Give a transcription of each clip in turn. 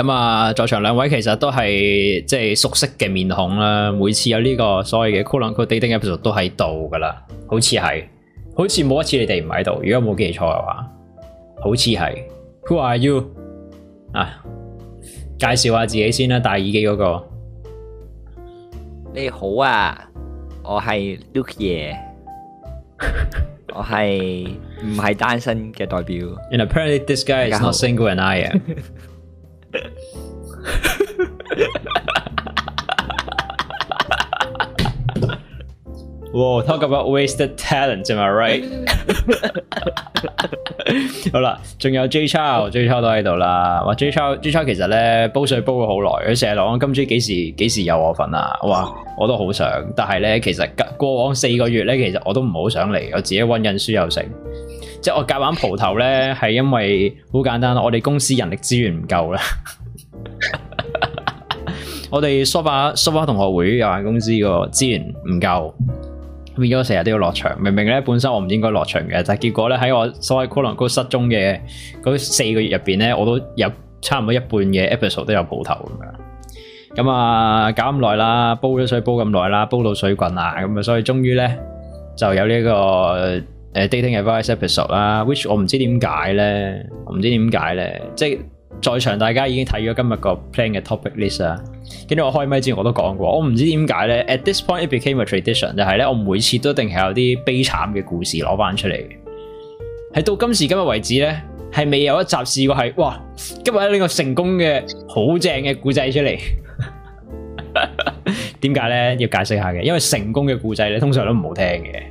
咁啊，在場兩位其實都係即係熟悉嘅面孔啦。每次有呢、這個所謂嘅 quote unquote Dating Episode 都喺度噶啦，好似係，好似冇一次你哋唔喺度。如果冇記錯嘅話，好似係。Who are you？啊，介紹下自己先啦，啊，戴耳機嗰，那個。你好啊，我係 Lukas，我係唔係單身嘅代表 And apparently this guy is not single, and I am Whoa，talk about wasted talents，am I right？好啦，仲有 J Chow，J Chow 都喺度啦。哇，J Chow，J Chow 其實咧煲水煲咗好耐，佢成日講今朝幾時幾時有我份啊！我話，我都好想，但係咧其實過往四個月咧，其實我都唔好想嚟，我自己溫印書又成。即係我教玩蒲頭咧，係因為好簡單，我哋公司人力資源唔夠啦，我哋 sofa sofa 同學會有限公司個資源唔夠，變咗成日都要落場。明明咧本身我唔應該落場嘅，但係結果咧喺我所謂 c o o 失蹤嘅嗰四個月入邊咧，我都有差唔多一半嘅 episode 都有蒲頭咁樣。咁啊，搞咁耐啦，煲咗水煲咁耐啦，煲到水滾啊，咁啊，所以終於咧就有呢、這個。誒 dating advice episode 啦，which 我唔知點解咧，我唔知點解咧，即係在場大家已經睇咗今日個 plan 嘅 topic list 啊。跟住我開麥之前我都講過，我唔知點解咧。At this point it became a tradition，就係咧我每次都一定係有啲悲慘嘅故事攞翻出嚟。喺到今時今日為止咧，係未有一集試過係哇，今日呢個成功嘅好正嘅故仔出嚟。點解咧要解釋下嘅？因為成功嘅故仔咧，通常都唔好聽嘅。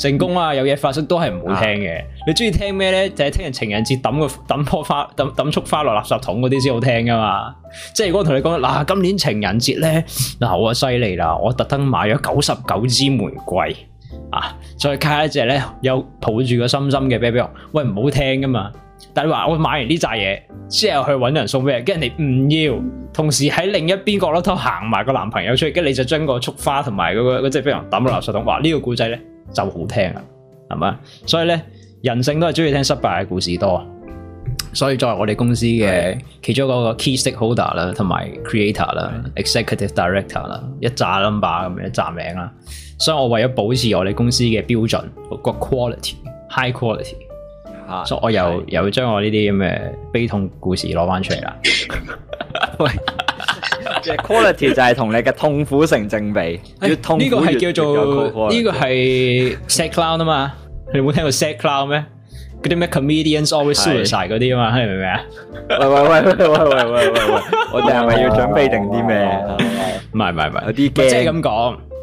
成功啊！有嘢發生都係唔好聽嘅。啊、你中意聽咩咧？就係、是、聽人情人節抌個棵花、抌抌束花落垃圾桶嗰啲先好聽噶嘛。即係如果我同你講嗱、啊，今年情人節咧，嗱、呃、好啊，犀利啦！我特登買咗九十九支玫瑰啊，再加一隻咧，又抱住個心心嘅 bear bear 喂，唔好聽噶嘛。但係你話我買完呢扎嘢之後去揾人送俾人，跟住人哋唔要，同時喺另一邊角落頭行埋個男朋友出嚟，跟住你就將個束花同埋嗰個嗰隻 bear bear 抌落垃圾桶。話呢、呢個故仔咧？就好聽啊，係嘛？所以咧，人性都係中意聽失敗嘅故事多。所以作為我哋公司嘅其中嗰個 key stakeholder 啦的，同埋 creator 啦，executive director 啦，一揸 number 咁樣，一揸名啦。所以我為咗保持我哋公司嘅標準，個 quality，high quality，, High quality 的所以我又的又將我呢啲咁嘅悲痛故事攞翻出嚟啦。 quality 就係同你嘅痛苦成正比，呢個係叫做呢個係 sad clown 啊嘛，你冇聽過 sad clown 咩？嗰啲咩 comedians always suicide 嗰啲啊嘛，明唔明啊？喂喂喂喂喂喂喂喂，我哋係咪要準備定啲咩？唔係唔係唔係，有啲驚即係咁講。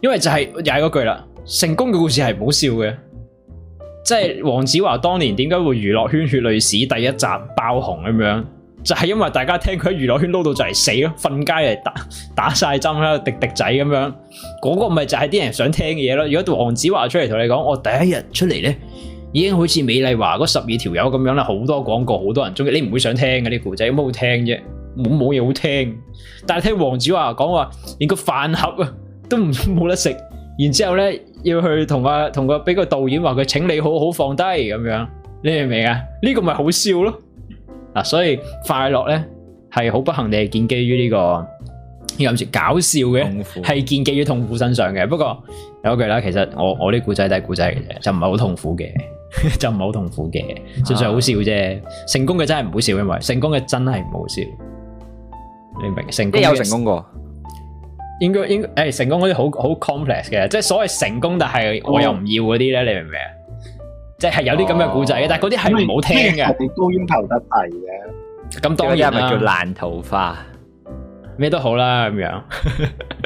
因為就係又係嗰句啦，成功嘅故事係唔好笑嘅。即係黃子華當年點解會娛樂圈血淚史第一集爆紅咁樣，就係因為大家聽佢喺娛樂圈撈到就嚟死咯，瞓街嚟打打晒針喺度滴滴仔咁樣。嗰、嗰個咪就係啲人想聽嘅嘢咯。如果黃子華出嚟同你講，我第一日出嚟呢已經好似美麗華嗰十二條友咁樣啦，好多廣告，好多人中意，你唔會想聽嘅。呢個仔有乜好聽的？冇冇嘢好聽。但係聽黃子華講話，連個飯盒都冇得食，然之後咧要去同，、啊、同個同個俾個導演話佢，請你好好放低咁樣，你明唔明啊？呢、這個咪好笑咯，嗱、啊，所以快樂咧係好不幸地係建基於呢、這個，要諗搞笑嘅，係苦建基於痛苦身上嘅。不過有一句啦，其實我我啲古仔都係古仔嘅啫，就唔係好痛苦嘅， 就唔係好痛苦嘅，純粹好笑啫。啊、成功嘅真係唔好笑，因為成功嘅真係唔好笑，你明唔明？唔一有成功過。應該應誒、哎、成功嗰啲好好 complex 嘅，即係所謂成功，但係我又唔要嗰啲咧，哦、你明唔明啊？即係有啲咁嘅故仔嘅，哦、但係嗰啲係唔好聽嘅，什麼高音頭得嚟嘅。咁當然係，咪叫爛桃花，咩都好啦咁樣，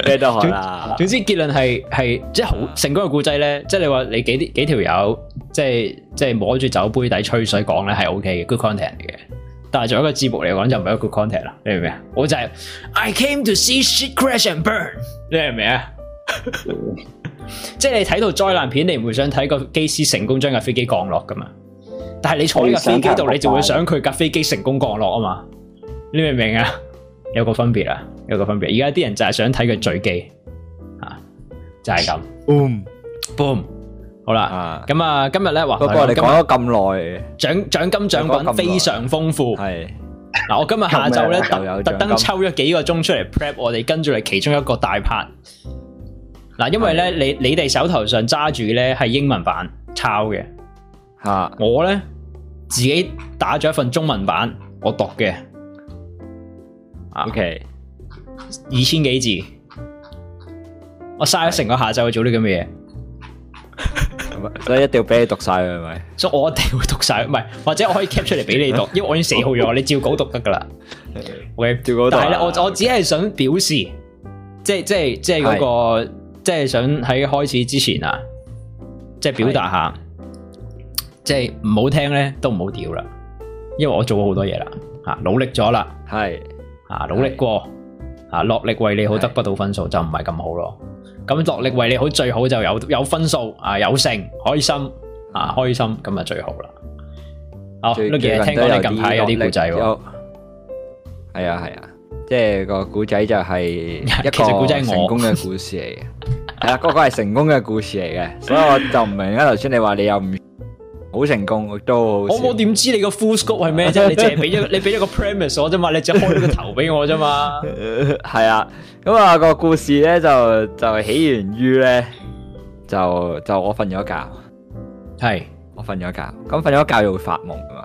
咩都好啦 總。總之結論係係即係好成功嘅故仔咧，即係你話你幾啲幾條友，即係即係摸住酒杯底吹水講咧，係 OK 嘅，good content 嘅。但係做一個字幕嚟講就唔係一個 content 啦，你明唔明啊？我就係、是、I came to see shit crash and burn，你明唔明啊？即 係你睇到災難片，你唔會想睇個機師成功將架飛機降落噶嘛？但係你坐呢架飛機度，你就會想佢架飛機成功降落啊嘛？你明唔明啊？有個分別啊，有個分別。而家啲人就係想睇佢墜機，啊，就係、是、咁，boom boom。好啦，咁啊，今日咧話我哋講咗咁耐，獎獎、啊、對金獎品非常豐富。係嗱的、啊，我今日下晝咧特特登抽咗幾個鐘出嚟 prep，我哋跟住嚟其中一個大 part。嗱、啊，因為咧的你你哋手頭上揸住咧係英文版抄嘅，吓的我咧自己打咗一份中文版我讀嘅。啊、OK，二千幾字，我嘥咗成個下晝去做啲咁嘅嘢。所以一定要俾你讀晒佢係咪？所以我一定會讀晒，唔係或者我可以 keep 出嚟俾你讀，因為我已經寫好咗，你照稿讀得噶啦。喂，K，照稿但係我我只係想表示，即係即係即係嗰個，即係想喺開始之前啊，即係表達下，即係唔好聽咧都唔好屌啦，因為我做咗好多嘢啦，吓努力咗啦，係吓努力過，吓落力為你好，得不到分數就唔係咁好咯。咁落力為你好，最好就有有分數啊，有成開心啊，開心咁就最好啦。哦，呢件聽講你近排有啲故仔喎。係啊係啊，即係個故仔就係一個成功嘅故事嚟嘅，係啊個個係成功嘅故事嚟嘅，所以我就唔明啦，頭先你話你又唔。好成功，我都我冇點知你個 full scope 係咩啫？你淨係俾咗你俾咗個 premise 我啫嘛？你只開咗個頭俾我啫嘛？係啊， 咁、咁、啊個故事咧就就起源於咧就就我瞓咗覺，係是我瞓咗覺，咁瞓咗覺又會發夢噶嘛？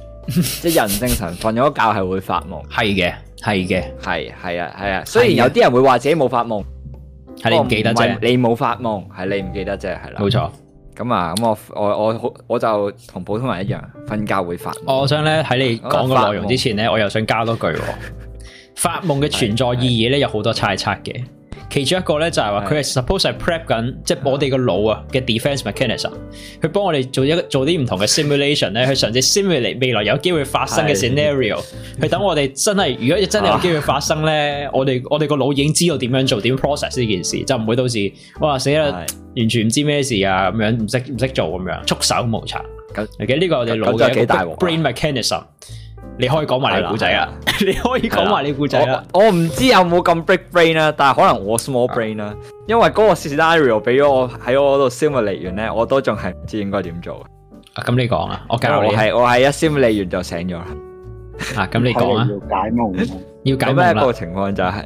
即係人精神瞓咗覺係會發夢，係嘅，係嘅，係係啊係啊。雖然有啲人會話自己冇發夢，係你唔記得啫，你冇發夢，係你唔記得啫，係啦，冇錯。咁啊，咁我我我好，我就同普通人一樣，瞓覺會煩。我想咧喺你講個內容之前咧，紅我又想加多句、哦。 發夢嘅存在意義咧有好多猜測嘅，其中一個咧就係話佢係 suppose 係 prep 緊，即係我哋個腦啊嘅 defense mechanism，佢幫我哋做一做啲唔同嘅 simulation 咧， 去嘗試 simulate 未來有機會發生嘅 scenario， 去等我哋真係如果真係有機會發生咧， 我哋我哋個腦已經知道點樣做，點樣 process 呢件事，就唔會到時哇死啦， 完全唔知咩事啊咁樣，唔識唔識做咁樣，束手無策。咁其實呢個我哋腦嘅 brain mechanism。 你可以講埋你故仔啊！你可以講埋你故仔啦。我唔知有冇咁 big brain 啦，但係可能我 small brain 啦，因為嗰個 scenario 俾咗我喺我度 simulate 嚟完咧，我都仲係唔知應該點做啊。咁你講啊，我我係我係一 simulate 嚟完就醒咗啦。啊，咁你講啊。要解夢，要解咩個情況就係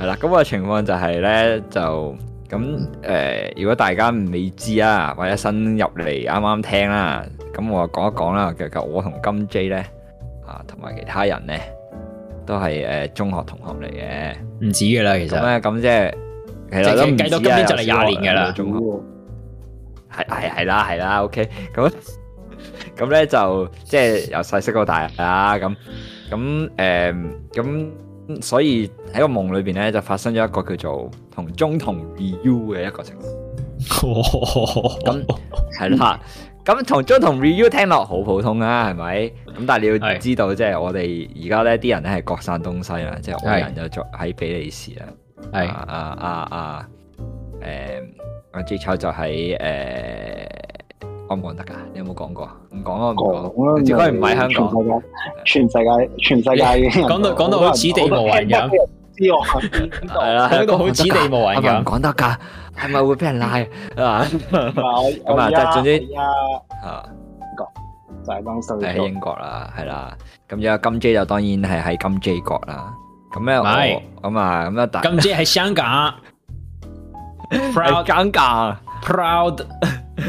係啦。咁個情況就係咧，就咁誒。如果大家未知啊，或者新入嚟啱啱聽啦，咁我講一講啦。其實我同金 J 咧。啊，同埋其他人咧，都係誒中學同學嚟嘅，唔止噶啦，其實咁咧，咁即係其實都唔止啦，計到今年就嚟廿年噶啦，中學係係係啦係啦，OK，咁咁咧就即係由細識到大啦，咁咁誒，咁所以喺個夢裏邊咧就發生咗一個叫做同中同 U 嘅一個情況。咁係啦。咁同 Jo 同 Review 聽落好普通啊，係咪？咁但係你要知道，即係是我哋而家咧，啲人咧係各散東西啊，即、就、係、是、我人有做喺比利時是啊，係啊啊啊，誒、啊，阿 J Chow 就喺、是、誒，安國德噶，你有冇講過？唔講過，應該唔喺香港全，全世界，全世界，講到講到好似地圖人咁。呢個係邊度？係啦，喺邊度好似地無謂噶，唔講得噶，係咪會俾人拉啊？咁啊，總之，英國就係當收喺英國啦，係啦。咁有金 J 就當然係喺金 J 國啦。咁咧，咁啊，咁啊，大金 J 喺香港，喺香港，Proud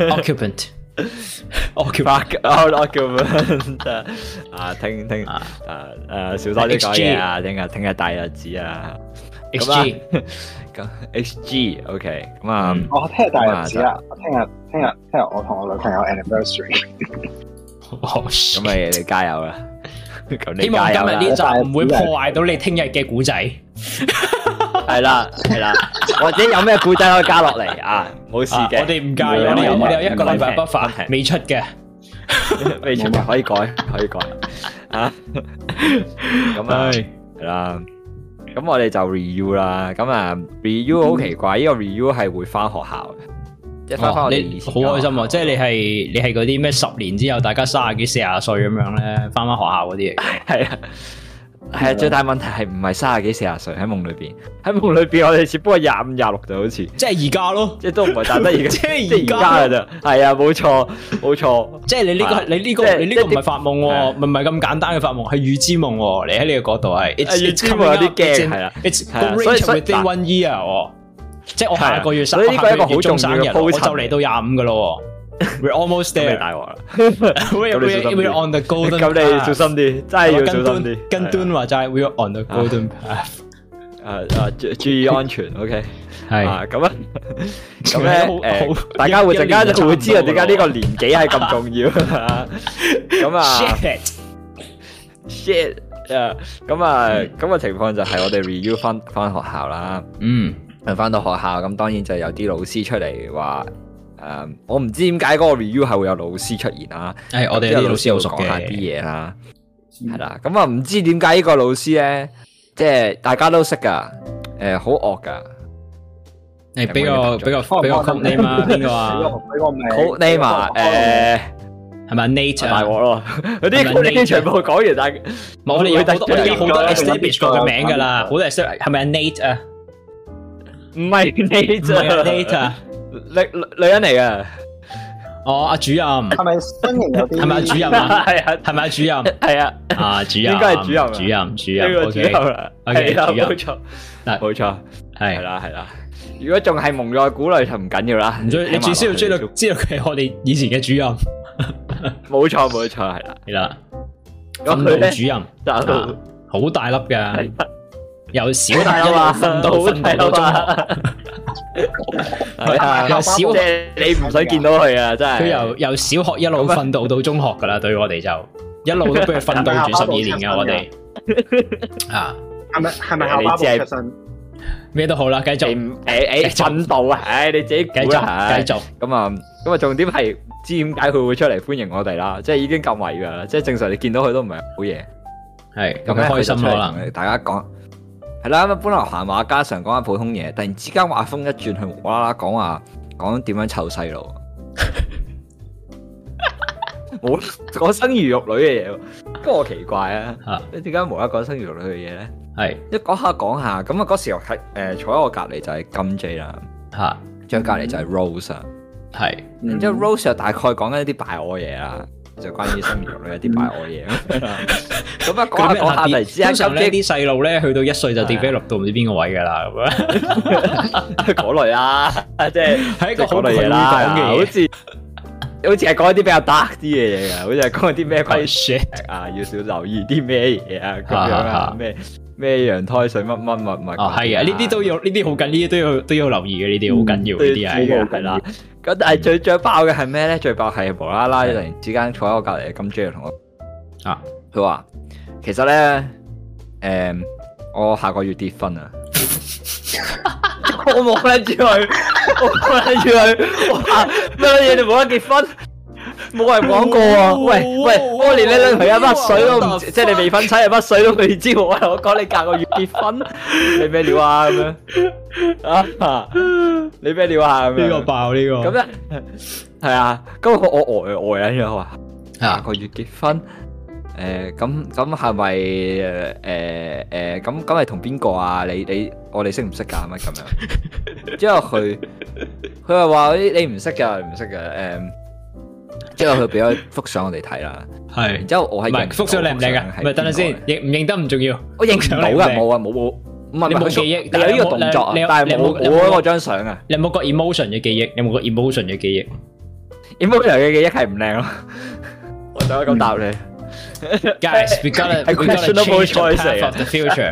Occupant。我叫阿，我叫阿，聽聽誒誒，少多啲講嘢啊，聽日聽日大日子啊，HG 咁 HG，OK 咁啊，我聽日大日子啦，聽日聽日聽日我同我女朋友 anniversary，咁啊你加油啦，希望今日呢集唔會破壞到你聽日嘅古仔。係啦，係啦，或者有咩故仔可以加落嚟啊？冇事嘅、啊，我哋唔介意。我哋有，有，有一個禮拜不發未停出嘅，未出咪可以改，可以改 啊。咁是啊，係啦。咁我哋就 re u 啦。咁啊，re u 好奇怪，呢、嗯、個 re u 係會翻學校嘅，一翻翻學你好開心啊！即係你係你係嗰啲咩？十年之後大家卅幾四十歲咁樣咧，翻翻學校嗰啲，係啊。係啊，最大問題係唔係卅幾四十歲喺夢裏面，喺夢裏面我哋只不過廿五廿六就好似，即係而家咯，即都唔係大得而家，即係而家啊！就係啊，冇錯冇錯，即係你呢個你呢個你呢個唔係發夢喎，唔係咁簡單嘅發夢，係預知夢喎。你喺你個角度係，預知夢有啲驚，係啊，所以所以，within one year 啊，即係我下個月，所以呢個好重要嘅生日，我就嚟到廿五嘅咯。We're almost there。大鑊啦。we we we're on the golden path。咁你小心啲，真係要小心啲。跟話齋，we're on the golden path。注意安全，OK。係。咁啊，咁咧大家會陣間會知道點解呢個年紀係咁重要咁啊，shit，誒，咁啊，咁嘅情況就係我哋 review 翻翻學校啦。嗯，翻到學校，咁當然就有啲老師出嚟話。誒，我唔知點解嗰個 review 係會有老師出現啊。係，我哋啲老師好熟嘅，啲嘢啦，係啦。咁啊，唔知點解呢個老師咧，即係大家都識噶，誒，好惡噶。誒，比較比較比較 common 邊個啊？俾個名。好，name 啊，誒，係咪 Nate 大鑊咯？嗰啲 name 全部講完，但係我哋要得，我哋已經 establish 個名噶啦。我哋 establish 係咪啊？Nate 啊？唔係 Nate 啊？Nate。女女人嚟嘅，哦，阿主任係咪新形有啲？係咪主任？係係係咪主任？係啊，阿主任應該係主任，主任主任個主任啦，冇錯嗱，冇錯係啦係啦，如果仲係蒙在鼓裏就唔緊要啦，你你至少知道知道佢係我哋以前嘅主任，冇錯冇錯係啦係啦，咁佢咧主任啊好大粒嘅。由小到大嘛，到小到中學，由小你唔使見到佢啊。真係佢由由小學一路訓導到中學噶啦，對我哋就一路都俾佢訓導住十二年啊！我哋嚇係咪係咪校巴班出身？咩都好啦，繼續誒誒訓導啊！誒你自己繼續繼續咁啊！咁啊重點係知點解佢會出嚟歡迎我哋啦？即係已經夾迷㗎啦！即係正常，你見到佢都唔係好嘢，係咁開心可能大家講。係啦，本來閒話家常，講下普通嘢，突然之間畫風一轉，佢無啦啦講話講點樣湊細路，冇講 生兒育女嘅嘢，不過我奇怪啊，哈你點解無啦啦講生兒育女嘅嘢咧？係是一講下講下，咁啊嗰時候係誒坐喺我隔籬就係金 J 啦，吓哈，再隔籬就係 Rose 啊，係、嗯，然之後 Rose 又大概講緊一啲敗我嘅嘢啦。就關於生活裏一啲埋我嘢，咁啊講下下突然之間心驚啲細路咧，去到一歲就跌飛落到唔知邊個位噶啦咁啊！講、就是、類啦，即係喺個好傳統 好似好似係講一啲比較 dark 啲嘅嘢嘅，好似係講一啲咩鬼？啊， 要少留意啲咩嘢啊？咁樣啊咩？ 咩羊胎水乜乜物物啊，係啊，呢啲都要呢啲好緊，呢啲都要都要留意嘅，呢啲好緊要呢啲係係啦。咁但係最最爆嘅係咩咧？最爆係無啦啦突然之間坐喺我隔籬嘅金珠同我啊，佢話，其實咧誒，我下個月結婚啊。我望翻住佢我望翻住佢，哇，咩嘢你冇得結婚？冇人講過喎！喂喂，我連你兩皮乜水都唔知，即係你未婚妻乜水都唔知，你知我我講你隔個月結婚，你咩料啊咁樣啊嚇？你咩料啊咁樣？邊個爆呢個咁樣係啊！咁我我呆呆緊咗啊！隔個月結婚，誒咁咁係咪誒誒咁咁係同邊個啊？你你我哋識唔識㗎？係咪咁樣？之後佢佢就話嗰啲你唔識㗎，唔識㗎誒。之後佢俾咗幅相我哋睇啦，係。之後我係唔係？幅相靚唔靚啊？係，等陣先，認唔認得唔重要。我認唔到啊！冇啊！冇冇。唔係你冇記憶，但係呢個動作啊，但係冇冇嗰張相啊。你有冇個 emotion 嘅記憶？有冇個 emotion 嘅記憶？emotion 嘅記憶係唔靚咯。我就可以咁答你 Guys, we got a question of choi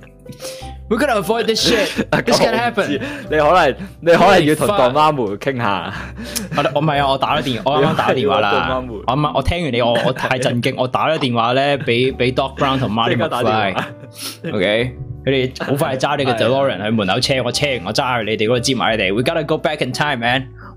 We gotta avoid this shit.、啊、This can happen. 你可能你可能要同干媽梅傾下。我唔係啊，我打咗電話，我啱打電話啦。我唔係，我聽完你，我我太震驚，我打咗電話咧，俾俾 Doc Brown 同 Marty McFly OK，佢哋好快揸你嘅，DeLorean 喺門口車我車完，我揸去你哋嗰度接埋你哋。We gotta go back in time, man.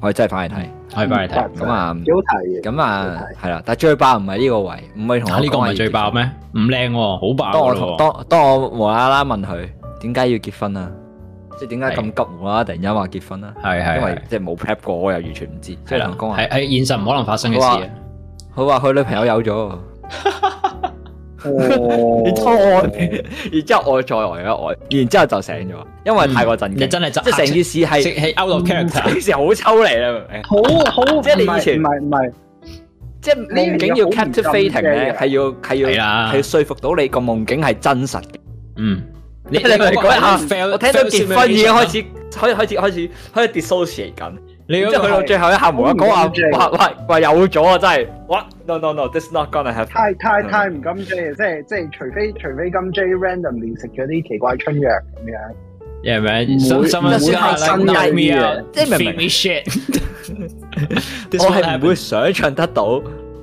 我真係翻去睇，係翻去睇，咁啊，幾好睇嘅，咁啊，係啦，但最爆唔係呢個位，唔係同我呢個唔係最爆咩？唔靚，好爆咯！當當當我無啦啦問佢點解要結婚啊？即係點解咁急啊，突然間話結婚啦？係係，因為即係冇 prep 過，我又完全唔知，係啦，係係現實唔可能發生嘅事啊！佢話佢女朋友有咗。你拖，然之後我再我，然之後就醒咗，因為太過震驚，真係即係成件事係係 out of character，呢件事好抽離啦。好好，即係你以前唔係唔係，即係夢境要 captivate 咧，係要係要係說服到你個夢境係真實嘅，嗯，你你咪講一下，我聽到結婚已經開始，可以開始開始開始 dissociate 緊。你去到最後一刻無啦嗰下話話話有咗啊！真係 what no no no this not gonna happen 太太太唔敢追啊！即係即係除非除非 J Chow randomly 食咗啲奇怪春藥咁樣，係咪？唔會唔會太新嘅嘢，即係明唔明？我係唔會想象得到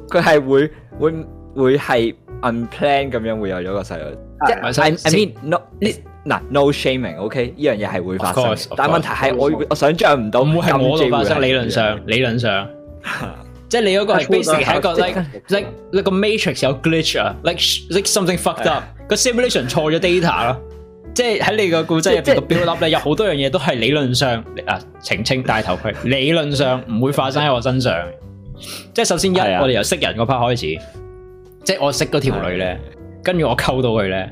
佢係會會會係 unplan 咁樣會有咗個細路，即係 I I mean no 你。嗱，no shaming，OK，呢樣嘢係會發生，但問題係我我想象唔到唔會係我發生。理論上，理論上，即係你嗰個，係一個 like like like 一個 matrix 有 glitch 啊，like something fucked up，個 simulation 錯咗 data 咯，即係喺你個故仔入邊個 build up 咧，有好多樣嘢都係理論上啊澄清，帶頭盔，理論上唔會發生喺我身上。即係首先一，我哋由識人嗰 part 開始，即係我識嗰條女咧，跟住我溝到佢咧。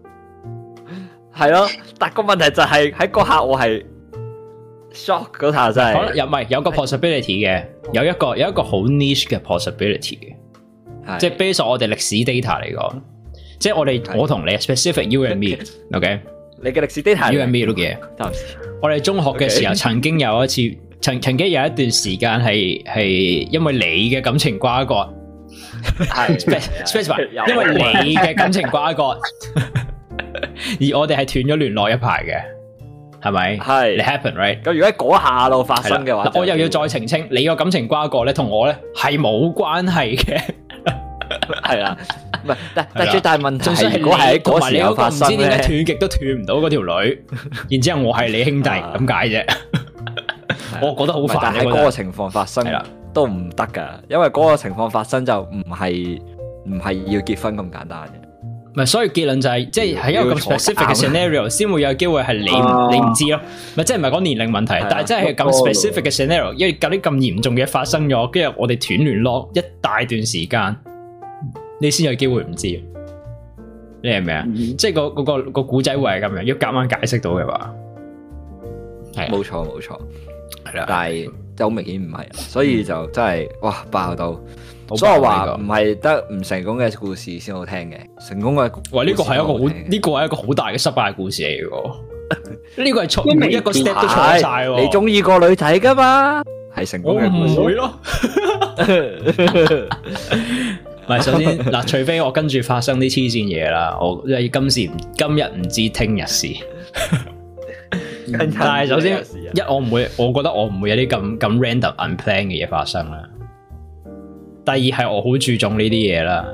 係咯，但個問題就係喺嗰刻我係 shock 嗰下真係、就是。好，又唔係有個 possibility 嘅，有一個的有一個好 niche 嘅 possibility 嘅，ibility, 是的即係 base 我哋歷史 data 嚟講，的即係我哋我同你 specific you and me，ok，、okay? 你嘅歷史 data，you and me 啲嘢。我哋中學嘅時候曾經有一次， 曾曾經有一段時間係係因為你嘅感情瓜葛，係因為你嘅感情瓜葛。 而我哋係斷咗聯絡一排嘅，係咪？係你 happen right？咁如果嗰下路發生嘅話，我又要再澄清，你個感情瓜葛咧同我咧係冇關係嘅，係啦。唔係，但係最大問題係嗰係嗰時發生咧，斷極都斷唔到嗰條女。然之後我係你兄弟咁解啫。我覺得好煩，嗰個情況發生啦，都唔得噶，因為嗰個情況發生就唔係唔係要結婚咁簡單嘅。唔係，所以結論就係、係，即係係一個咁 specific 嘅 scenario 先會有機會係你你唔知咯。咪，即係唔係講年齡問題，啊、但係真係咁 specific 嘅 scenario，的因為隔啲咁嚴重嘅嘢發生咗，跟住我哋斷聯絡一大段時間，你先有機會唔知。你係咪啊？嗯、即係、個、個、個古仔會係咁樣，要夾硬解釋到嘅話，係冇錯冇錯，係啦。的但係就好明顯唔係，所以就真係哇爆到！所以我話唔係得唔成功嘅故事先好聽嘅，成功嘅故事喂，呢、呢個係一個好呢個係一個好大嘅失敗嘅故事嚟嘅，呢個係錯，每一個 step 都錯晒，哇你中意個女仔噶嘛？係成功嘅，我唔會咯。唔 係 首先嗱，除非我跟住發生啲黐線嘢啦，我因為今時今日唔知聽日事。但係、 嗯、首先 一我唔會，我覺得我唔會有啲咁咁 random unplanned 嘅嘢發生啦。第二係我好注重呢啲嘢啦，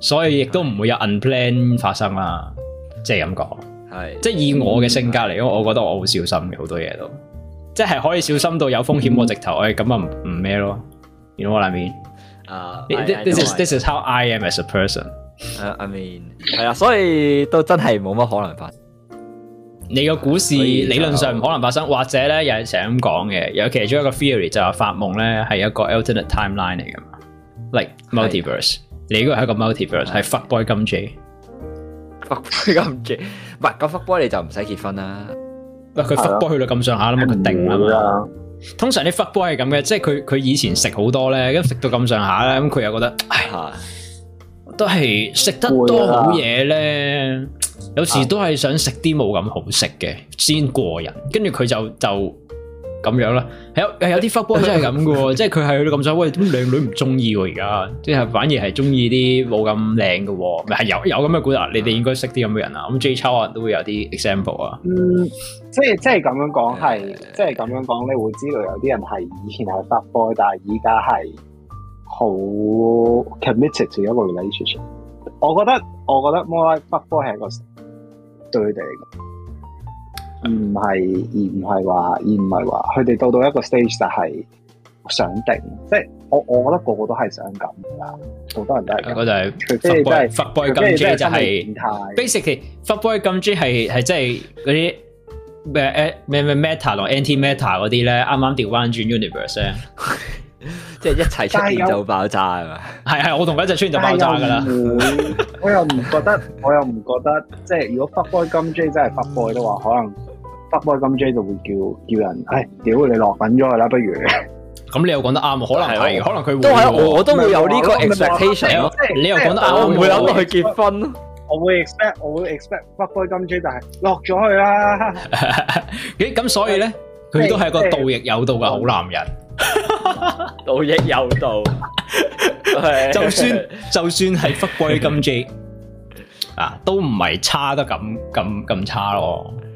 所以亦都唔會有 unplanned 發生啦，即係咁講係，即係以我嘅性格嚟講，我、嗯、我覺得我好小心嘅，好多嘢都即係可以小心到有風險我直頭誒咁啊唔咩咯？You know what I mean? this is how I am as a person。 Uh, I mean 係啊，所以都真係冇乜可能發生。你個股市理論上唔可能發生，或者咧又係成日咁講嘅。有其中一個 theory 就話發夢咧係一個 alternate timeline 嚟嘅。Like multiverse，的你呢個係一個 multiverse，係的 fuck boy 金 J，fuck boy 金 J，唔係，咁 fuck boy 你就唔使結婚啦。喂，佢 fuck boy 去到咁上下啦，咪佢的定啊的通常啲 fuck boy 係咁嘅，即係佢佢以前食好多咧，吃多一食到咁上下咧，咁佢又覺得，唉呀，是的都係食得多好嘢咧，了有時都係想食啲冇咁好食嘅先過癮，跟住佢就就。就咁樣啦，係有有啲 fuck boy 真係咁噶， 即係佢係咁想，喂，點靚女唔中意喎？而家即係反而係中意啲冇咁靚噶，係有有咁嘅觀點， 你哋應該識啲咁嘅人啊。咁、嗯、J 超啊，都會有啲 example 啊。嗯，即係即係咁樣講，係 即係咁樣講，你會知道有啲人係以前係 fuck boy，但係依家係好 committed to 一個 relationship 我。我覺得我覺得 more like fuck boy 係一個對佢哋嚟講。唔係而唔係話而唔係話，佢哋到到一個 stage 就係想定，即係我我覺得個個都係想咁噶，好多人都係。我法 Boy, 就係、是，即係即係即係變態。Basically，f boy 金 J 係係即係嗰啲咩咩咩 meta 同 anti meta 嗰啲咧，啱啱掉返轉 universe 咧， 即係一齊出現就爆炸啊嘛！係係有，我同佢一齊出現就爆炸噶啦。我又唔覺得，我又唔覺得，即係如果 f boy 金 J 真係 f boy 嘅話，可能。不歸金 J 就會叫叫人，哎，屌你落緊咗佢啦。不如咁你又講得啱，可能係，可能佢都係，我都會有呢個 expectation，咯。你又講得啱，我唔會諗到去結婚，我會 expect，我會 expect 不歸金 J，但係落咗佢啦。咦，咁所以咧，佢都係一個道亦有道嘅好男人，道亦有道，就算就算係不歸金 J 啊，都唔係差得咁咁咁差咯。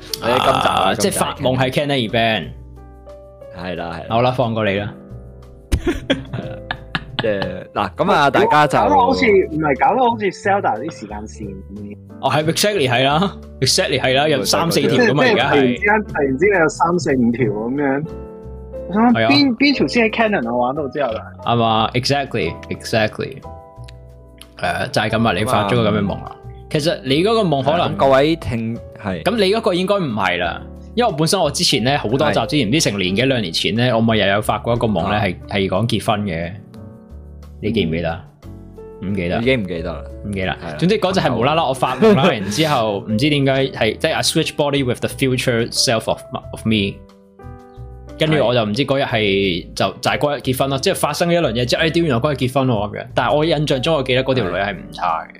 誒，咁大、啊，即係發夢係 Canon event 係啦，係、嗯、好啦，放過你啦。即嗱，咁啊，大家就搞到好似唔係，搞到好似 Selda 啲時間線咁樣。哦，係 Exactly 係啦，Exactly 係啦，有三四條咁而家係突然之間，突然之間有三四五條咁樣。我想邊邊條先係 Canon 啊？啊在 Can 玩到之後啊，exactly, exactly 啊嘛，Exactly，Exactly。誒，就係咁啊！你發咗個咁嘅夢啊！其實你嗰個夢可能各位聽係，咁你嗰個應該唔係啦，因為我本身我之前咧好多集之前，唔知成年幾兩年前咧，我咪又有發過一個夢咧，係係講結婚嘅，你記唔記得？唔、嗯、記得，已經唔記得啦，唔記得。的總之嗰陣係無啦啦，我發夢啦，是的 然之後唔知點解係即係 I switch body with the future self of of me，跟住我就唔知嗰日係就就係嗰日結婚咯，即係發生咗一輪嘢之後，誒點原來嗰日結婚咯咁樣，但係我印象中我記得嗰條女係唔差嘅。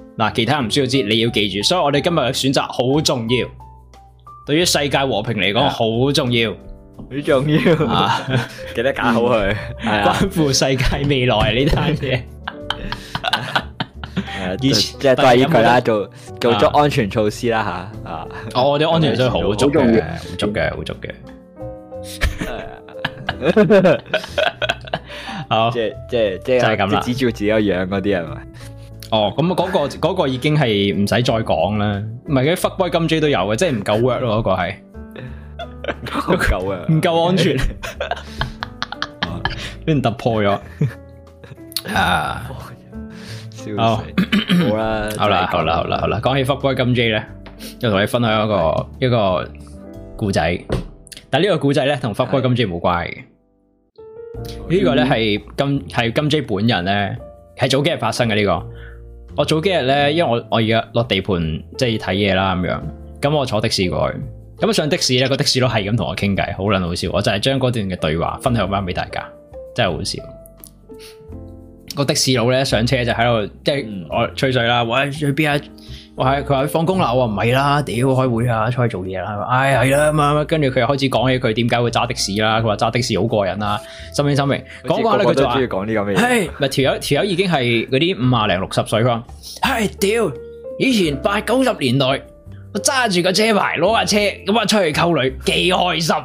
嗱，其他人唔需要知，你要記住，所以我哋今日嘅選擇好重要，對於世界和平嚟講好重要，好重要啊！記得搞好佢，係關乎世界未來呢單嘢。係，即係都係依句啦，做做足安全措施啦吓啊！哦，啲安全措施好足嘅，足嘅，足嘅。好，即係即係即係就係咁啦。只照自己個樣嗰啲係咪？哦，咁啊，嗰個嗰個已經係唔使再講啦，唔係嘅，Fuck Boy 金 J 都有嘅，即係唔夠 work 咯，嗰個係，唔夠啊，唔夠安全，俾人突破咗啊。哦，好啦，好啦，好啦，好啦，講起 Fuck Boy 金 J 咧，就同你分享一個一個故仔，但呢個故仔咧同 Fuck Boy 金 J 冇關嘅，呢個咧係金係金 J 本人咧，係早幾日發生嘅呢個。我早幾日咧，因為我我而家落地盤，即係睇嘢啦咁樣。咁我坐的士過去，咁我上的士咧，個的士佬係咁同我傾偈，好捻好笑。我就係將嗰段嘅對話分享翻俾大家，真係好笑。個的士佬咧上車就喺度，即係我吹水啦，喂，去邊啊？我係佢話放工啦，我話唔係啦，屌開會啊，出去做嘢啦，唉係啦咁啊，跟住佢又開始講起佢點解會揸的士啦，佢話揸的士好過癮啊，心明心明，講過啦，佢就中意講，係咪條友條友已經係嗰啲五啊零六十歲啦？係屌，以前八九十年代我揸住個車牌攞架車咁啊出去溝女，幾開心，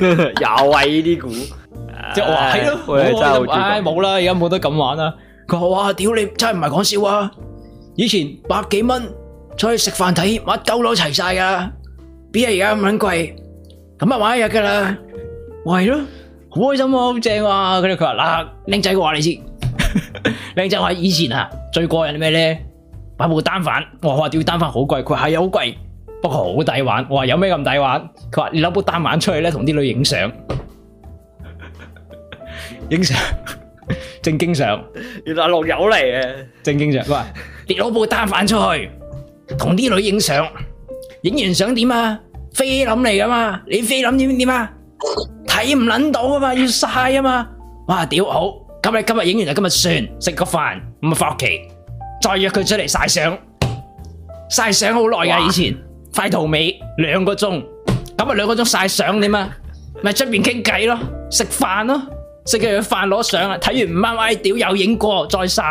又係呢啲股，即係係咯，冇得，唉冇啦，而家冇得咁玩啦。佢話哇屌你真係唔係講笑啊！以前百幾蚊出去食飯睇，乜都攞齊晒噶，邊係而家咁貴？咁啊玩一日噶啦，喂、就、咯、是，好開心喎，好正啊！佢哋佢話嗱，靚仔嘅話你知。靚仔話以前啊最過癮係咩咧？買部單反，我話屌單反好貴，佢話係好貴，不過好抵玩。我話有咩咁抵玩？佢話你攞部單反出去咧，同啲女影相，影相正經相。原來龍友嚟嘅正經相，喂。你攞部單反出去同啲女影相，影完相點啊？菲林嚟噶嘛？你菲林點點啊？睇唔捻到啊嘛？要晒啊嘛？哇！屌好，咁你今日影完就今日算，食個飯，咁啊翻屋企，再約佢出嚟晒相，晒相好耐噶，以前快逃尾兩個鐘，咁啊兩個鐘晒相點啊？咪出邊傾偈咯，食飯咯，食完飯攞相啊，睇完唔啱，喂屌又影過，再晒，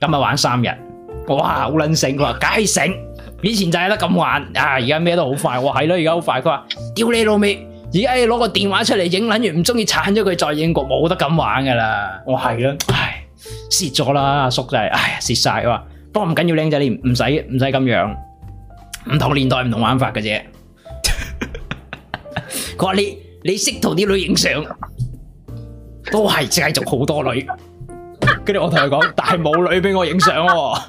今日玩三日。哇，好捻醒，佢話梗係醒，以前就係得咁玩，啊而家咩都好快，我係咯，而家好快，佢話屌你老味，而家你攞個電話出嚟影，諗住唔中意鏟咗佢，再影過冇得咁玩噶啦，我係啦，唉，蝕咗啦，阿叔就係，唉，蝕晒，佢話不過唔緊要，靚仔你唔使唔使咁樣，唔同年代唔同玩法嘅啫，佢話你你識同啲女影相，都係繼續好多女。跟住我同佢講，大冇女俾我影相。佢話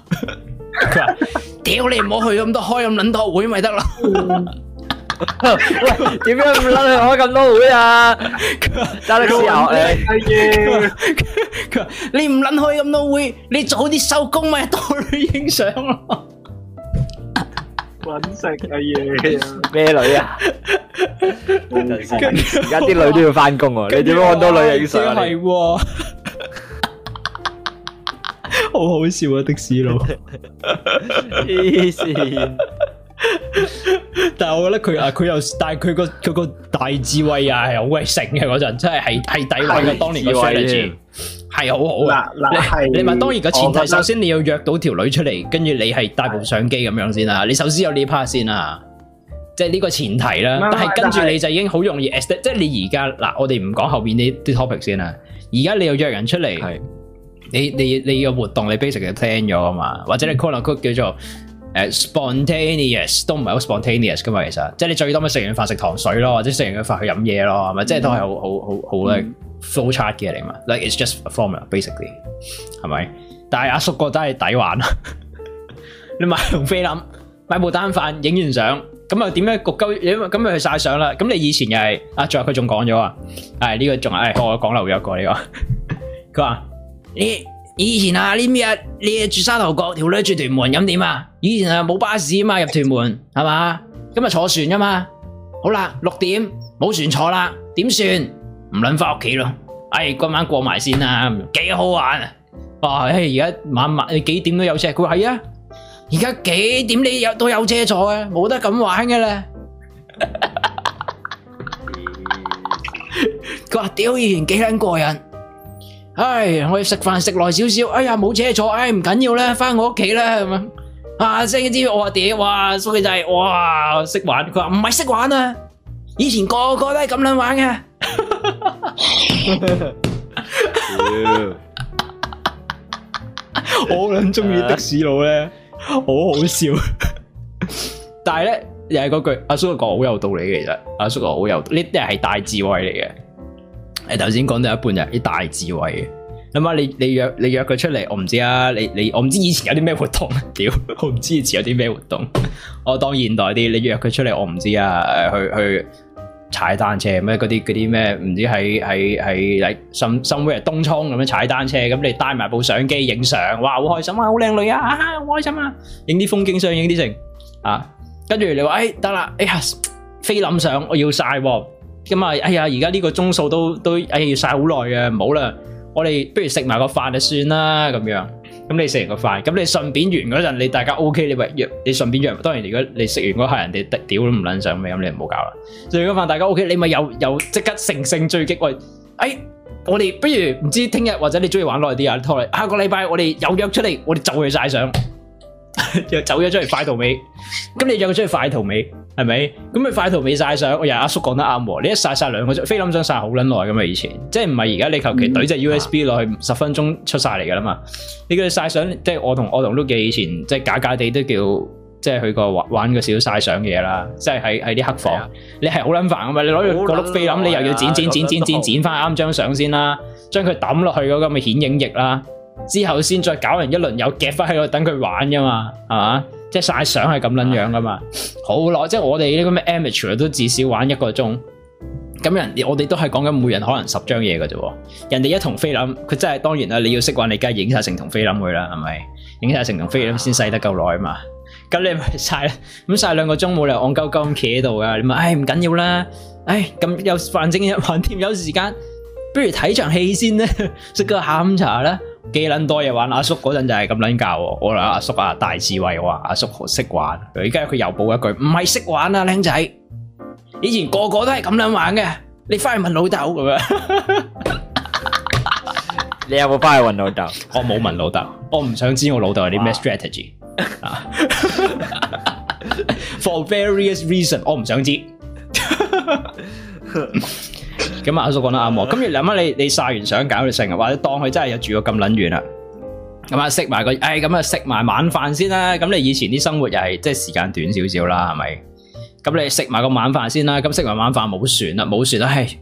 屌你唔好去咁多，開咁捻多會咪得咯。喂，點解唔捻去開咁多會啊？揸得少啊？阿爺，你唔捻開咁多會，你早啲收工咪多女影相咯。揾食阿爺，咩女啊？而家啲女都要翻工哦，你點樣搵到女影相啊？好好笑啊！的士佬，的士 病， 但係我覺得佢啊，佢又但係佢個佢個大智慧啊，係好鬼醒嘅嗰陣，真係係係抵賴嘅當年嘅 Shirley 住係好好嘅。嗱，你係是你問，當然個前提首先你要約到條女出嚟，跟住你係帶部相機咁樣先啦。的你首先有呢 part 先啦、啊，即係呢個前提啦。是但係跟住你就已經好容易 cept, 是，即係你而家嗱，我哋唔講後邊呢啲 topic 先啦。而家你又約人出嚟，係。你你你個活動你 basically plan 咗啊嘛，或者你 call 叫叫做誒、uh, spontaneous 都唔係好 spontaneous 噶嘛。其實即係你最多咪食完飯食糖水咯，或者食完飯去飲嘢咯，係咪即係都係、嗯、好好好好、嗯、flowchart 嘅嚟嘛。Like it's just a formula, basically 係咪？但係阿叔覺得係抵玩啊！ 你買部菲林，買部單反，影完相咁啊，點樣焗鳩？咁咁咪去晒相啦。咁你以前又係阿仲係佢仲講咗啊？係呢、哎呢個仲係、哎、我講漏咗個呢個。佢、這、話、個。你以前啊，呢咩日你住沙頭角，條女住屯門，咁點啊？以前啊冇巴士啊嘛，入屯門係嘛？今日坐船噶嘛？好啦，六點冇船坐啦，點算？唔捻翻屋企咯？哎，今晚過埋先啦，幾好玩啊！哇，哎，而家晚晚你幾點都有車？佢話係啊，而家幾點你有都有車坐啊？冇得咁玩噶啦！佢話屌，以前幾捻過癮。唉，我要食飯食耐少少，哎呀冇車坐，唉唔緊要啦，翻我屋企啦，係嘛？啊星 e n d 啲我話屌，哇，孫仔，哇，識玩，佢話唔係識玩啊，以前個個都係咁樣玩嘅。我好撚中意的士佬咧，好好笑， 但係咧又係嗰句阿叔講好有道理嘅，其實阿叔講好有呢啲係大智慧嚟嘅。你頭先講到一半就係啲大智慧嘅，咁啊你你約你約佢出嚟，我唔知啊，你你我唔知以前有啲咩活動，屌，我唔知以前有啲咩活動，我當現代啲，你約佢出嚟，我唔知啊，去去踩單車，咩嗰啲嗰啲咩，唔知喺喺喺喺甚甚 somewhere 東涌咁樣踩單車，咁你帶埋部相機影相。哇，好開心啊，好靚女啊，好、啊、開心啊，影啲風景相，影啲成，啊，跟住你話，哎，得啦，哎呀，菲林相，我要晒喎。咁啊、嗯，哎呀，而家呢個鐘數都都，哎，要曬好耐呀。唔好啦，我哋不如食埋個飯就算啦，咁樣。咁你食完個飯，咁你順便完嗰陣，你大家 OK，你咪約，你順便約。當然，如果你食完嗰下人哋屌都唔撚想咩，咁你唔好搞啦。食完個飯大家 OK，你咪又又即刻乘勝追擊，喂，哎，我哋不如唔知聽日或者你中意玩耐啲啊，你拖嚟下個禮拜我有，我哋又約出嚟，我哋就去曬相。又走咗出去快圖美，咁你約佢出去快圖美，係咪？咁佢快圖美晒相，又阿叔講得啱喎。你一晒晒兩個鐘菲林想晒好撚耐噶嘛？以前即係唔係而家你求其懟隻 U S B 落去十分鐘出晒嚟噶啦嘛？你叫佢晒相，即係我同我同碌記以前即係假假地都叫即係去個玩玩個少少晒相嘅嘢啦，即係喺喺啲黑房。你係好撚煩噶嘛？你攞住個碌菲林，你又要剪剪剪剪剪剪翻啱張相先啦，將佢抌落去嗰個咁嘅顯影液啦。之後先再搞完一輪又夾翻喺度等佢玩噶嘛，係嘛？即係晒相係咁撚樣噶嘛？好耐，即係我哋呢個咩 amateur 都至少玩一個鐘。咁人哋，我哋都係講緊每人可能十張嘢噶啫。人哋一筒菲林，佢真係當然啦。你要識玩，你梗係影晒成筒菲林去啦，係咪？影晒成筒菲林先晒得夠耐啊嘛。咁 你咪晒啦。咁晒兩個鐘冇理由戇鳩鳩咁企喺度噶。你咪唉唔緊要啦。唉咁又反正又玩添，有時間不如睇場戲先啦，食個下午茶啦。幾撚多嘢玩。阿叔嗰陣就係咁撚教我，話，阿叔啊，大智慧，話阿叔好識玩，而家佢又補一句唔係識玩啊，靚仔！以前個個都係咁撚玩嘅，你翻去問老豆咁樣。你有冇翻去問老豆？我冇問老豆，我唔想知我老豆有啲咩 strategy。For various reasons，我唔想知。咁阿叔講得啱喎，咁月零蚊你你曬完相搞佢成，或者當佢真係有住過咁撚遠啦。咁咪食埋個，哎咁咪食埋晚飯先啦。咁你以前啲生活又係即係時間短少少啦，係咪？咁你食埋個晚飯先啦。咁食埋晚飯冇船啦，冇船喇。嘿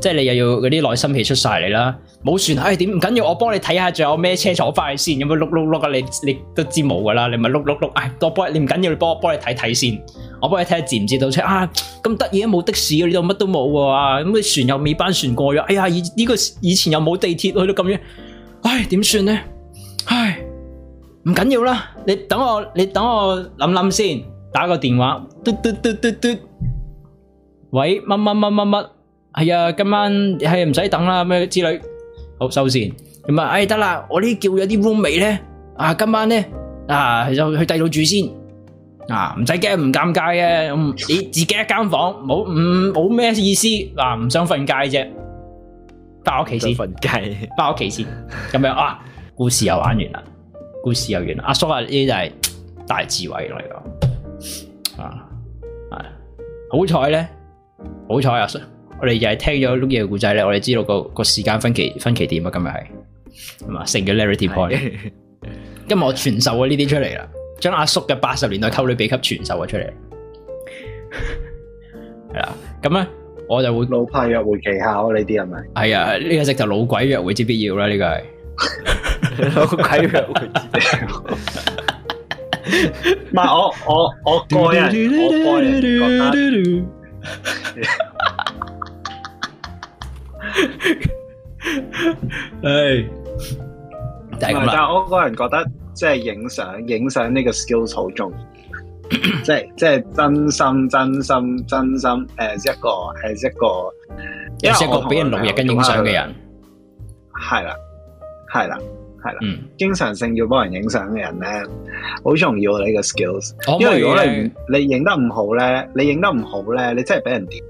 即係你又要嗰啲內心氣出晒嚟啦，冇船唉，點，唔緊要，我幫你睇下仲有咩車坐翻去先，有冇碌碌碌啊，你你都知冇噶啦，你咪碌碌碌唉，多、哎、幫你唔緊要，你幫我幫你睇睇先，我幫你睇下接唔接到車啊，咁得意啊冇的士都啊，呢度乜都冇啊，咁啲船又尾班船過咗，哎呀以呢、這個以前又冇地鐵去到咁遠，唉點算咧？唉唔緊要啦，你等我你等我諗諗先，打個電話嘟，嘟嘟嘟嘟嘟，喂乜乜乜乜乜。係啊，今晚係唔使等啦，咩之類，好收線。咁啊，哎得啦，我呢叫有啲 roommate 咧，啊今晚咧啊，就去第度住先，啊唔使驚，唔尷尬嘅，你自己一間房，冇唔冇咩意思，嗱唔想瞓街啫，翻屋企先瞓街，翻屋企先。咁樣啊，故事又玩完啦，故事又完啦。阿叔啊，呢啲就係大智慧嚟講，啊係，好彩咧，好彩阿叔。我哋又係聽咗碌嘢嘅故仔咧，我哋知道個個時間分歧，分歧點啊，今日係咁啊，Singularity Point。的今日我傳授咗呢啲出嚟啦，將阿叔嘅八十年代溝女秘笈傳授咗出嚟。係啦，咁咧我就會老派約會旗下。呢啲係咪？係啊，呢、這個直頭老鬼約會之必要啦，呢、這個係 老鬼約會之必要。唔 係我我我我 唉，但係我個人覺得，就是、這 即係影相，影相呢個 skills 好重要，即係即係真心，真心，真心，誒，一個，係一個，As、一個俾人努力跟影相嘅人，係啦，係啦，係啦，嗯、經常性要幫人影相嘅人咧，好重要你個 skills，、oh、my 因為如果你唔，你影得唔好咧，你影得唔好咧，你真係俾人點。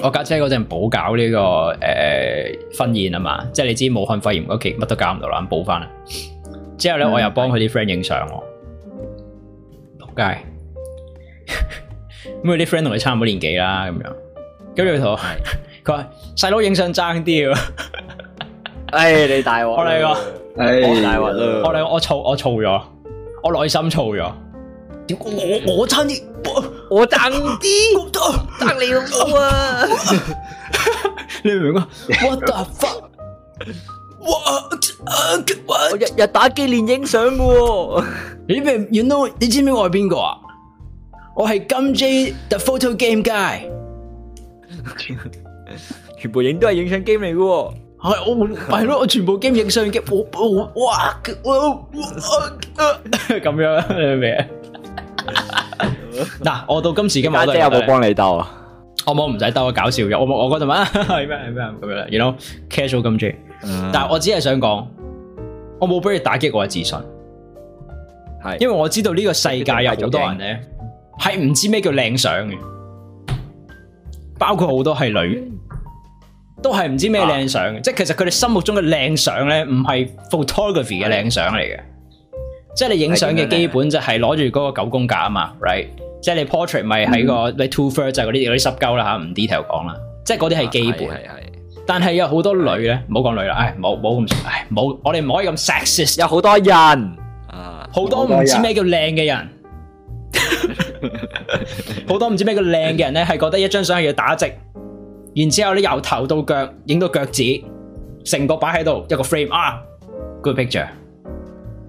我家姐嗰陣補搞呢、這個誒、呃、婚宴啊嘛，即係你知武漢肺炎嗰期乜都搞唔到啦，咁補翻啦。之後咧、嗯、我又幫佢啲 friend 影相我仆街，咁佢啲 friend 同你差唔多年紀啦咁樣，跟住佢同我佢話細佬影相爭啲啊。的」弟弟 哎你大鑊、哎，我嚟、哎、個，我大鑊啦，我嚟我燥，我燥咗，我內心燥咗，我我我差啲。我爭啲打你老母啊！你明唔明啊？What the fuck！哇啊！我日日打機練影相嘅喎。你明，遠東，你知唔知我係邊個啊？我係金 J the photo game guy。全部影都係影相機嚟嘅喎。係我，係咯，我全部 game 影相機。我，我，哇！咁樣，你明唔明？.嗱，我到今時今日，阿爹有冇幫你鬥啊？我冇，唔使鬥啊，搞笑嘅，我冇，我覺得咩咩咩咁樣啦。然後 you know, casual kind of、嗯，但係我只係想講，我冇俾你打擊我嘅自信，係、嗯，因為我知道呢個世界有好多人咧，係唔知咩叫靚相嘅，包括好多係女，都係唔知咩靚相嘅，啊、即係其實佢哋心目中嘅靚相咧，唔係 photography 嘅靚相嚟嘅。即係你影相嘅基本就係攞住嗰個九宮格啊嘛，right？即係你 portrait 咪喺個你 two thirds 就嗰啲嗰啲濕鳩啦吓，唔 detail 講啦。即係嗰啲係基本，係係係但係有好多女咧，唔好講女啦，唉，冇冇咁，唉，冇，我哋唔可以咁 sexist。有好多人，啊，好多唔知咩叫靚嘅人，好多唔知咩叫靚嘅人咧，係 覺得一張相係要打直，然之後咧由頭到腳影到腳趾，成個擺喺度一個 frame 啊，good picture。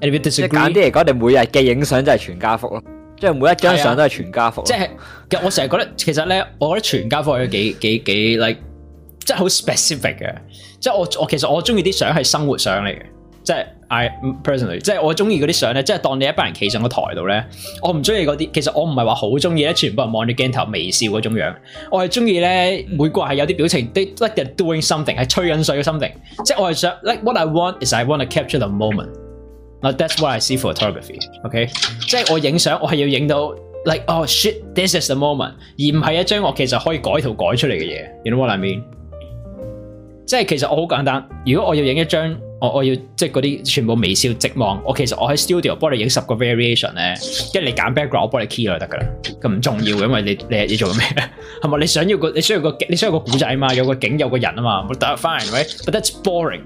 即係簡啲嚟講，你每日嘅影相就係全家福咯，即係每一張相都係全家福。即係，我成日覺得其實咧，我覺得全家福係幾幾幾 like，即係好 specific 嘅。即係我我其實我中意啲相係生活相嚟嘅。即係 I personally，即係我中意嗰啲相咧，即係當你一班人企上個台度咧，我唔中意嗰啲。其實我唔係話好中意咧，全部人望住鏡頭微笑嗰種樣。我係中意咧，每個係有啲表情。They like they're doing something，係吹緊水嘅 something。即係我係想，like what I want is I want to capture the moment。嗱，that's why I see photography。OK，即係我影相，我係要影到 like oh shit，this is the moment，而唔係一張我其實可以改圖改出嚟嘅嘢。You know what I mean？即係其實我好簡單。如果我要影一張，我我要即係嗰啲全部微笑、直望，我其實我喺 studio 幫你影十個 variation 咧，跟住你揀 background，我幫你 key 就得㗎啦。咁唔重要，因為你你你做緊咩？係嘛？你想要個你需要個你需要個古仔啊嘛？有個景有個人啊嘛？But that's fine，right？But that's boring。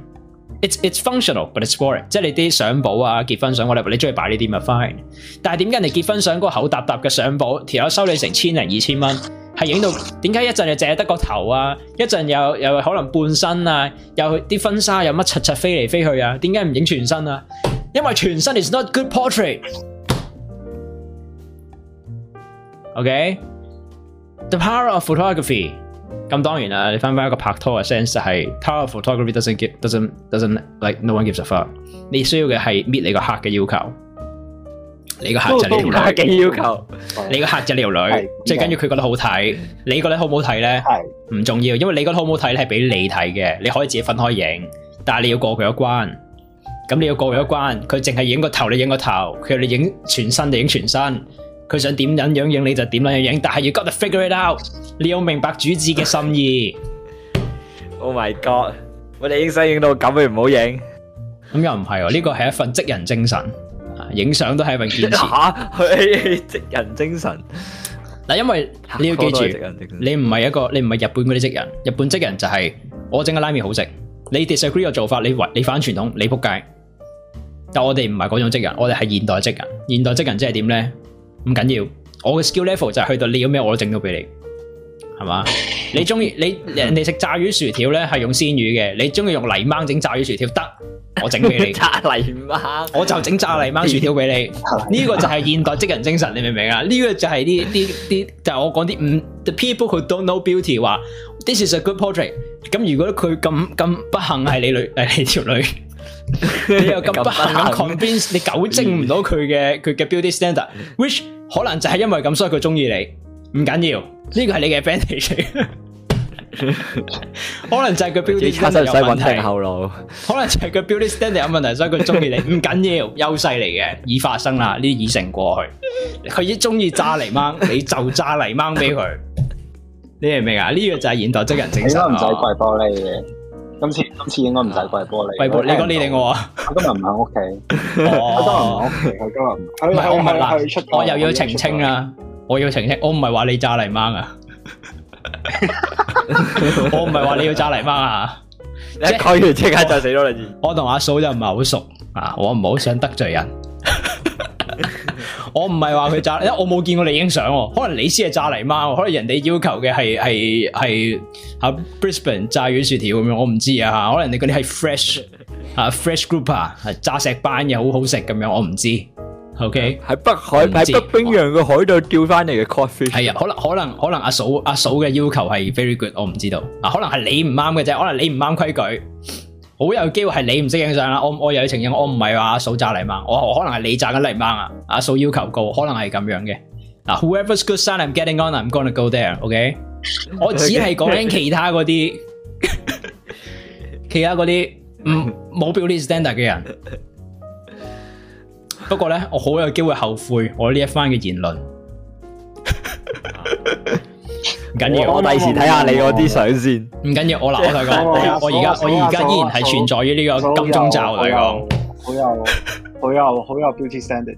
It's it's functional but it's boring。即係你啲相簿啊，結婚相我哋你中意擺呢啲咪 fine。但係點解你結婚相嗰個口搭搭嘅相簿，條友收你成千零二千蚊，係影到？點解一陣又淨係得個頭啊？一陣又又可能半身啊？又啲婚紗又乜柒柒飛嚟，飛去啊？點解唔影全身啊？因為全身 is not good portrait。OK，the power of photography。咁當然啦，你翻翻一個拍拖嘅 sense 就係、是、，photography doesn't give doesn't doesn't doesn't like no one gives a fuck。你需要嘅係 meet 你個客嘅要求，你個客就你條女，的要求你個客就你條女，即係跟住佢覺得好睇， 你覺得好唔好睇咧？係唔 重要，因為你覺得好唔好睇係俾你睇嘅，你可以自己分開影，但係你要過佢一關。咁你要過佢一關，佢淨係影個頭，你影個頭，佢要你影全身，你影全身。你佢想點樣樣影，你就點樣樣影，但係要 got to figure it out，你要明白主子嘅心意。Oh my god！我哋已經影到咁，你唔好影。咁又唔係，呢個係一份職人精神。影相都係一份堅持。吓，職人精神。嗱，因為你要記住，你唔係一個，你唔係日本嗰啲職人。日本職人就係我整個拉麵好食，你 disagree 個做法，你違你反傳統，你撲街。但係我哋唔係嗰種職人，我哋係現代職人。現代職人即係點咧？唔緊要，我嘅 skill level 就係去到你有咩我都整到俾你，係嘛？ 你中意你人哋食炸魚薯條咧係用鮮魚嘅，你中意用泥蜢整炸魚薯條得？我整俾你炸泥蜢，我就整炸泥蜢薯條俾你。呢個就係現代職人精神，你明唔明啊？呢 個就係啲啲啲，就係、是、我講啲唔，the people who don't know beauty 話 this is a good portrait。咁如果佢咁咁不幸係你女誒 你條女。你又咁不幸咁 convince 你糾正唔到佢嘅佢嘅、嗯、beauty standard，which、嗯、可能就係因為咁，所以佢中意你。唔緊要，呢個係你嘅 advantage。 可能就係佢 beauty，你真係使問題後路。可能就係佢 beauty standard 有問題，所以佢中意你。唔緊要，優勢嚟嘅已發生啦，呢已成過去。佢一中意炸泥掹， 你就炸泥掹俾佢。你明唔明啊？呢、這個就係現代職人精神，唔使碎玻璃嘅。今次今次應該唔使跪玻璃。玻璃喂，你講你定我啊、oh.？我今日唔喺屋企。我今日唔喺屋企，我今日唔。係我唔係去我又要澄清啊！我要澄清，我唔係話你炸泥媽啊！ 我唔係話你要炸泥媽啊！一刻要即刻就死咗你即！我同阿嫂又唔係好熟啊！我唔係好想得罪人。 我唔係話佢炸，因為我冇見過你影相，可能你先係炸泥貓，可能人哋要求嘅係係係吓 Brisbane 炸魚薯條咁樣，我唔知啊吓，可能你嗰啲係 fresh 啊 fresh grouper 係炸石斑嘅，好好食咁樣，我唔知。OK，喺北海，喺北冰洋嘅海度釣翻嚟嘅 coffee 我。係啊，可能可能可能阿嫂阿嫂嘅要求係 very good，我唔知道。嗱，可能係你唔啱嘅啫，可能你唔啱規矩。好有機會係你唔識影相啦，我我又要承認，我唔係話阿嫂炸泥盲，我可能係你炸緊泥盲啊！阿嫂要求高，可能係咁樣嘅。嗱，Whoever's good sign I'm getting on, I'm gonna go there。OK，我只係講緊其他嗰啲，其他嗰啲唔冇 build、er、standard 嘅人。不過咧，我好有機會後悔我呢一番嘅言論。啊唔緊要，我第時睇下你嗰啲相先。唔緊要，我嗱我睇過。我而家我而家依然係存在於呢個金鐘罩嚟講。好有，好有，好有 Beauty Standard。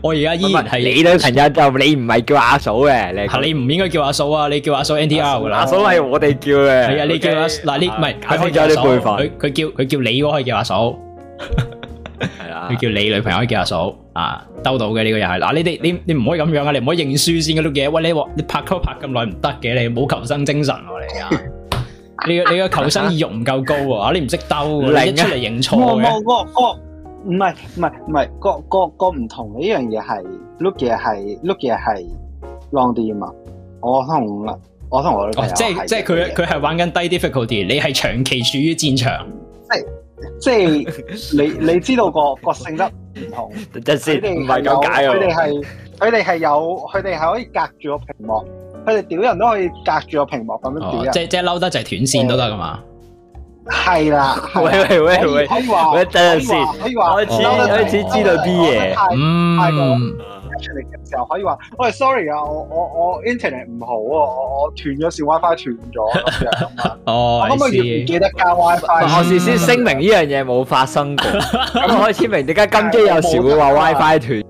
我而家依然係你女朋友就你唔係叫阿嫂嘅，係你唔應該叫阿嫂啊！你叫阿嫂 Andy 啊？阿嫂係我哋叫嘅。係啊，你叫阿嗱你唔係。佢可以叫啲輩份。佢佢叫佢叫你可以叫阿嫂。係佢叫你女朋友可以叫阿嫂啊，兜到嘅呢個又係嗱，你哋你你唔可以咁樣啊，你唔可以認輸先嘅 Lukas，喂你你拍拖拍咁耐唔得嘅，你冇求生精神嚟噶，你、啊、你個求生意欲唔夠高啊，你唔識兜， 你出嚟認錯冇，唔係唔係唔係，個個唔同呢樣嘢係 Lukas 係 Lukas 係 longer 嘛？我同我同我女朋友即係即係佢佢係玩緊低 difficulty，你係長期處於戰場係。不不不即係你你知道個個性質唔同，等陣先，唔係咁解。佢哋係佢哋係有佢哋係可以隔住個屏幕，佢哋屌人都可以隔住個屏幕咁樣屌，即即係嬲得就斷線都得噶嘛？係啦，喂喂喂喂，可以話可以話，我始，我始知道啲嘢，嗯。時候可以話、oh,，我係 sorry 啊，我我我 internet 唔好啊，我斷時斷、oh, I 我斷咗少 wifi 斷咗，咁樣哦，咁我唔記得交 wifi？我事先聲明呢樣嘢冇發生過，咁開始明點解金基有時會話 wifi 斷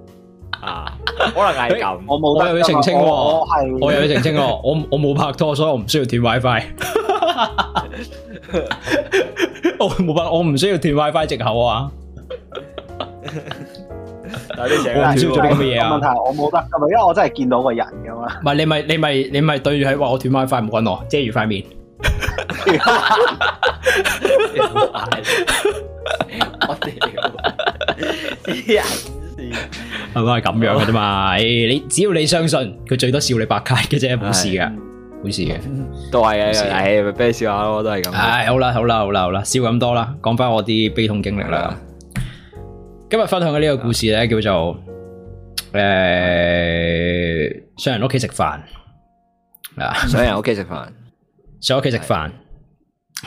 啊？斷可能係咁，欸、我冇，我有要澄清，我,我,我有要澄清 我，我我冇拍拖，所以我唔需要斷 wifi。Fi、 我冇拍，我唔需要斷 wifi 借口啊。 有啲少做啲咁嘅嘢啊！問題係我冇得，係咪因為我真係見到個人㗎嘛？唔係你咪你咪你咪對住喺話我斷 wifi 唔關我，遮住塊面。我屌，啲人事，阿媽係咁樣噶啫嘛？誒，你只要你相信，佢最多笑你百下嘅啫，冇事嘅，冇事嘅，都係嘅，誒，俾你笑下咯，都係咁。誒，好啦，好啦，好啦，好啦，笑咁多啦，講翻我啲悲痛經歷啦。今日分享嘅呢個故事咧，叫做誒上、呃、人屋企食飯啊，上人屋企食飯，上屋企食飯。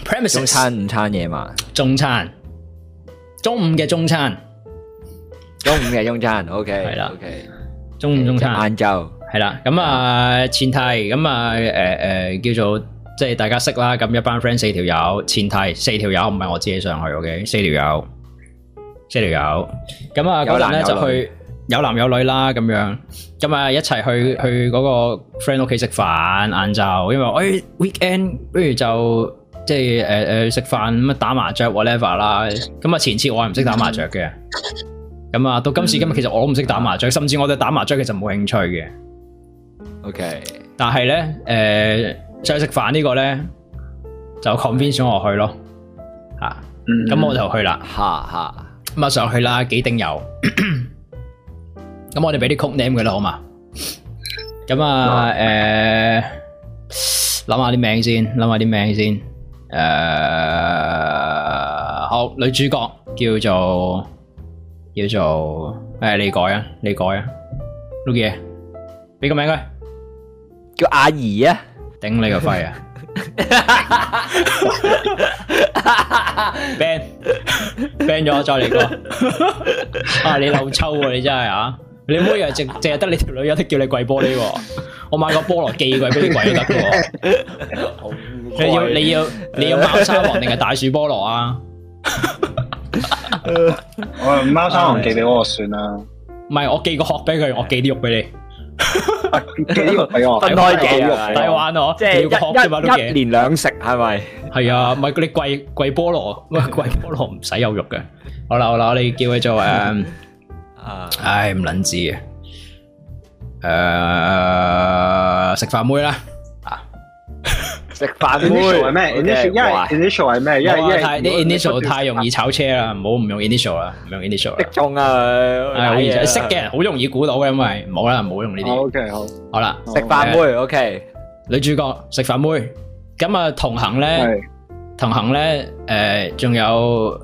premises 中餐、午餐、夜晚、中餐、中午嘅中餐、中午嘅中餐。O K 係啦，O K 中午中餐晏晝係啦。咁啊，前提咁啊，誒、呃、誒、呃，叫做即係大家識啦。咁一班 friend 四條友，前提四條友唔係我自己上去。O、okay, K 四條友。即係條友，咁啊嗰男咧就去有男有，有男有女啦，咁樣，咁啊一齊去去嗰個 friend 屋企食飯，晏晝，因為誒 weekend 不如就即係誒誒食飯咁啊打麻雀 whatever 啦，咁啊前次我係唔識打麻雀嘅，咁啊 到今次今日其實我都唔識打麻雀， 甚至我對打麻雀其實冇興趣嘅，ok，但係咧誒，再食飯呢個咧就 convince 咗我去咯，吓、啊，咁我就去啦，吓吓。咁啊上去啦，幾丁油。咁我哋俾啲曲名佢啦，好嘛？咁啊，誒，諗下啲名先，諗下啲名先。誒，好，女主角叫做叫做誒，你改啊，你改啊，Lukas，俾個名佢，叫阿姨啊，頂你個肺啊！ ban ban 咗，再嚟過。啊，你漏抽喎，你真係啊！你唔好日日淨淨係得你條女有得叫你跪玻璃，啊。我買個菠蘿寄鬼俾你，鬼都得嘅。你要你要你要貓山王定係大樹菠蘿啊？ 我貓山王寄俾我算啦。唔係，啊，我寄個殼俾佢，我寄啲肉俾你。分開幾肉，抵玩嗬？即係一一年兩食係咪？係啊，唔係嗰啲貴貴菠蘿，貴菠蘿唔使有肉嘅。好啦好啦，我哋叫佢做誒誒，唉唔撚知啊，誒食飯妹啦。食飯妹係咩？因為 initial 係咩？因為因為 initial 太容易炒車啦，唔好唔用 initial 啦，唔用 initial 啦。識中啊，係而且識嘅人好容易估到嘅，因為唔好啦，唔好用呢啲。OK 好，好啦，食飯妹，OK，女主角食飯妹，咁啊同行咧，同行咧，誒，仲有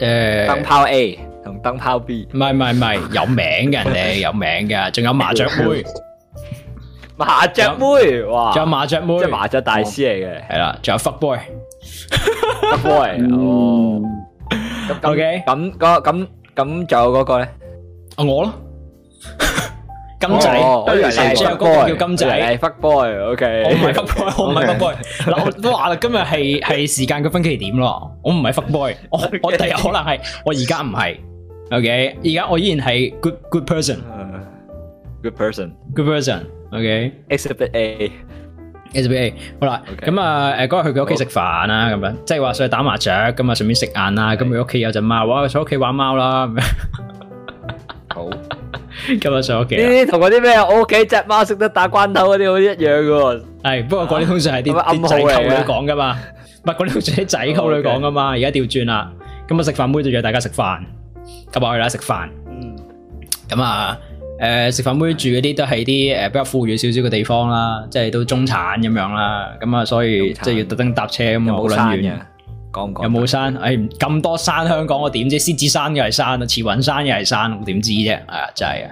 誒燈泡 A 同燈泡 B，唔係唔係唔係有名嘅人嚟，有名嘅，仲有麻雀妹。麻雀妹，哇！仲有麻雀妹，即係麻雀大師嚟嘅，係啦，仲有 fuck boy，fuck boy，哦。O K，咁嗰咁咁仲有嗰個咧？啊，我咯，金仔，誒，即係嗰個叫金仔，誒，fuck boy，O K，我唔係 fuck boy，我唔係 fuck boy。嗱，我都話啦，今日係係時間嘅分歧點咯，我唔係 fuck boy，我我第日可能係，我而家唔係，O K，而家我依然係 good good person，good person，good person。OK，Except The A，Except The A，好啦，咁啊，誒嗰日去佢屋企食飯啦，咁樣即係話上去打麻雀，咁啊順便食晏啦，咁佢屋企有隻貓，哇，在屋企玩貓啦，咁樣好今日上屋企呢啲同嗰啲咩？我屋企隻貓識得打關頭嗰啲，好似一樣噶，係不過嗰啲通常係啲仔溝女講噶嘛，唔係嗰啲通常啲仔溝女講噶嘛，而家調轉啦，咁啊食飯，妹就約大家食飯，今日去啦食飯，嗯，咁啊。誒、呃，食飯妹住嗰啲都係啲誒，比較富裕少少嘅地方啦，即係都中產咁樣啦，咁、嗯、啊，所以餐即係要特登搭車咁，冇論遠，講唔講？說不說有冇山？說說哎，咁多山，香港我點知？獅子山又係山咯，慈雲山又係山，我點知啫？係啊，真係、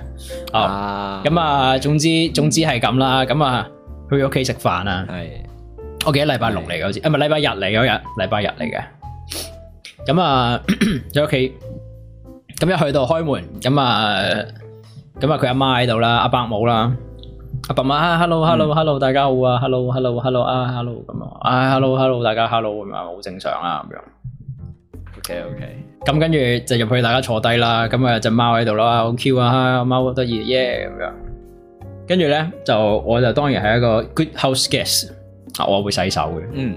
oh，啊，啊、嗯，咁啊、嗯，總之總之係咁啦，咁啊，去屋企食飯啊，係，我記得禮拜六嚟嗰次，唔係禮拜日嚟嗰日，禮拜日嚟嘅，咁啊，喺屋企，咁一去到開門，咁啊。咁啊，佢阿媽喺度啦，阿伯母啦，阿伯媽啊，hello hello hello，大家好啊，hello hello hello 啊，hello 咁啊，唉，hello hello 大家 hello，咁啊好正常啊？咁樣。ok ok，咁跟住就入去大家坐低啦，咁啊隻貓喺度啦，好 Q 啊，阿貓好得意耶咁樣。跟住咧就我就當然係一個 good house guest，啊我會洗手嘅，嗯，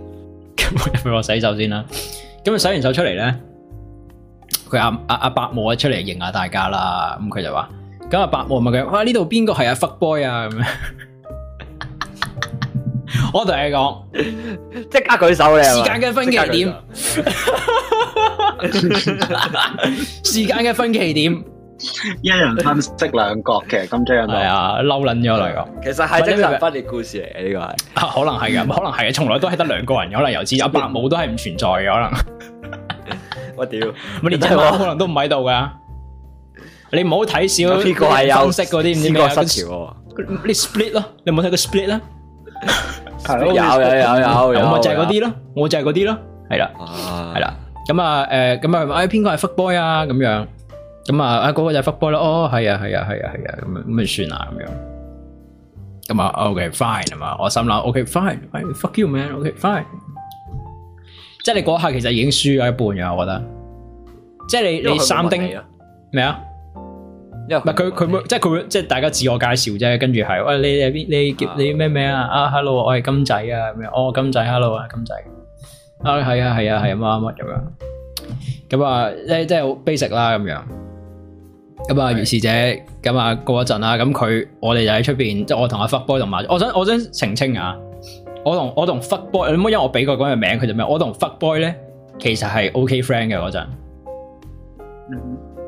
咁我入去 洗手先啦。咁 啊洗完手出嚟咧，佢阿阿阿伯母啊出嚟認下大家啦，咁佢就話。今日伯母問佢：哇，呢度邊個係阿 fuck boy 啊？咁樣，啊， 我同你講，即刻，刻舉手，你係嘛。 時間嘅分歧點，時間嘅分歧點，一人分飾兩角，其實咁追係啊，嬲捻咗嚟個。其實係真、啊、實是分裂故事嚟嘅呢個係，可能係噶，可能係，從來都係得兩個人， 可能由之阿伯母都係唔存在嘅可能。 我屌，乜你真可能都唔喺度噶？你唔好睇少嗰有，方式嗰啲，唔知咩新潮。你 split 咯，你冇睇佢 split 啦。有有有有有，我就係嗰啲咯，我就係嗰啲咯，係啦，係啦。咁啊，誒，咁啊，邊個係 fuckboy 啊？咁樣，咁啊，啊，嗰個就係 fuckboy 啦。哦，係啊，係啊，係啊，係啊，咁咪算啦，咁樣。咁啊，OK，fine 啊嘛，我心諗，OK，fine，fuck you man，OK，fine。即係你嗰下其實已經輸咗一半嘅，我覺得。即係你你三丁咩啊？因為佢佢會即係佢會即係大家自我介紹啫，跟住係喂，你你你叫你咩名啊？啊、oh, okay. oh，hello，我係金仔啊咁樣。哦，金仔，hello 啊，金仔。Hello, 金仔 oh, 嗯、啊，係啊，係啊，係啊，乜乜咁樣。咁啊，即即係好 basic 啦咁樣。咁啊的，如是者咁啊，過一陣啦。咁佢我哋就喺出邊，即係我同阿 Fuck Boy 同埋。我想我想澄清啊，我同我同 Fuck Boy，你唔好因為我俾個嗰個名佢就咩？我同 Fuck Boy 咧其實係 OK friend 嘅嗰陣。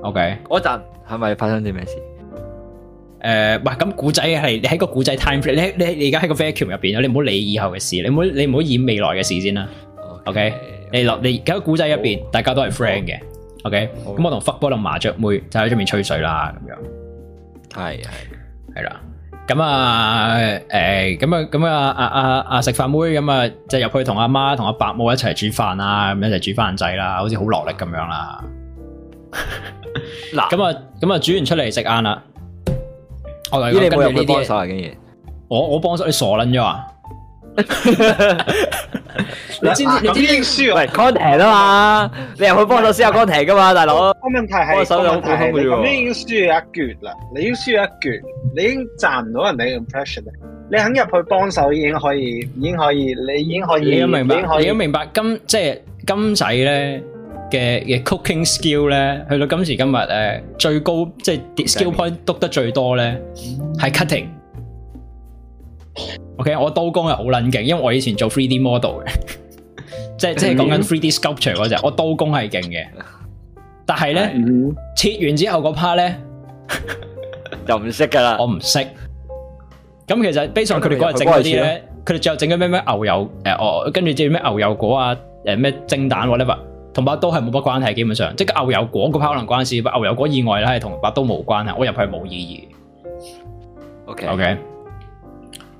OK 嗰陣。 Okay. 係咪發生啲咩事？誒、uh,，唔咁古仔係你喺個古仔 time，你你你而家喺個 vacuum 入邊啊！你唔好理以後嘅事，你唔好你唔好演未來嘅事先啦。OK，, okay. 你落你喺古仔入邊，oh. 大家都係 friend 嘅。OK，咁我同 f 波同麻雀妹就喺出面吹水啦，咁樣係係係啦。咁啊誒，咁啊咁啊阿阿阿食飯妹咁啊，就、欸啊啊啊啊啊、入去同阿媽同阿伯母一齊煮飯啦，咁一齊煮飯仔啦，好似好落力咁樣啦。 嗱，咁啊，咁啊，煮完出嚟食晏啦。我嚟，你今日有冇幫手啊？竟然，我我幫手，你傻捻咗啊？你知唔知？你知唔知？唔係，content 啊嘛，你入去幫手先有 content 噶嘛，大佬。問題係幫手你已經輸咗一橛啦，你已經輸咗一橛，你已經賺唔到人哋嘅 impression 咧。你肯入去幫手，已經可以，已經可以，你已經可以。你要明白，你要明白，金即係金仔咧。嘅嘅 cooking skill 咧，去到今時今日，最高即係 skill point 得得最多咧，係 cutting。OK，我刀工係好撚勁，因為我以前做 three D model 嘅， 即係即係講緊 three D sculpture 嗰隻，我刀工係勁嘅。但係咧、uh huh. 切完之後嗰 part 咧就唔識噶啦， 我唔識。咁其實 base 上佢哋嗰日整嗰啲咧，佢哋最後整緊咩咩牛油、哦、跟住再咩牛油果啊，咩蒸蛋、嗯、whatever。同把刀係冇乜關係，基本上即係牛油果個可能關事，牛油果意外啦，係同把刀冇關係，我入去冇意義。Okay. OK OK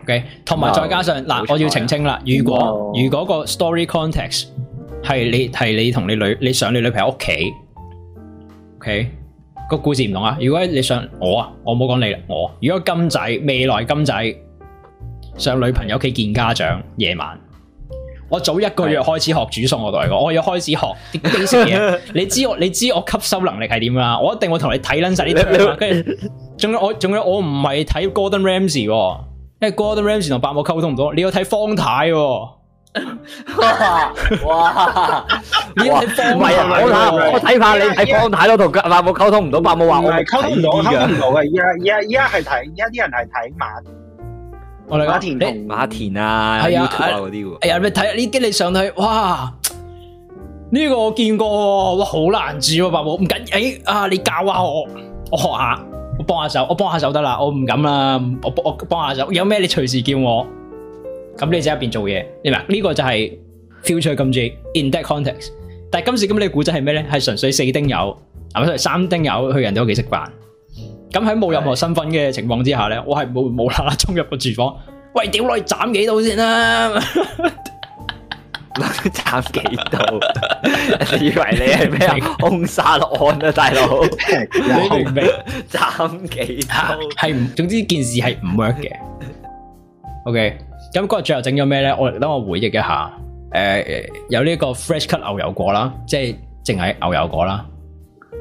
OK，同埋再加上嗱，有有啦我要澄清啦、哦，如果如果個 story context 係你係你同你女你上你女朋友屋企，OK 個故事唔同啊。如果你想我啊，我冇講你啦，我，說你我如果金仔未來金仔上女朋友屋企見家長，夜晚。我早一個月開始學煮餸，我同你講，我要開始學啲 basic 嘢。你知我，你知我吸收能力係點啦？我一定會同你睇捻晒呢啲。跟住，仲有我，仲有我唔係睇 Gordon Ramsay，因為 Gordon Ramsay 同八母溝通唔到，你要睇方太。哇！你方太，我睇怕你喺方太咯，同八母溝通唔到，八母話我係溝唔到，溝唔到嘅。而家而家而家係睇，而家啲人係睇碼。我哋馬田馬田啊，係啊，嗰啲喎。哎呀、啊啊，你睇下呢啲你上去，哇！呢、這個我見過，哇，好難煮喎，伯母。唔緊要誒，啊，你教下我，我學下，我幫下手，我幫下手得啦，我唔敢啦，我幫我幫下手。有咩你隨時叫我。咁你就喺一邊做嘢，明白？呢、這個就係 future 今朝 in that context，但係今次咁你古仔係咩咧？係純粹四丁友，係咪三丁友，去人哋屋企食飯。咁喺冇任何身份嘅情況之下咧，是我係，冇冇啦啦衝入個廚房，喂，屌我斬幾刀先啦、啊？斬 幾刀？你以為你係咩凶殺落案啊，大佬？斬 幾刀度？係唔，總之件事係唔 work 嘅。 OK，咁嗰日最後整咗咩咧？我等我回憶一下。誒、呃，有呢個 fresh cut 牛油果啦，即係淨係牛油果啦。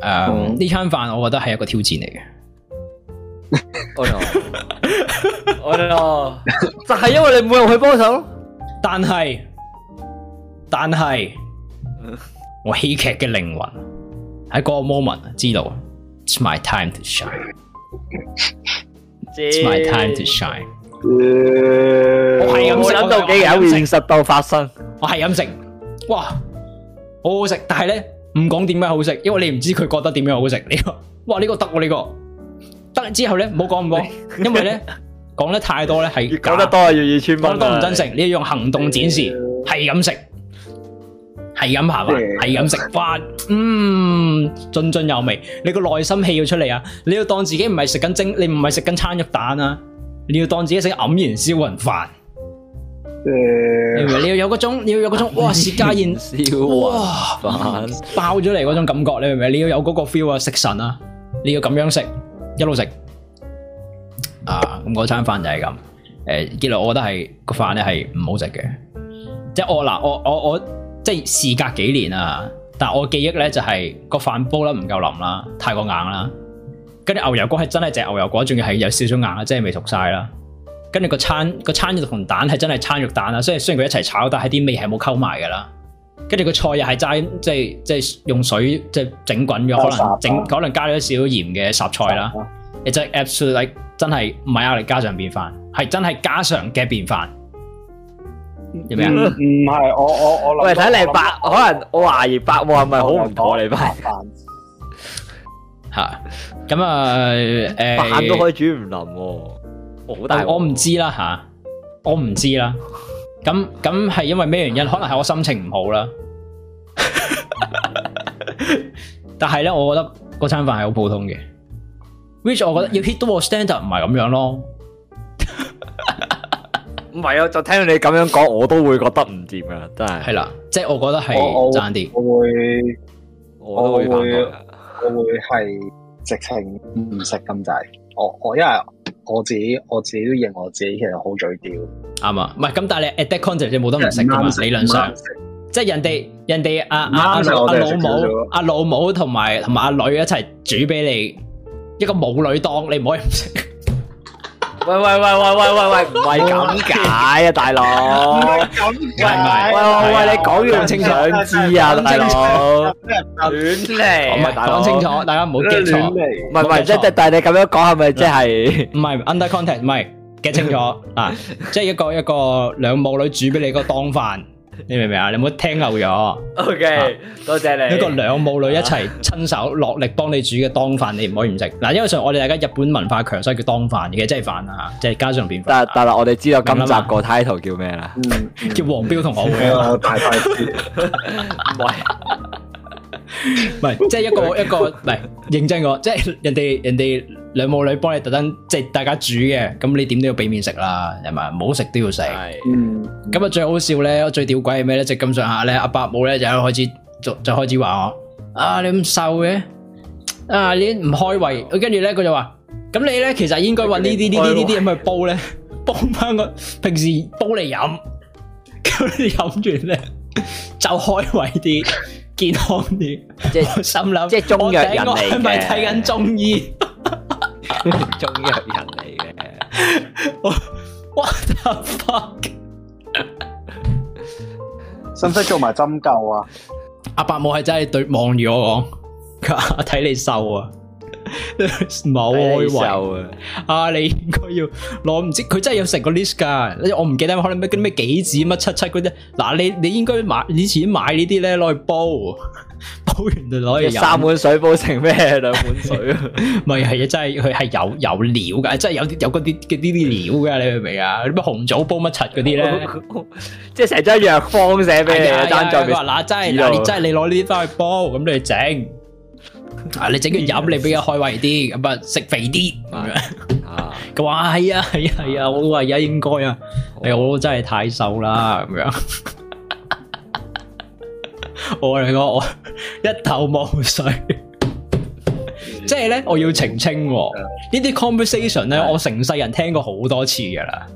誒，呢餐飯我覺得係一個挑戰嚟嘅。我咯，我咯，就係因為你冇人去幫手。但係，但係，我喜劇嘅靈魂喺嗰個 moment 知道。It's my time to shine。It's my time to shine。我係唔想鬥幾嘅，我唔想鬥發生。我係飲食，哇，好好食，但係咧。唔講點樣好食，因為你唔知佢覺得點樣好食。呢、這個啊，這個，哇呢個得喎呢個，得之後咧，唔好講唔講，因為呢，講得太多咧係講得多係要以穿幫，講得唔真誠。你要用行動展示，係噉食，係噉下飯，係噉食飯，嗯，津津有味。你個內心戲要出嚟啊！你要當自己唔係食緊蒸，你唔係食緊餐肉蛋啊！你要當自己食黯然銷魂飯。誒，你你要有嗰種你要有嗰種，哇！薛家燕 哇爆咗嚟嗰種感覺，你明唔明？你要有嗰個 feel 啊，食神啊，你要咁樣食，一路食啊！咁嗰餐飯就係咁，誒，結論我覺得係個飯咧係唔好食嘅，即係我嗱我我我即係事隔幾年啊，但係我記憶咧就係個飯煲得唔夠腍啦，太過硬啦，跟住牛油果係真係隻牛油果，仲要係有少少硬啦，即係未熟晒啦。跟住個餐個餐肉同蛋係真係餐肉蛋啦，所以雖然佢一齊炒，但係啲味係冇溝埋㗎喇。跟住個菜又係齋即係即係用水即係整滾咗煮，可能整可能加咗少少鹽嘅雜菜啦。亦即係 absolute 真係唔係啊！你家常便飯係真係家常嘅便飯，做咩啊？唔係、嗯、我我我喂睇你白可能我懷疑白喎係咪好唔妥你白飯？嚇咁 啊誒飯都可以煮唔腍喎。但係我唔知啦吓、啊，我唔知啦。咁咁係因為咩原因？可能係我心情唔好啦。 但係咧，我覺得嗰餐飯係好普通嘅。Which 我覺得要 hit 到個 standard 唔係咁樣咯。唔 係啊，就聽到你咁樣講，我都會覺得唔掂啊。真係。係啦，即、就、係、是、我覺得係賺啲。我都會，我都會，會，我會係直情唔食咁滯。我我因為。我自己我自己都認我自己其實好嘴刁，啱、嗯、啊，唔係，咁但係你 at that concert 你冇得唔食㗎嘛，理論上，即係人哋人哋阿阿阿老母阿老母同埋同埋阿女一齊煮俾你一個母女檔，你唔可以唔食。喂喂喂喂喂喂喂，唔係咁解啊，大佬，係咪？喂喂喂，你講嘢唔清楚，知啊，大佬。亂嚟，講清楚，大家唔好記錯。唔係唔係，即係但係你咁樣講係咪即係？唔係 under context，唔係記清楚啊，即係一個一個兩母女煮俾你個當飯。你明唔明 Okay, 啊？你冇聽漏咗？OK，多謝你。呢個兩母女一齊親手落力幫你煮嘅當飯，你唔可以唔食。嗱、啊，因為上我哋大家日本文化強勢叫當飯，其實即係飯啊，即係家常便飯。但係但係，我哋知道今集個 title 叫咩啦？嗯嗯、叫黃標同學會，唔係。唔係，即係一個一個唔係認真個即係人哋人哋兩母女幫你特登即係大家煮嘅，咁你點都要俾面食啦，係咪？唔好食都要食。咁啊，最好笑咧，最吊詭係咩咧？即係咁上下咧，阿伯母咧就喺度開始就就開始話我啊，你咁瘦嘅，啊你唔開胃。跟住咧，佢就話：，咁你咧其實應該搵呢啲呢啲呢啲嘢去煲咧，煲翻個平時煲嚟飲。咁你飲完咧就開胃啲。健康啲，即係心諗，即係中藥人嚟嘅。我睇緊中醫， 中藥人嚟嘅。What the fuck？使唔使做埋針灸啊？阿、啊、伯母係真係對望住我講，我睇你瘦啊！冇開胃啊！啊，你應該要攞，唔知佢真係有成個 list 噶，我唔記得可能咩跟咩杞子乜七七嗰啲。嗱，你你應該買以前買呢啲咧，攞去煲，煲完就攞去飲。三碗水煲成咩？兩碗水啊？咪係？真係佢係有有料噶，真係有啲有嗰啲嘅啲啲料噶，你明唔明啊？啲咩紅棗煲乜柒嗰啲咧？即係成張藥方寫俾你啊？嗱，真係嗱，你真係你攞呢啲翻去煲，咁你整。啊！你整完飲，你比較開胃啲，咁啊食肥啲咁樣。佢話係啊係啊係啊，我話而家應該啊，我真係太瘦啦咁樣。我嚟講，我一頭霧水。即係咧，我要澄清呢啲 conversation 咧，我成世人聽過好多次噶啦。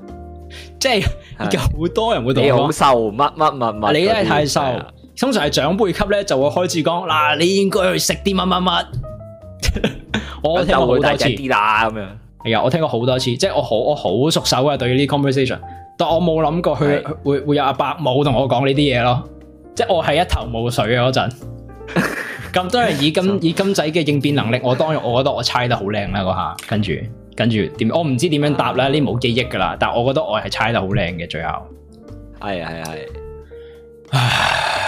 即係有好多人會同你講好瘦乜乜乜乜，你真係太瘦。通常係長輩級咧，就會開始講嗱、啊，你應該去食啲乜乜乜。我聽過好多次。啲啦咁樣。哎呀，我聽過好多次，即係我好我好熟手啊，對呢啲 conversation，但我冇諗過去的會會有阿伯母同我講呢啲嘢咯，即係我係一頭霧水啊嗰陣。咁 都係以金 以金仔嘅應變能力，我當然我覺得我猜得好靚啦嗰下。跟住跟住點？我唔知點樣答啦，呢冇、啊、記憶噶啦。但係我覺得我係猜得好靚嘅最後。係係係。唉。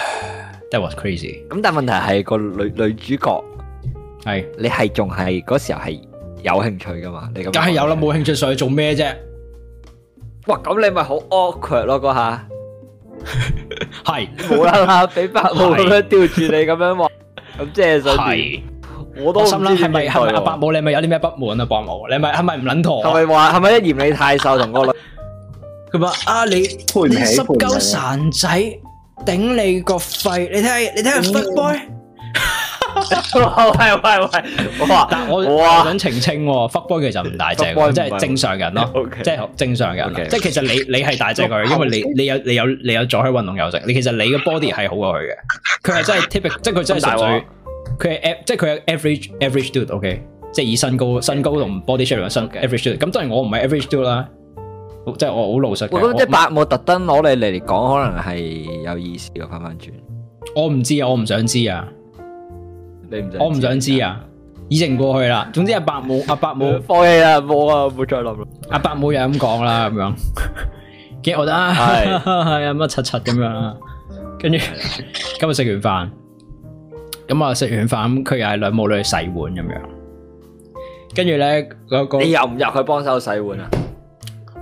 都係 crazy，咁但係問題係個女女主角係你係仲係嗰時候係有興趣噶嘛？你咁，梗係有啦，冇興趣上去做咩啫？哇，咁你咪好 awkward 咯，嗰下係冇啦啦俾伯母咁樣吊住你咁樣話，咁即係係我都心諗係咪係咪阿伯母你咪有啲咩不滿啊？伯母，你咪係咪唔捻同？係咪話係咪嫌你太瘦同個女？佢話啊，你你十九神仔。頂你個肺！你睇下，你睇下，fuck boy，喂喂喂，我話，但係我我想澄清，fuck boy 其實唔大隻，即係正常人咯，即係正常人，即係其實你你係大隻過佢，因為你你有你有你有左喺運動又食。你其實你嘅 body 係好過佢嘅，佢係真係 typical，即係佢真係純粹，佢係即係佢係 average average dude，ok，即係以身高身高同 body shape 嚟講，average dude，咁當然我唔係 average dude 啦。即係我好老實講，我覺得即係伯母特登攞你嚟嚟講，可能係有意思嘅翻翻轉。我唔知啊，我唔想知啊。你唔使我唔想知啊。已經過去啦。總之阿伯母阿伯母放棄啦，冇啊冇再諗啦。阿伯母又咁講啦，咁樣。其實我得係係啊有乜柒柒咁樣。跟住今日食完飯，咁啊食完飯咁佢又係兩母女去洗碗咁樣。跟住咧嗰個你入唔入去幫手洗碗啊？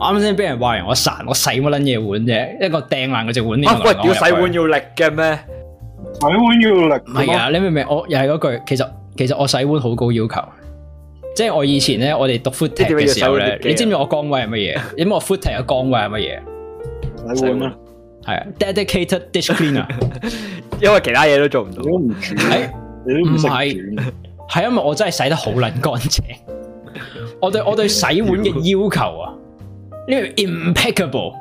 啱先俾人話完，我孱，我洗乜撚嘢碗啫？一個掟爛嗰隻碗嚟。啊喂！要洗碗要力嘅咩？洗碗要力？係啊，你明唔明？我又係嗰句，其實其實我洗碗好高要求。即係我以前咧，我哋讀 food tech 嘅時候咧，你知唔知我崗位係乜嘢？你知 我 food tech 嘅崗位係乜嘢？洗碗啊！係啊，dedicated dish cleaner。 因為其他嘢都做唔到。唔轉？唔係，係因為我真係洗得好撚乾淨。 我對我對洗碗嘅要求啊！因為 impeccable，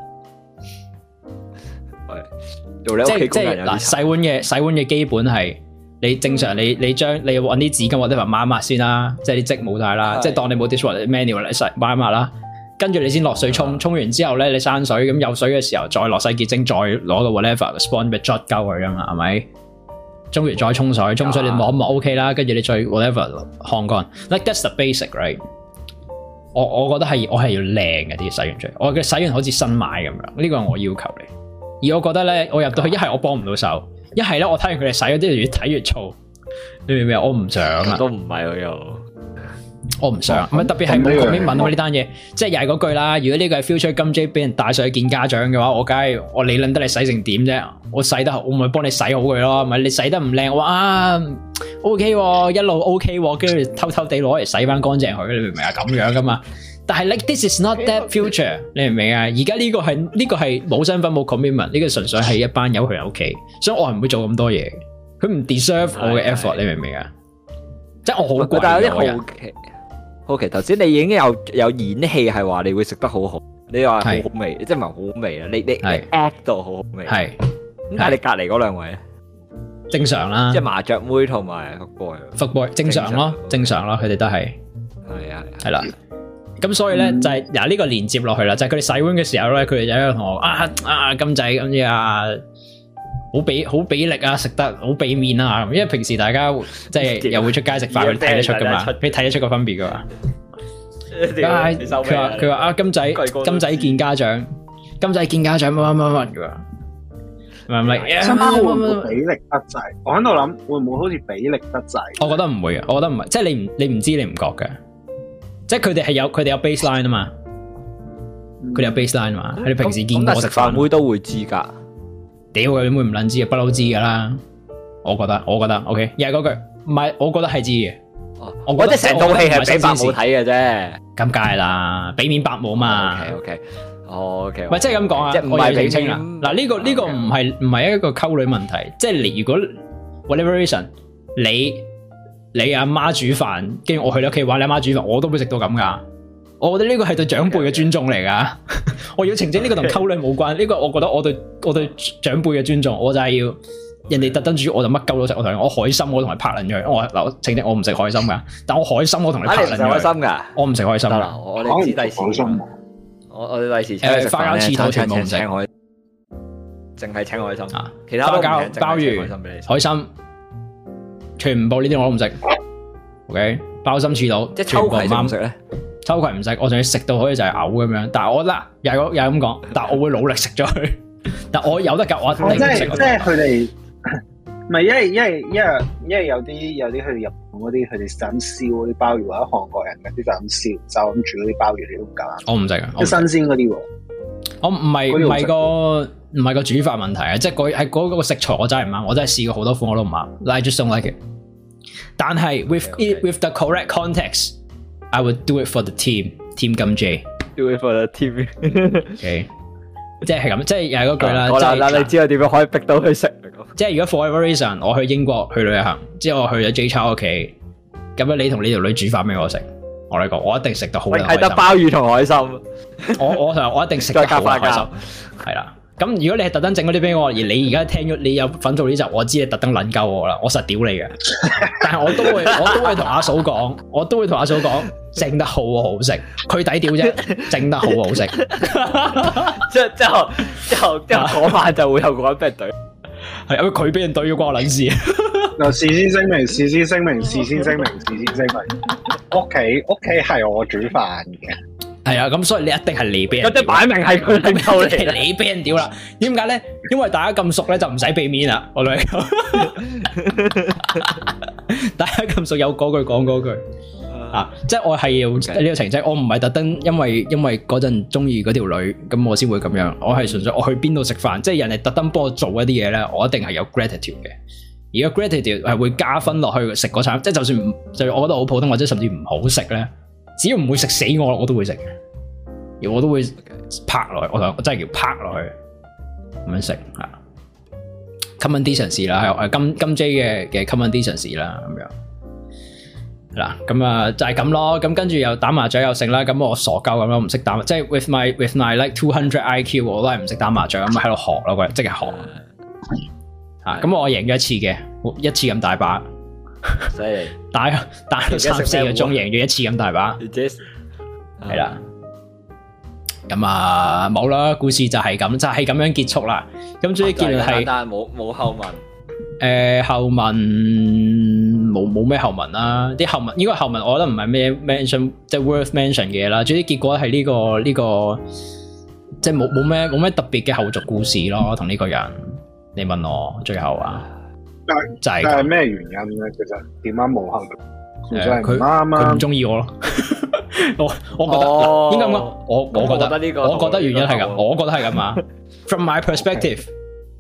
即即嗱洗碗嘅洗碗嘅基本係你正常你你將你揾啲紙巾 whatever 抹一抹先啦，即係啲漬冇曬啦，的即係當你冇 dishwasher manual 嚟洗抹一抹啦，跟住你先落水沖，的沖完之後咧你散水，咁有水嘅時候再落洗潔精，再攞個 whatever sponge 咪捽鳩佢啫嘛，係咪？衝完再沖水，沖水你抹一抹 OK 啦，跟住、啊、你再 whatever 烘乾，like that's the basic right。我我覺得係我係要靚嘅啲洗完出嚟。我嘅洗完好似新買咁樣，呢個係我要求嚟。而我覺得咧，我入到去一係我幫唔到手，一係咧我睇完佢哋洗嗰啲越睇越燥，你明唔明啊？我唔想，都唔係我又。我我唔想，唔特別係冇 commitment 啊呢單嘢，啊啊啊、即係又係嗰句啦。如果呢個係 future 金 J 俾人帶上去見家長嘅話，我梗係我理論得你洗成點啫，我洗得好我咪幫你洗好佢咯。唔係你洗得唔靚，我話啊 OK、哦、一路 OK，跟、哦、住偷偷地攞嚟洗翻乾淨佢，你明唔明啊？咁樣噶嘛。但係 like this is not that future，你明唔明啊？而家呢個係呢、呢個係冇身份冇 commitment，呢個純粹係一班友去有勢，所以我係唔會做咁多嘢。佢唔 deserve 我嘅 effort，、嗯啊、你明唔明啊？即係我,很但我好，但啲好 OK，頭先你已經有有演戲，係話你會食得好好，你話好好味，即係唔係好好味啊？你你你 act 到好好味，係咁。但係你隔離嗰兩位咧，正常啦，即係麻雀妹同埋福 boy，福 boy 正常咯，正常咯，佢哋都係係啊，係啦。咁所以咧就係嗱呢個連接落去啦，就係佢哋洗碗嘅時候咧，佢哋就喺度同我啊啊金仔咁啊。好比好俾力啊！食得好俾面啊！因為平時大家即係又會出街食飯，佢睇得出噶嘛，你睇得出個分別噶嘛？佢話佢話啊，金仔金仔見家長，金仔見家長，乜乜乜嘅話，咪咪，比力得滯。我喺度諗，會唔會好似比力得滯？我覺得唔會嘅，我覺得唔係，即係你唔你唔知，你唔覺嘅，即係佢哋係有佢哋有 baseline 啊嘛，佢哋有 baseline 啊嘛，佢哋平時見我食飯，妹都會知噶。屌，佢點會唔捻知啊？不嬲知噶啦，我覺得我覺得 OK 又係嗰句，唔係我覺得係知嘅。我覺得成套戲係俾伯母睇嘅啫，咁梗係啦，俾面伯母嘛，哦。OK OK OK，唔係即係咁講啊，唔係澄清啦。嗱呢，這個呢，這個唔係唔係一個溝女問題，即係如果 whatever，嗯 okay. reason 你你阿媽煮飯，跟住我去你屋企玩，你阿媽煮飯，我都會食到咁噶。我覺得呢個係對長輩嘅尊重嚟㗎，Okay. 我要澄清呢個同溝女冇關，呢 Okay. 個我覺得我對我對長輩嘅尊重我 Okay. 我，我就係要人哋特登煮我就乜鳩都食。我同你我海參我同佢拍 a r t n 我嗱，澄清我唔食海參㗎，但我海參我同、啊、你拍 a r t n 海參㗎，我唔食海參。我哋知底時分，我我哋第時誒花膠翅肚全部唔食，淨係請海參，其他花膠鮑魚海參全部呢啲我都唔食。OK，鮑參翅肚，即係抽皮點食咧？秋葵唔食，我仲要食到好似就係嘔咁樣。但係我嗱又又咁講，但係我會努力食咗佢。但我有得夾我。我真係真係佢哋唔係，因為因為因為因為有啲有啲佢哋日本嗰啲，佢哋想燒嗰啲鮑魚或者韓國人嗰啲就咁燒、就咁煮嗰啲鮑魚嚟夾。我唔食啊！好新鮮嗰啲喎，我唔係唔係個唔係個煮法問題啊！即係嗰嗰個食材我真係唔啱，我真係試過好多款我都唔啱。I just don't like it。但係 with with the correct context。I would do it for the team, team 金 J。do it for the team。O K，即係咁，即係又係嗰句啦。就啦，是你知道我點樣可以逼到佢食？即係如果 forever reason，我去英國去旅行，之後我去咗 J 超屋企，咁樣你同你條女煮飯俾我食，我嚟講，我一定食得好靚。係得鮑魚同海參。我我我一定食得好靚海參。係啦， 咁如果你係特登整嗰啲俾我，而你而家聽咗你有份做呢集，我知你特登捻鳩我啦，我實屌你嘅。 但我都會，我都會同阿嫂講，我都會同阿嫂講，整得好好食，佢抵屌啫，整得好好食，即係之後，之後，之後嗰晚就會有嗰一筆賬。係 因為佢俾人對咗關我撚事。嗱、 呃，事先聲明，事先聲明，事先聲明，事先聲明，屋企屋企係我煮飯嘅。係啊，咁所以你一定係你俾人，即係擺明係佢背後嚟，你俾人屌啦？點解咧？因為大家咁熟咧，就唔使避免啦。我女， 大家咁熟有嗰句講嗰句啊，即係我係要呢 Okay. 個情即我唔係特登，因為因為嗰陣中意嗰條女，咁我先會咁樣。我係純粹我去邊度食飯，mm hmm. 即係人哋特登幫我做一啲嘢咧，我一定係有 gratitude 嘅。而個 gratitude 係會加分落去食嗰餐，mm hmm. 即係就算唔，就我覺得好普通或者甚至唔好食咧。只要唔會食死我，我都會食。而我都會拍落去，我真係叫拍落去咁樣食、啊。Common decency 啦，係金金 J 嘅嘅 common decency 啦，咁樣嗱，咁啊就係咁咯。咁跟住又打麻雀又勝啦。咁我傻鳩咁樣，唔識打，即係 with my with my like two hundred IQ，我都係唔識打麻雀，咁喺度學咯，佢即係學。啊，咁我贏咗一次嘅，一次咁大把。犀利， 打打到三四個鐘，贏咗一次咁大把，係啦。咁啊冇啦，故事就係咁，就係、是、咁樣結束啦。咁最終結論係但係冇冇後文。誒、呃，後文冇冇咩後文啦、啊，啲後文應該後文我覺得唔係咩 mention 即係 worth mention 嘅嘢啦。最終結果係呢、這個呢、這個即係冇冇咩冇咩特別嘅後續故事咯。同呢個人，你問我最後啊？就係咩原因咧？其實點解無後？其實佢唔啱，佢唔中意我咯。我我覺得，應該咁講。我我覺得呢個，我覺得原因係咁，我覺得係咁啊。From my perspective,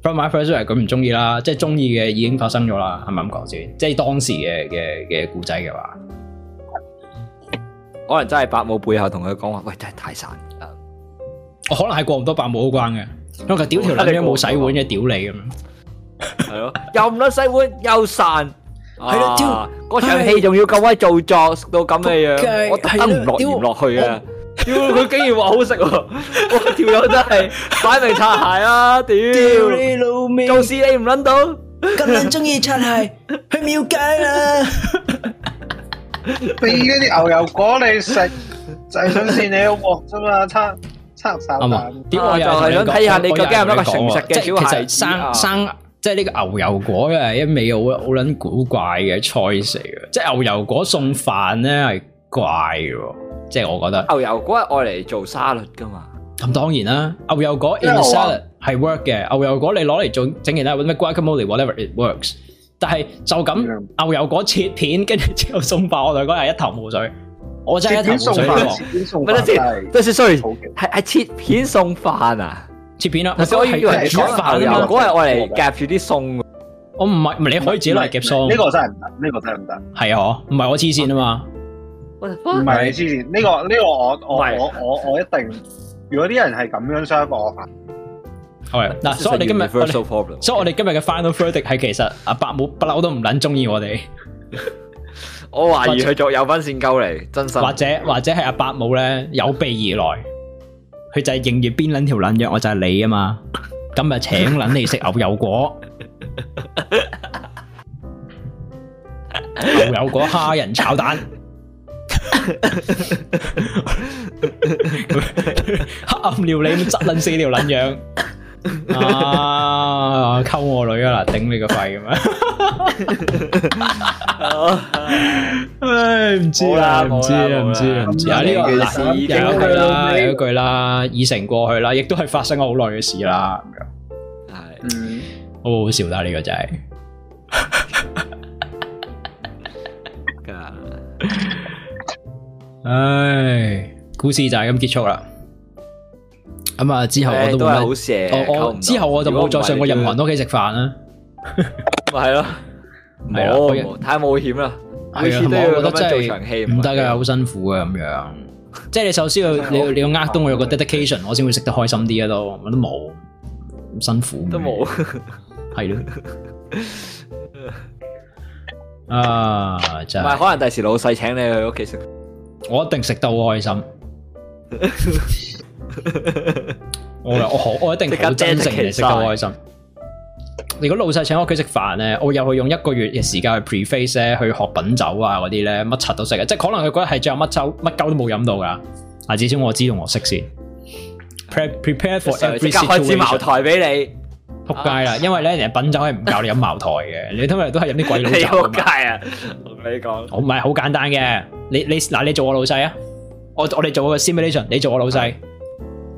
from my perspective，佢唔中意啦，即係中意嘅已經發生咗啦，係咪咁講先？即係當時嘅嘅嘅故仔嘅話，可能真係伯母背後同佢講話，喂，真係太散啊！我可能係過唔到伯母關嘅，因為佢屌條女都冇洗碗，即係屌你咁樣。係咯，又唔甩洗碗，又散，係啦。嗰場戲仲要咁鬼做作，食到咁嘅樣，我特登唔落鹽落去啊！屌佢竟然話好食喎，我條友真係擺明擦鞋啦！屌，你老味！做事你唔撚到咁撚鍾意擦鞋，去廟街啦！俾嗰啲牛油果你食，就係想試你鑊啫嘛？擦擦手啊嘛？點我就係想睇下你究竟有冇一個誠實嘅？即係其實生生。即係呢個牛油果啊，一味好好撚古怪嘅 choice，即係牛油果送飯咧係怪，即係我覺得牛油果係愛嚟做沙律噶嘛，咁當然啦，牛油果 in salad 係 work 嘅，牛油果你攞嚟做整 guacamolewhatever it works，但係就咁牛油果切片跟住之後送飯，我哋嗰日係一頭霧水，我真係一頭霧水，唔得先，多謝 sorry，係係切片送飯啊！切片啦！嗱，所以我如果係錯嘅話，嗰我嚟夾住啲餸。我唔係唔係，你可以自己攞嚟夾餸。呢個真係唔得，呢個真係唔得。係啊，唔係我黐線啊嘛！唔係你黐線，呢個呢個我我我我一定。如果啲人係咁樣雙我煩。係嗱 sorry 我哋今日，sorry，我哋今日嘅 final verdict 係其實阿伯母不嬲都唔撚中意我哋。我懷疑佢做有分線溝嚟，真心，或者或者係阿伯母咧有備而來。佢就係認住邊捻條捻樣，我就係你啊嘛！今日請捻你食牛油果，牛油果蝦仁炒蛋，黑暗料理窒捻死條捻樣。啊！溝我女啊！頂你個肺咁啊！唉，唔知啦，唔知啦，唔知啦，唔知啦。有呢個嗱，已經係啦，有一句啦，已成過去啦，亦都係發生咗好耐嘅事啦。係，好好笑啦，呢個就係。唉，故事就係咁結束啦。咁啊！之後我都會，我我之後我就冇再上過任何人屋企食飯啦。咪係咯，冇太冒險啦。係啊，我覺得真係唔得噶，好辛苦噶咁樣。即係你首先要，你你要呃到我有個 dedication，我先會食得開心啲都，我都冇，咁辛苦。都冇，係咯。啊，就係可能第時老細請你去屋企食，我一定食得好開心。 我我好我一定食得真誠，食得開心。如果老細請我去食飯咧，我又去用一個月嘅時間去 preface 咧，去學品酒啊嗰啲咧，乜柒都識嘅。即係可能佢覺得係最後乜酒乜鳩都冇飲到噶。啊，至少我知道我識先。 prepare pre pre for 你而家開支茅台俾你仆街啦， 因為咧人品酒係唔教你飲茅台嘅， 你通常都係飲啲鬼佬酒。仆街啊！我同你講，我唔係好簡單嘅。你你嗱，你做我老細啊！我我哋做個 simulation，你做我老細。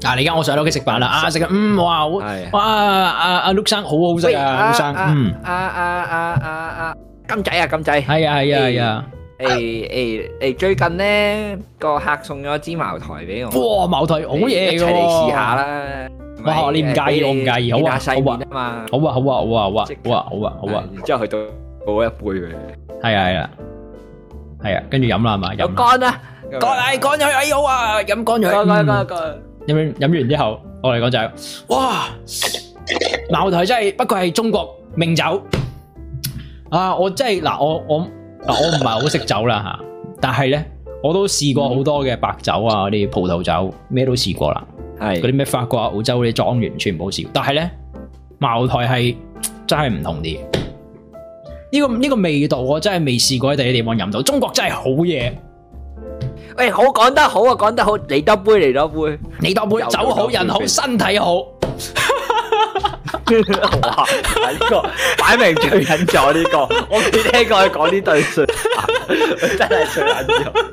嗱，你而家我上到屋企食飯啦，啊食啊，嗯，哇，哇，阿阿陸生好好食啊，陸生，嗯，阿阿阿阿阿金仔啊，金仔，係啊係啊係啊，誒誒誒，最近咧個客送咗支茅台俾我，哇，茅台好嘢嘅，你試下啦，哇，你唔介意，我唔介意，好啊，好啊，好啊，好啊，好啊，好啊，好啊，之後去到倒一杯，係啊係啊，係啊，跟住飲啦係嘛，飲乾啦，乾嚟，乾咗去，哎呦啊，飲乾咗去，乾乾乾。飲完之後，我嚟講就係，哇，茅台真係不過係中國名酒啊！我真係、啊、我我我唔係好識酒啦、啊、但係呢，我都試過好多嘅白酒啊，啲葡萄酒咩都試過啦，係嗰啲咩法國、啊、澳洲啲莊園全部試，但係呢，茅台係真係唔同啲，呢、呢個呢個味道我真係未試過喺其他地方飲到，中國真係好嘢。誒、欸，好講得好啊，講得好，嚟多杯，嚟多杯，你多杯，酒好，人好，身體好。 哇，呢、這個擺明醉人咗呢個，我未聽過佢講呢對順， 真係醉人咗。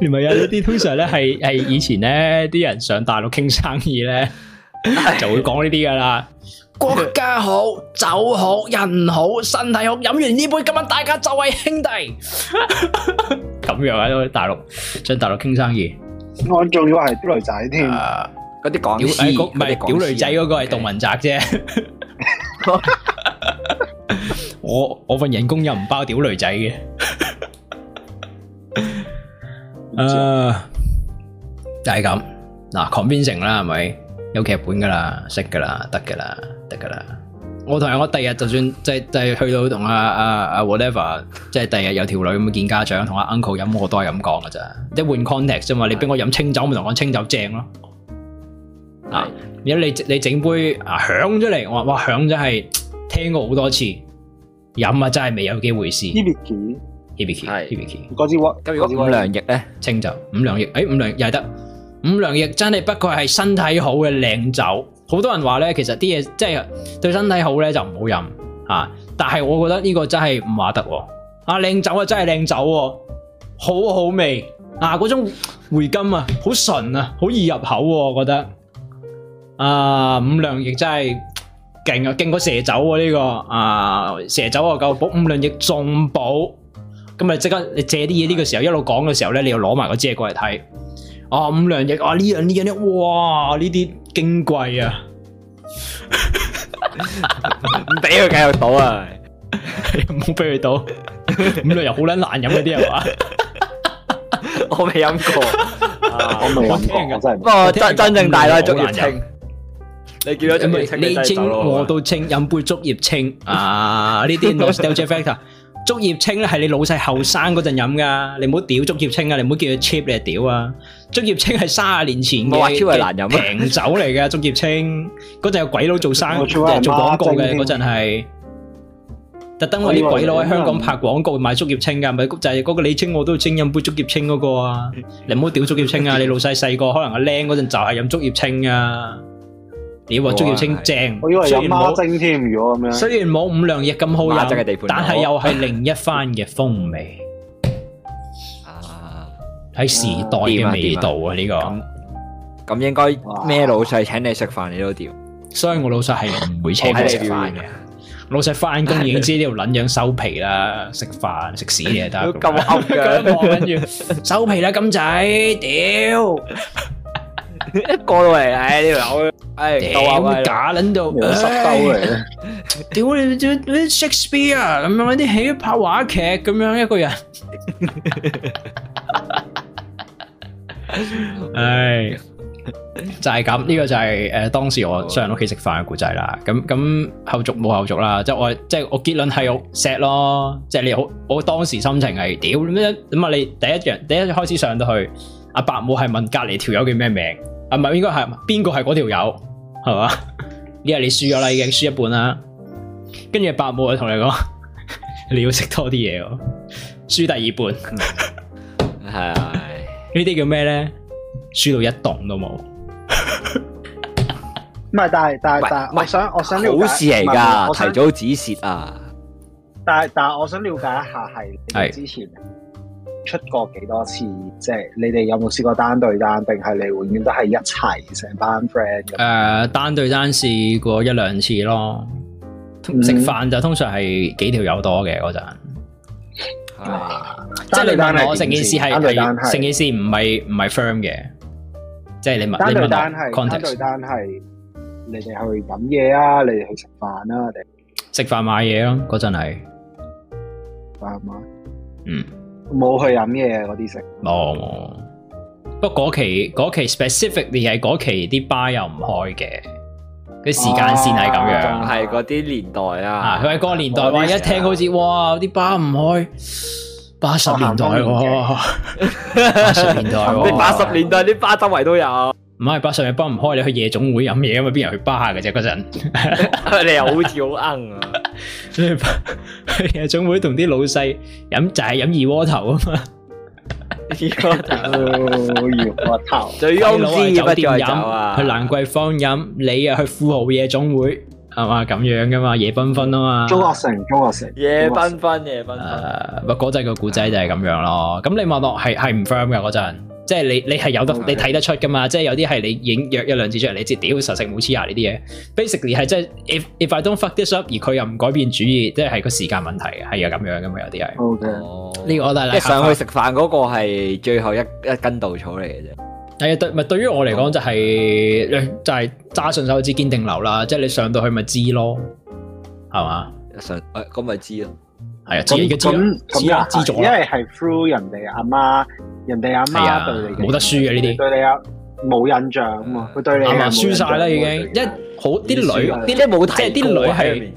你有一啲通常咧係係以前咧啲人上大陸傾生意咧 就會講呢啲噶啦，國家好，酒好，人好，身體好，飲完呢杯，今晚大家就係兄弟。 咁樣啊！喺大陸上大陸傾生意，我仲以為屌女仔添，嗰啲講嘢，唔係屌女仔嗰個係杜汶澤啫。我我份人工又唔包屌女仔嘅。啊，就係咁嗱，Convincing 啦，係咪有劇本㗎啦？識㗎啦，得㗎啦，得㗎啦。我同你講我第日就算即係去到同阿阿 whatever，即係第日有條女咁去見家長，同阿 uncle 飲我都係咁講噶咋，一換 context 啫嘛，你畀我飲清酒咪同的我清酒正囉，啊的。啊，而家你你整杯響出嚟，我話哇響真係聽過好多次，飲啊真係未有機會試。hibiki，hibiki，hibiki 的。嗰支 what？咁如果五糧液咧，清酒，五糧液，哎五糧液又係得，五糧液真係不愧係身體好嘅靚酒。好多人話咧，其實啲嘢，即係對身體好咧，就唔好飲啊！但係我覺得呢個真係唔話得，靚酒啊真係靚酒，啊，好好味啊！嗰種回甘啊，好純啊，好易入口，啊，我覺得啊，五糧液真係勁啊，勁過蛇酒啊呢個啊，蛇酒啊夠補，五糧液仲補，咁咪即刻你借啲嘢，呢個時候一路講嘅時候咧，你又攞埋個支過嚟睇啊，五糧液啊呢樣呢樣咧，哇呢啲。矜貴啊，唔俾佢繼續到啊，唔好俾佢到，咁樣又好捻難飲嗰啲係嘛？我未飲過，我未飲過，不過真真正大都係竹葉青。你叫咗竹葉青你清，我都清，飲杯竹葉青啊！呢啲唔係。竹葉青咧係你老細後生嗰陣飲噶，你唔好屌竹葉青啊！你唔好叫佢 cheap，你就屌啊！竹葉青係卅年前嘅平酒嚟噶，竹葉青嗰陣有鬼佬做生做廣告嘅嗰陣係特登，我啲鬼佬喺香港拍廣告賣竹葉青噶，咪就係嗰個你青，我都青飲杯竹葉青嗰個啊！你唔好屌竹葉青啊！你老細細個可能阿靚嗰陣就係飲竹葉青啊！你話鍾耀清正，雖然冇，雖然冇五糧液咁好入得嘅地盤，但係又係另一番嘅風味。啊，喺時代嘅味道啊！呢個咁，咁應該咩老細請你食飯，你都屌。所以我老細係唔會請你食飯嘅。老細翻工已經知呢度捻樣收皮啦，食飯食屎嘅得咁厚嘅，跟住收皮啦，金仔屌。一個嚟，哎呢位，哎，夠啊威，假領導，丟嚟，屌你做咩 Shakespeare 啊？咁樣啲戲拍話劇咁樣一個人，哎，就係咁，呢個就係誒當時我上人屋企食飯嘅故仔啦。咁咁後續冇後續啦，即係我即係我結論係我 set 咯，即係你好，我當時心情係屌咁啊！你第一樣，第一開始上到去，阿伯母係問隔籬條友叫咩名字。係咪應該係？邊個係嗰條友？係嘛？呢日你輸咗啦，已經輸一半啦。跟住伯母我同你講，你要識多啲嘢輸第二半，係、嗯、呢啲叫咩咧？輸到一動都冇。唔係，但係但係但係，我想我想好事嚟噶，提早止蝕啊！但係但係，我想了解一下係、啊、之前。出過幾多次？即係你哋有冇試過單對單，定係你永遠都係一齊成班 friend？誒，單對單試過一兩次咯，食飯就通常係幾條友多嘅嗰陣。啊，成件事係單對單係，單對單係，單對單係。你哋去飲嘢啊，你哋去食飯啊，你食飯買嘢咯，嗰陣係買買嗯。冇去飲嘢嗰啲食，冇。不過嗰期嗰期 specifically 係嗰期啲巴又唔開嘅，嘅時間線係咁樣，仲係嗰啲年代啊。佢喺嗰個年代話，一聽好似哇，啲巴唔開，八十年代喎，八十年代，你八十年代啲巴周圍都有。唔係巴上夜巴唔開，你去夜總會飲嘢，咁啊邊人去巴嘅啫？嗰 陣 你又好似好奀啊！去 夜總會同啲老細飲就係、是、飲二鍋頭啊嘛， 二鍋頭二鍋頭，醉翁之意不在、啊、 酒不、啊、去蘭桂坊飲，你又去富豪夜總會，係嘛咁樣噶嘛？夜繽紛啊嘛，中環城中環城夜繽紛夜繽紛，個嗰陣個古仔就係咁樣咯。咁你望落係唔 firm 嘅嗰即係你你係有得是你睇得出噶嘛？即係有啲係你影約一兩次出嚟，你知屌實成冇黐牙呢啲嘢。Basically 係、啊、即係 if if I don't fuck this up，而佢又唔改變主意，即係個時間問題，係又咁樣噶嘛？有啲係。好嘅。呢個但係上去食飯嗰個係最後一一根稻草嚟嘅啫。係對，咪對於我嚟講就係、是、就係揸順手指堅定流啦。即係你上到去咪知咯，係嘛？咁咪、哎、知咯！而家知啦，知啊，知咗啊，因為係 through 人哋阿媽，人哋阿媽對你冇得輸嘅呢啲，對你阿冇印象啊嘛，佢對你阿媽輸晒啦已經，一好啲女，啲咧冇，即係啲女係。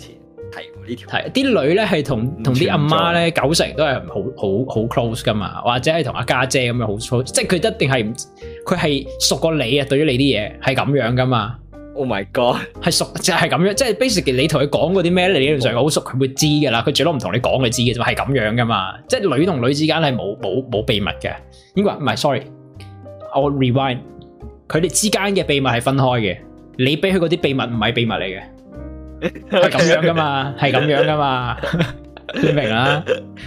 提呢條，提啲女咧係同同啲阿媽咧，九成都係好好好 close 噶嘛，或者係同阿家姐咁樣好 close，即係佢一定係佢係熟過你啊，對於你啲嘢係咁樣噶嘛。Oh my god，係熟就係、是、咁樣，即、就、係、是、basically 你同佢講嗰啲咩，理論上好熟，佢會知噶啦。佢最多唔同你講，佢知嘅啫嘛。係咁樣噶嘛，即係女同女之間係冇冇冇秘密嘅。應該唔係，sorry，I'll rewind，佢哋之間嘅秘密係分開嘅。你俾佢嗰啲秘密唔係秘密嚟嘅，係咁 Okay. 樣噶嘛，係咁樣噶嘛。 你明啦，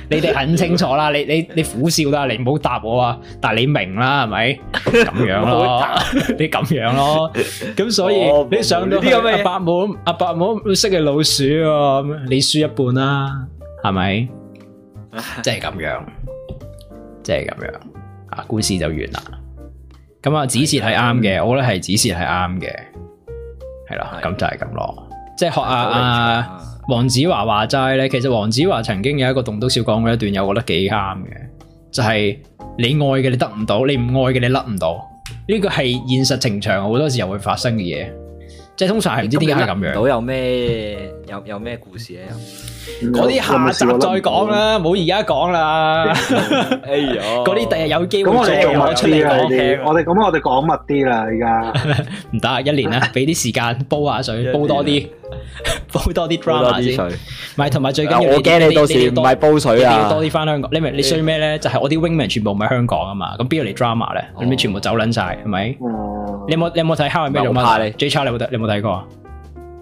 你哋很清楚啦，你你你苦笑啦，你唔好答我啊！但係你明啦，係咪咁樣咯？ 回你咁樣咯？咁 所以、哦、你上到啲咁嘅阿伯阿伯冇識嘅老鼠，你輸一半啦，係咪？即係咁樣，即係咁樣啊！官司就完啦。咁啊，指示係啱嘅，我覺得係指示係啱嘅，係啦，咁的就係咁咯。即係的學阿啊。黃子華話齋咧，其實黃子華曾經有一個棟篤笑講過一段，我覺得幾啱嘅，就係、是、你愛嘅你得唔到，你唔愛嘅你甩唔到，呢個係現實情場好多時候會發生嘅嘢，即係通常係唔知點解咁樣。到有咩？有有咩故事咧？嗰啲下集再講啦，冇而家講啦。哎呀，嗰啲第日有機會再我出嚟講。我哋咁，我哋講密啲啦，而家唔得，一年啦，俾啲時間煲下水，煲多啲，煲多啲 drama 先。唔係，同埋最緊要，我驚你到時唔係煲水啊，多啲翻香港。你咪你衰咩咧？就係我啲 wingman 全部唔係香港啊嘛，咁邊度嚟 drama 咧？你咪全部走撚晒係咪？你有冇你有冇睇《How 咩做乜》咧？J Chow 你有冇睇？你有冇睇過啊？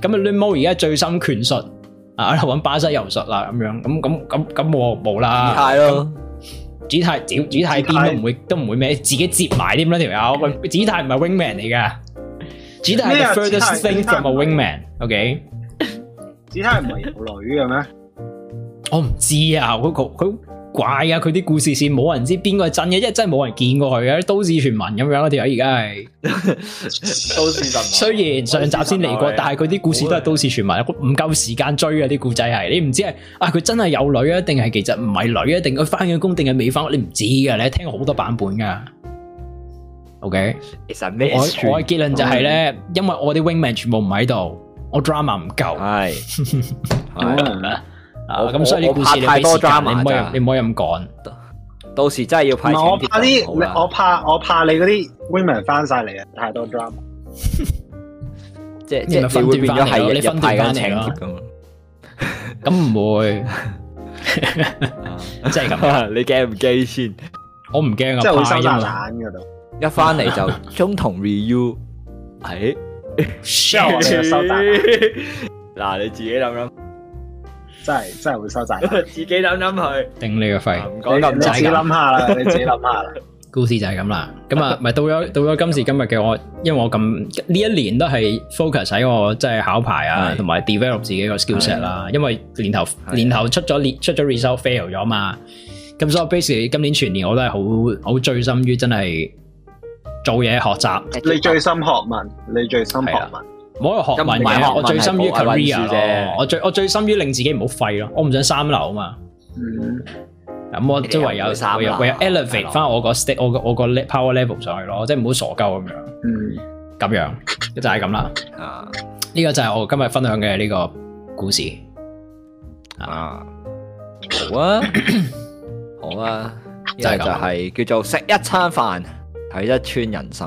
咁咪 Limo 而家最新拳術啊，喺度揾巴西柔術啦咁樣，咁咁咁咁我冇啦。子泰咯，子泰子子泰邊都唔會都唔會咩，自己接埋啲咩條友。子泰唔係 wingman 嚟嘅，子泰係 the furthest thing from a wingman。O K，子泰唔係有女嘅咩？我唔知啊，佢。怪啊！佢啲故事線冇人知邊個係真嘅，因為真係冇人見過佢嘅都市傳聞咁樣，條友而家係都市傳聞。雖然上集先嚟過，但係佢啲故事都係都市傳聞，唔夠時間追啊！啲故仔係你唔知係啊，佢真係有女啊，定係其實唔係女啊，定佢翻緊工，定係未翻？你唔知噶，你聽過好多版本噶。OK，其實咩？我嘅結論就係咧，因為我啲 wingman 全部唔喺度，我 drama 唔夠，係啦。我咁所以拍太多 drama 你唔好，你唔好咁講，到到時真係要拍。唔係我怕啲，我怕我怕你嗰啲 women 翻晒嚟啊！太多 drama，即係即係會變咗，你分派感情咁，咁唔會，即係咁，你驚唔驚先？我唔驚，即係會生蛋噶都，一翻嚟就中同 re you，哎，收住，嗱你自己諗諗。真係真係會收債，自己諗諗去頂你個肺，唔講咁濟嘅。自己諗下啦，你自己諗下啦。故事就係咁啦。咁啊，咪到咗到咗今時今日嘅我，因為我咁呢一年都係 focus 喺我即係考牌啊，同埋 develop 自己個 skill set 啦。因為年頭年頭出咗年出咗 result fail 咗啊嘛，咁所以 base 今年全年我都係好好醉心於真係做嘢學習。你最深學問，你最深學問。冇好喺度學文，我最深於 career 啫。我最我最深於令自己唔好廢咯。我唔想三流啊嘛。咁我周唯有我有 elevate 翻我個 state 我個我個 power level 上去咯。即係唔好傻鳩咁樣。嗯，咁樣就係咁啦。啊，呢個就係我今日分享嘅呢個故事。啊，好啊，好啊，一係就係叫做食一餐飯睇一串人心。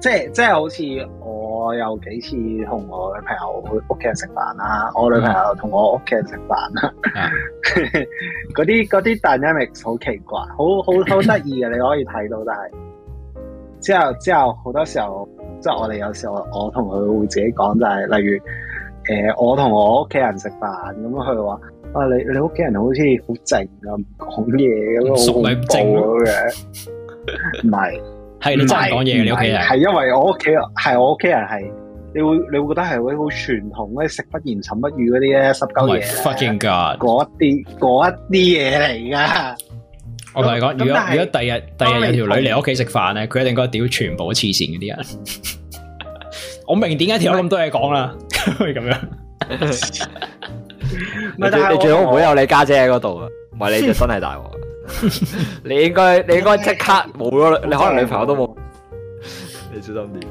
即係即係好似我有幾次同我女朋友屋企人食飯啦，我女朋友同我屋企人食飯啦，嗰啲嗰啲 dynamics 好奇怪，好好好得意嘅， 你可以睇到，但係之後之後好多時候，即係我哋有時候，我同佢會自己講就係、是，例如誒、呃、我同我屋企人食飯咁，佢話啊你你屋企人好似好靜啊，唔講嘢咁樣好恐怖咁樣，唔係。 不係你真係講嘢，是你屋企人係因為我屋企係我屋企人係，你會你會覺得係嗰好傳統嗰食不言、寢不語嗰啲咧，十九嘢，發千架嗰啲嗰一啲嘢嚟噶。我同你講，如果是如果第日第日有條女嚟屋企食飯咧，佢一定該屌全部黐線嗰啲人。 我明點解條友咁多嘢講啦？會咁樣。你最好唔好有你家姐喺嗰度啊，唔係你就真係大鑊。 你應該你應該即刻冇咯， 你可能女朋友都冇。 你小心啲。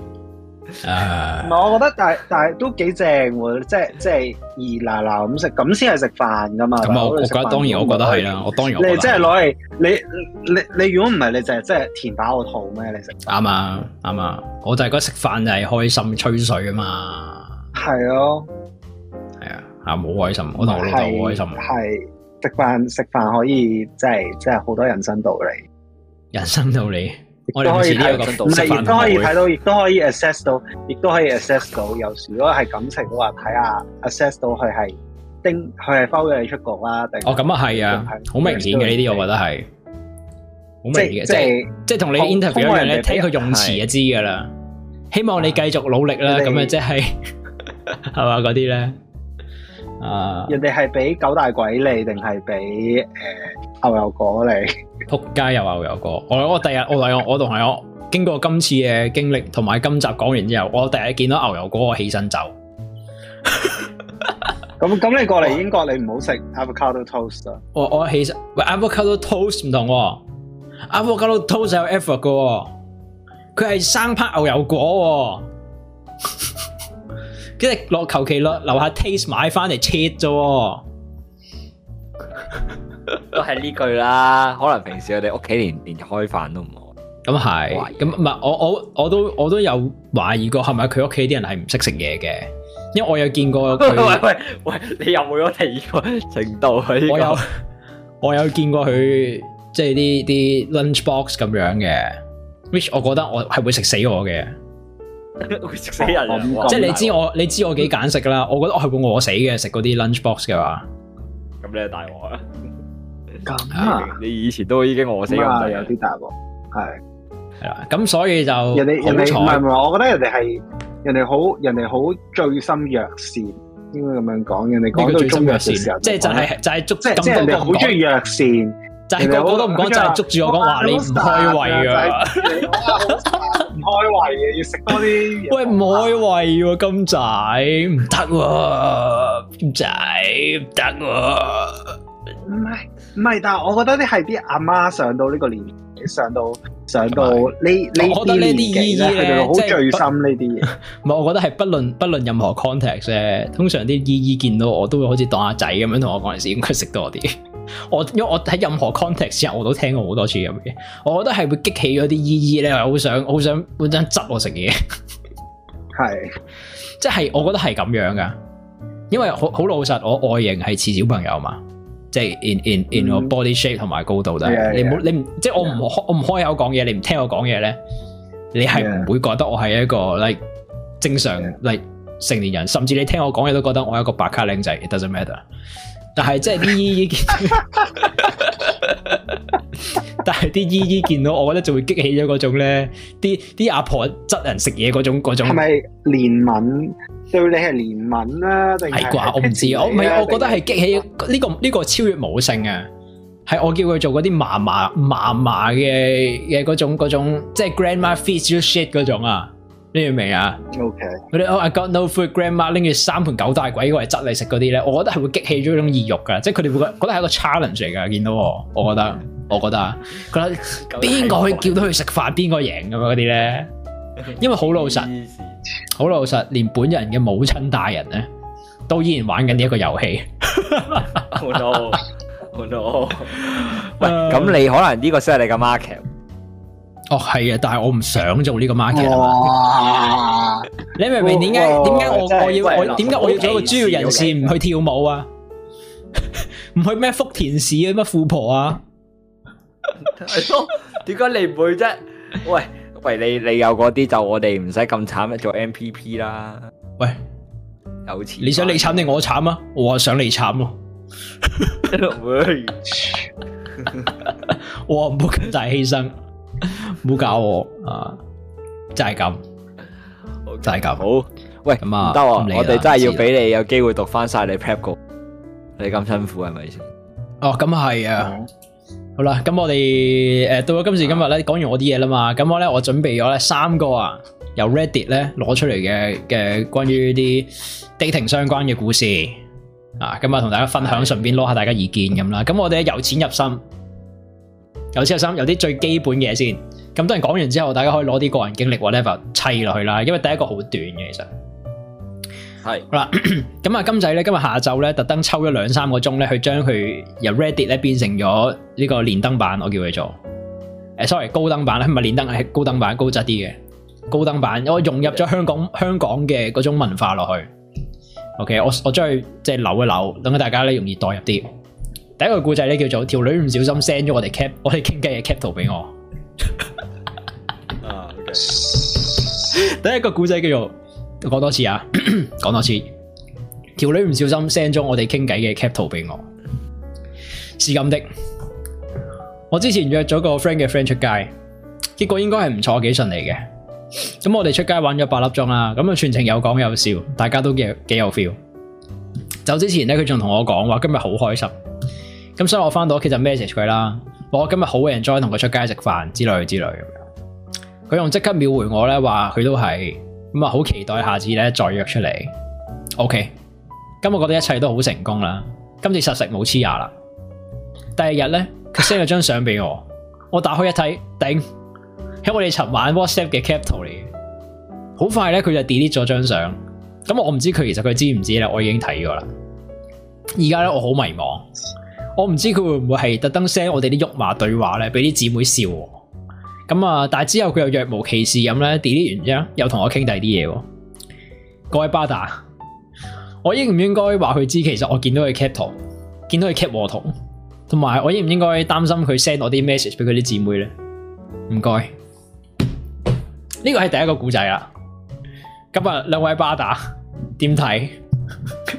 唔係，我覺得但係但係都幾正喎，即係即係熱鬧鬧咁食，咁先係食飯噶嘛。咁我，我覺得當然，我覺得係啦、啊，我當然我你。你即係攞嚟，你你你如果唔係，你就係即係填飽個肚咩？你食啱啊啱啊，我就係覺得食飯就係開心吹水啊嘛。係咯、啊，係啊吓，好開心，我同我老豆好開心。係。食飯食飯可以即係即係好多人生道理，人生道理，我都可以睇唔，亦都可以睇到，亦都可以 assess 到，亦都可以 assess 到。有時如果係感情嘅話，睇下 assess 到佢係丁，佢係 follow 你出局啦，定哦咁啊係啊，好明顯嘅呢啲，我覺得係好明顯嘅，即係即係同你 interview 一樣，你睇佢用詞就知噶啦。希望你繼續努力啦，咁啊即係係嘛嗰啲咧。啊！人哋係俾九大鬼你，定係俾誒牛油果你？仆街又牛油果！我我第日我我同朋友 我,我,我,我經過今次嘅經歷，同埋今集講完之後，我第日見到牛油果，我起身走。咁 咁你過嚟英國你嚟，唔好食 avocado toast 我我起身喂 avocado toast 唔同喎、哦、，avocado toast 有 effort 喎、哦。佢係生拍牛油果、哦。 即係落求其落樓下 taste 買翻嚟切啫， 都係呢句啦。可能平時我哋屋企連連開飯都唔開，咁係咁唔係我我我，我都我都有懷疑過係咪佢屋企啲人係唔識食嘢嘅，因為我有見過佢。喂喂喂，你有冇咗第二個程度、啊？這個，我有我有見過佢即係啲啲 lunch box 咁樣嘅，which 我覺得我係會食死我嘅。會食死人啊！即係你知我，你知我幾揀食噶啦？我覺得我係會餓死嘅，食嗰啲 lunch box 嘅話。咁你啊大我啊！咁啊，你以前都已經餓死噶啦，有啲大鑊係係啦。咁所以就人哋人哋唔係唔係，我覺得人哋係人哋好人哋好醉心藥膳，應該咁樣講。人哋講最中藥嘅時候，即係就係就係捉，即係即係人哋好中意藥膳。就係個個都唔講，真係捉住我講話，你唔開胃噶。.開胃嘅要食多啲嘢。喂，唔開胃喎，金仔唔得喎，金仔唔得喎。唔係唔係，但係我覺得啲係啲阿媽上到呢個年，上到上到你，你是，你，覺得呢啲姨姨係好醉心呢啲嘢。唔係，我覺得係不論不論任何 context 咧，通常啲姨姨見到我都會好似當阿仔咁樣同我講，陣時應該食多啲。我因為我喺任何 context 之下我都聽過好多次咁嘅，我覺得係會激起嗰啲姨姨咧，好想，好想，本身執我食嘢，係，即係我覺得係咁樣噶，因為好好老實，我外形係似小朋友嘛，即係 in in in 我、mm hmm. body shape 同埋高度都你唔 Yeah, yeah. 你唔，即係我唔我唔開口講嘢，你唔聽我講嘢咧，你係唔會覺得我係一個 like 正常 Yeah. l、like, 成年人，甚至你聽我講嘢都覺得我係一個白卡靚仔 it doesn't matter。但係即係啲姨姨，見到，但係啲姨姨見到， 我覺得就會激起咗嗰種咧，啲啲阿婆執人食嘢嗰種嗰種。係咪憐憫？對你係憐憫啦，定係、啊？係啩、哎？我唔知，我唔係，是是我覺得係激起呢、這個呢、這個超越母性啊！係我叫佢做嗰啲嫲嫲嫲嫲嘅嘅嗰種種，即係、就是、grandma feeds you shit 嗰種啊！你明啊？OK。佢哋哦，I got no food，grandma 拎住三盤狗大鬼，依個係執你食嗰啲咧，我覺得係會激起咗一種意欲噶，即係佢哋會覺覺得係一個 challenge 嚟噶。見到我，我覺得，mm hmm. 我覺得，覺得邊個可以叫到佢食飯，邊個贏咁樣嗰啲咧？因為好老實，好老實，連本人嘅母親大人咧，都依然玩緊呢一個遊戲。我都，我都。喂，咁你可能呢個先係你嘅 market。哦，係啊，但係我唔想做呢個 market 啊嘛。你明唔明點解？點解我我要我點解我要做一個專業人士唔去跳舞啊？唔去咩福田市啊？咩富婆啊？係咯，點解你唔去啫？喂喂，你你有嗰啲就我哋唔使咁慘，做 MPP 啦。喂，有錢你想你慘定我慘啊？我話想你慘咯。我話唔好咁大犧牲。唔好搞我啊，就係咁，就係咁好。喂，唔得我哋真係要俾你有機會讀翻晒你 prep 過，你咁辛苦係咪先？哦，咁係啊。好啦，咁我哋誒到咗今時今日咧，講完我啲嘢啦嘛，咁我咧我準備咗咧三個啊，由 Reddit 咧攞出嚟嘅嘅關於啲 dating 相關嘅故事啊，咁啊同大家分享，順便攞下大家意見咁啦。咁我哋由淺入深。有始有終，有啲最基本嘅嘢先。咁多人講完之後，大家可以攞啲個人經歷或 level 砌落去啦。因為第一個好短嘅，其實係啦。咁啊是， 金仔咧今日下晝咧，特登抽咗兩三個鐘咧，去將佢由 Reddit 咧變成咗呢個連登版。我叫佢做誒、uh，sorry，高登版咧，唔係連登係高登版，高質啲嘅高登版。我融入咗香港香港嘅嗰種文化落去。OK，我我將佢即係扭一扭，等下大家咧容易代入啲。第一個故仔咧，叫做條女唔小心 send 咗我哋 cap，我哋傾偈嘅 cap 圖俾我。 Okay. 第一個故仔叫做講多次啊，講多 次。條女唔小心 send 咗我哋傾偈嘅 cap 圖俾我，是咁的。我之前約咗個 friend 嘅 friend 出街，結果應該係唔錯，幾順利嘅。咁我哋出街玩咗八粒鐘啦，咁啊全程有講有笑，大家都幾幾有 feel。走之前咧，佢仲同我講話今日好開心。咁所以我翻到屋企就 message 佢啦。我今日好 enjoy 同佢出街食飯之類之類咁樣，佢用即刻秒回我咧，話佢都係咁啊，好期待下次咧再約出嚟。OK，咁我覺得一切都好成功啦。今次實食冇黐牙啦。第二日咧，佢 send 咗張相俾我，我打開一睇，頂，喺我哋尋晚 WhatsApp 嘅 capital 嚟嘅。好快咧，佢就 delete 咗張相。咁我唔知佢其實佢知唔知啦。我已經睇咗啦。而家咧，我好迷茫。我唔知佢會唔會係特登 send 我哋啲肉麻對話咧，俾啲姊妹笑。咁啊，但係之後佢又若無其事咁咧 delete 完之後，又同我傾第二啲嘢。各位巴打，我應唔應該話佢知？其實我見到佢 cap 圖，見到佢 cap 和圖？同埋我應唔應該擔心佢 send 我啲 message 俾佢啲姊妹咧？唔該，呢個係第一個古仔啦。咁啊，兩位巴打點睇？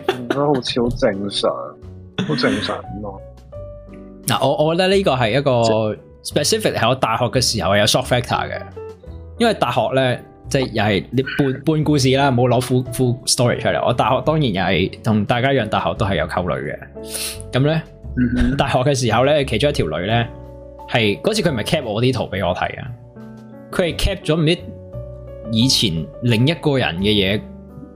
我覺得好似好正常。 好正常咯。嗱， 我我覺得呢個係一個 specific，係我大學嘅時候有 soft factor 嘅，因為大學咧即係又係你半半故事啦，冇攞 full full story 出嚟。我大學當然又係同大家一樣，大學都係有溝女嘅。咁咧，mm hmm. 大學嘅時候咧，其中一條女咧係嗰次佢唔係 cap 我啲圖俾我睇啊，佢係 cap 咗唔知以前另一個人嘅嘢。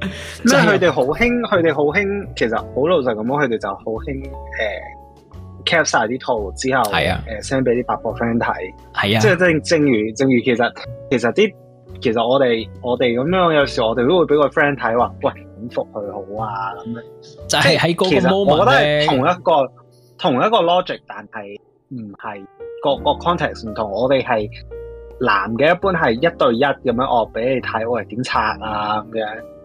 即係佢哋好興，佢哋好興。其實好老實咁講，佢哋就好興誒 cap 晒啲圖之後，係是啊、呃，誒 send 俾啲伯伯 friend 睇，係是啊。即係正正如正如其實其實啲其實我哋我哋咁樣有時我哋都會俾個 friend 睇話，喂點覆佢好啊咁樣。即係喺嗰個，我覺得係同一個同一個 logic，但係唔係個個 context 唔同。嗯、我哋係男嘅，一般係一對一咁樣，我俾你睇，我係點拆啊咁樣。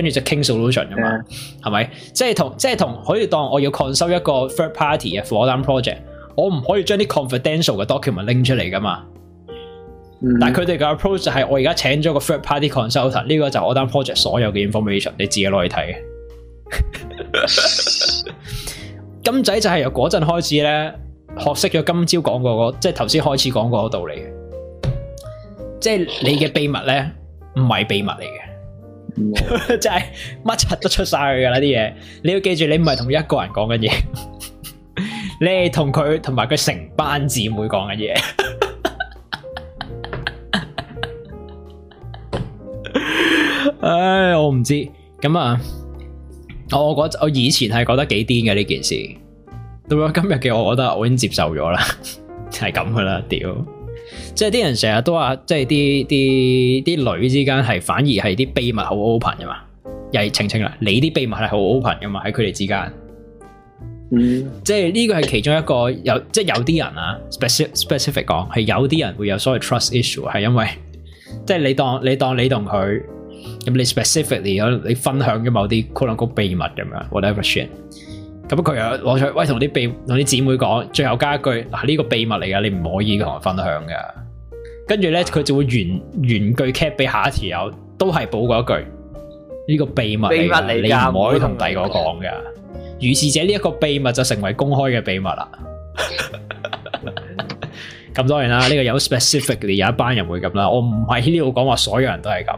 跟住就傾 solution 啫嘛，係咪？即係同即係同可以當我要 consult 一個 third party 嘅某單 project，我唔可以將啲 confidential 嘅 document 拎出嚟噶嘛。但係佢哋嘅 approach 就係我而家請咗個 third party consultant，呢個就我單 project 所有嘅 information，你自己攞去睇。金仔就係由嗰陣開始咧，學識咗今朝講過嗰，即係頭先開始講過嗰道理。即係你嘅秘密咧，唔係秘密嚟嘅。真係乜柒都出晒去噶啦啲嘢。你要記住，你唔係同一個人講緊嘢，你係同佢同埋佢成班姊妹講緊嘢。唉，我唔知，咁啊，我我我以前係覺得幾癲嘅呢件事，到咗今日嘅我，我覺得我已經接受咗啦，就係咁噶啦，屌！即係啲人成日都話，即係啲啲啲女之間係反而係啲秘密好 open 噶嘛，又係澄清啦。你啲秘密係好 open 噶嘛，喺佢哋之間。嗯，mm. 即係呢個係其中一個有，即係有啲人啊，specific specific 講係有啲人會有所謂 trust issue，係因為即係你，你當你當你同佢咁你 specifically 你分享咗某啲 quote unquote 秘密咁樣 whatever 先，咁佢又攞出去喂同啲秘同啲姊妹講，最後加一句嗱呢、啊這個秘密嚟噶，你唔可以同人分享噶。跟住咧，佢就會原完，完句劇俾下一條友，都係補嗰一句呢、這個秘密嚟噶，秘密你唔可以同第個講噶。是如是者呢一、這個秘密就成為公開嘅秘密啦。咁當 然啦，呢、這個有 specifically 有一班人會咁啦，我唔係呢度講話所有人都係咁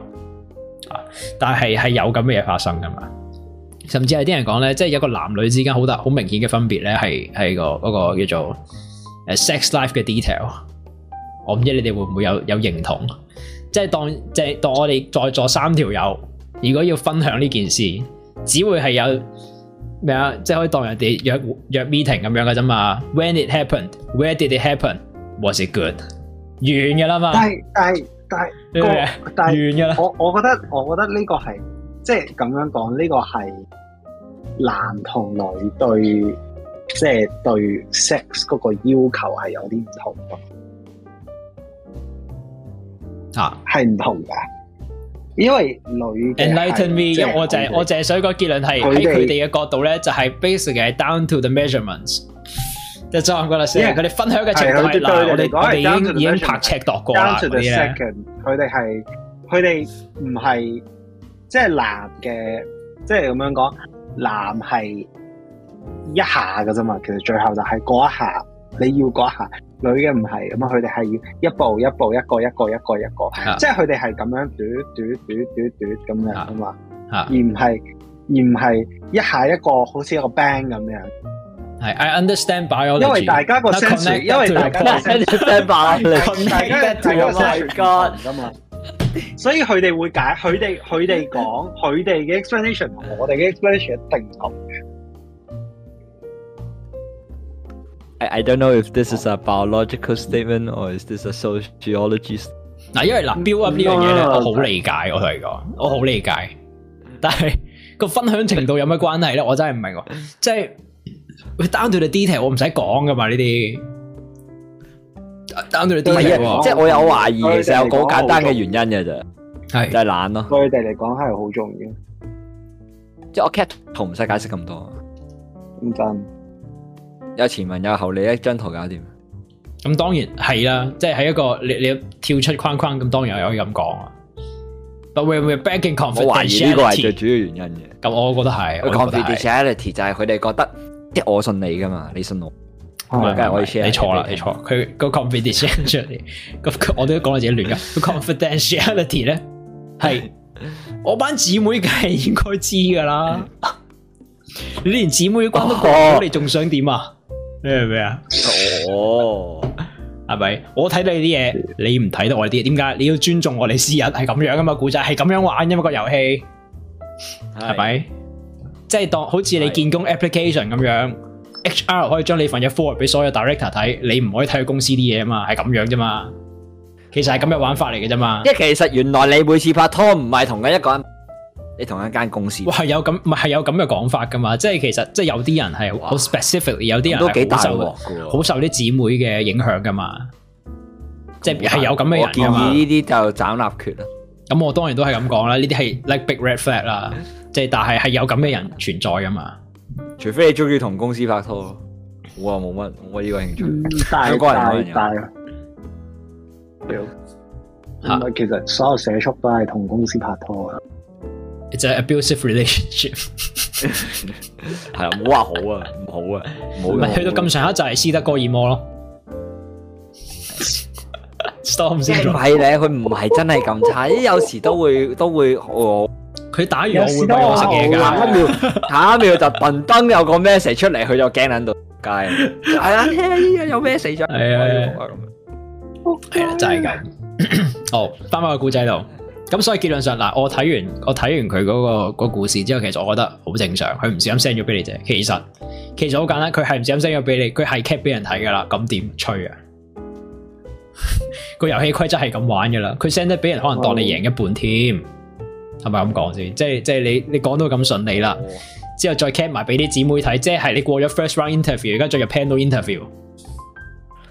啊，但係係有咁嘅嘢發生噶嘛。甚至係啲人講咧，即係有個男女之間好大好明顯嘅分別咧，係係、那個嗰、那個、叫做 sex life 嘅 detail。我唔知你哋會唔會有有認同，即係當即係當我哋再做三條友，如果要分享呢件事，只會係有咩啊？即係可以當人哋約約 meeting 咁樣嘅啫嘛。When it happened, where did it happen? Was it good？完嘅啦嘛。但係但係但係，完嘅啦。我我覺得我覺得呢個係即係咁樣講，呢個係男同女對即係、即係、對 sex 嗰個要求係有啲唔同嘅。啊，係唔同噶，因為女 enlighten me，我就係我就係想個結論係喺佢哋嘅角度咧，就係 basically 係 down to the measurements。即係再講多次，因為佢哋分享嘅情況啦，我哋我哋已經已經拍尺度過啦，呢佢哋係佢哋唔係即係男嘅，即係咁樣講，男係一下㗎啫嘛。其實最後就係嗰一下，你要嗰一下。女嘅唔係，咁啊佢哋係要一步一步一個一個一個一個,一個， 即係佢哋係咁樣斷斷斷斷斷咁樣啊嘛，而唔係而唔係一下一個好似一個 bang 咁樣。係 ，I understand by 因為大家個聲量，因為大家聲量大嚟， 因為大家細音噶樂嘛，所以佢哋會解,解，佢哋佢哋講，佢哋嘅 explanation 同我哋嘅 explanation 一定唔同。I don't know if this is a biological statement or is this a sociologist 嗱， 因為嗱 build up 呢樣嘢咧，我好理解，我同你講，我好理解，但係個分享程度有咩關係咧？我真係唔明，即係單對你 detail 我唔使講噶嘛呢啲，單對你 detail 即係我有懷疑，其實有個好簡單嘅原因嘅啫，係就係懶咯。對你哋嚟講係好重要的，即係我 cat 同唔使解釋咁多，唔真。有前文有後理，一張圖搞掂。咁當然係啦，即係喺一個你你跳出框框咁，當然可以咁講啊。但會唔會 backing confidentiality 呢個係最主要原因嘅。咁我覺得係。Confidentiality 就係佢哋覺得，即係我信你噶嘛，你信我。唔係，我意思你錯啦，你錯。佢個 confidentiality，咁我都講到自己亂噶。Confidentiality 咧係我班姊妹梗係應該知噶啦。你連姊妹關都過唔到，你仲想點啊？咩咩啊？哦，係咪？我睇你啲嘢，你唔睇得我啲嘢？點解？你要尊重我哋私隱？係咁樣噶嘛？古仔係咁樣玩嘅一個遊戲，係咪？即係當好似你見工 application 咁樣，HR 可以將你份嘢 forward 俾所有 director 睇，你唔可以睇佢公司啲嘢啊嘛？係咁樣啫嘛？其實係咁樣玩法嚟嘅啫嘛。即係其實原來你每次拍拖唔係同嘅一個人。你同一間公司哇，係、哦、有咁咪有咁嘅講法噶嘛？即係其實即係有啲人係好 specific，哇有啲人都幾大鑊嘅，好受啲姊妹嘅影響噶嘛。即係係有咁嘅人噶嘛。建議呢啲就斬立決啦。咁、嗯、我當然都係咁講啦。呢啲係 like big red flag 啦。即係 但係係有咁嘅人存在噶嘛。除非你中意同公司拍拖，我冇乜我呢個興趣。嗯、但大個人可以嘢。是其實所有社畜都係同公司拍拖啊。It's an abusive relationship，係啊，冇話好啊，唔好啊，唔係去到咁上下就係斯德哥爾摩咯。唔係咧，佢唔係真係咁差，有時都會都會，佢打完我先話，下一秒下一秒就頻登有個 message 出嚟，佢就驚撚到街。係啊，聽下呢個有咩事啫？係啊，係啦，就係咁。哦，翻返個古仔度。咁所以結論上，嗱，我睇完我睇完佢嗰個嗰故事之後，其實我覺得好正常。佢唔小心 send 咗俾你啫。其實其實好簡單，佢係唔小心 send 咗俾你，佢係 cap 俾人睇噶啦。咁點吹啊？個 遊戲規則係咁玩噶啦。佢 send 得俾人可能當你贏一半添，係咪咁講先？即係即係你你講到咁順利啦，之後再 cap 埋俾啲姊妹睇，即係你過咗 first round interview，而家仲有 panel interview。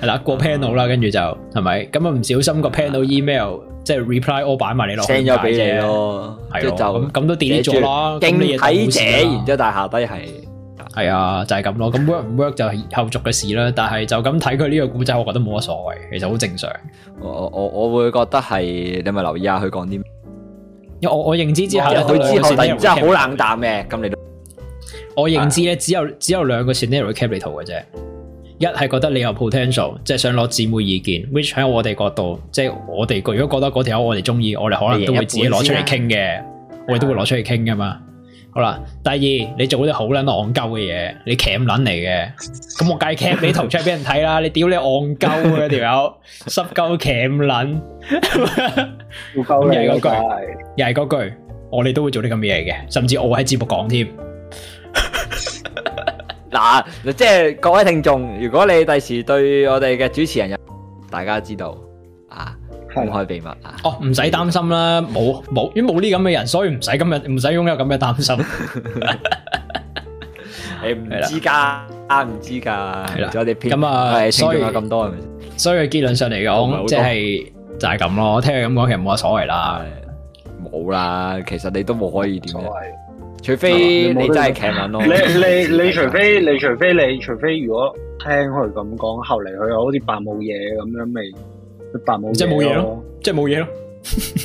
係啦，個 panel 啦，跟住就係咪咁啊？唔小心個 panel email 即係 reply，我擺埋你落 send 咗俾你咯，係咯，咁咁都點咗竟然睇者，然之後大下低係係啊，就係咁咯。咁 work 唔 work 就係後續嘅事啦。但係就咁睇佢呢個故仔，我覺得冇乜所謂，其實好正常。我我我會覺得係你咪留意下佢講啲，因為我我認知之後佢之後突然好冷淡嘅。咁你，都。我認知咧只有只有兩個 scenario cap 你圖嘅啫。一係覺得你有 potential，即係想攞姊妹的意見，which 喺我哋角度，即係我哋如果覺得嗰條友我哋中意，我哋可能都會自己攞出嚟傾嘅，我哋都會攞出嚟傾噶嘛。的好啦，第二你做啲好撚戇鳩嘅嘢，你 cap 撚嚟嘅，咁 我計 cap 你圖出嚟俾人睇啦！你屌你戇鳩嘅條友，濕鳩 cap 撚，又係嗰句，又係嗰句，我哋都會做啲咁嘅嘢嘅，甚至我會喺節目講添。嗱，即係各位聽眾，如果你第時對我哋嘅主持人有大家知道啊，公開秘密啊，哦，唔使擔心啦，冇冇，因冇呢咁嘅人，所以唔使咁樣，唔使擁有咁嘅擔心。你唔知噶，啊唔知噶，係啦，咁啊，所以咁多係咪？所以結論上嚟講，即係就係咁咯。我聽佢咁講，其實冇乜所謂啦，冇啦，其實你都冇可以點。除非你真係劇文咯，你你你除非你除非你除非如果聽佢咁講，後嚟佢又好似扮冇嘢咁樣咪，扮冇即係冇嘢咯，即係冇嘢咯。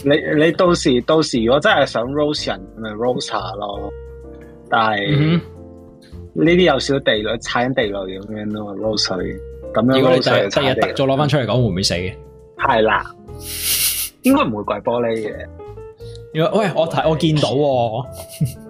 你你到時到時如果真係想 rose 人咪 rose 咯，但係呢啲有少地雷踩緊地雷咁樣咯，撈水咁樣。如果真係真係再攞翻出嚟講，會唔會死？係啦，應該唔會碎玻璃嘅。如果喂我睇我見到。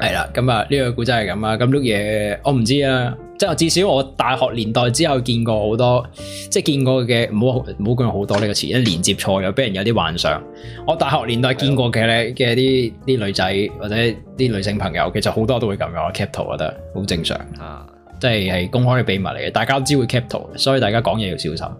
係啦，咁啊，呢、這個古仔係咁啊，咁碌嘢，我唔知啊，即係至少我大學年代之後見過好多，即係見過嘅，唔好唔好講好多呢、這個詞，一為連接錯又俾人有啲幻想。我大學年代見過嘅咧嘅啲啲女仔或者啲女性朋友，其實好多都會咁樣啊，kept up 覺得好正常啊，即係係公開嘅秘密嚟嘅，大家都知道會 kept u，所以大家講嘢要小心，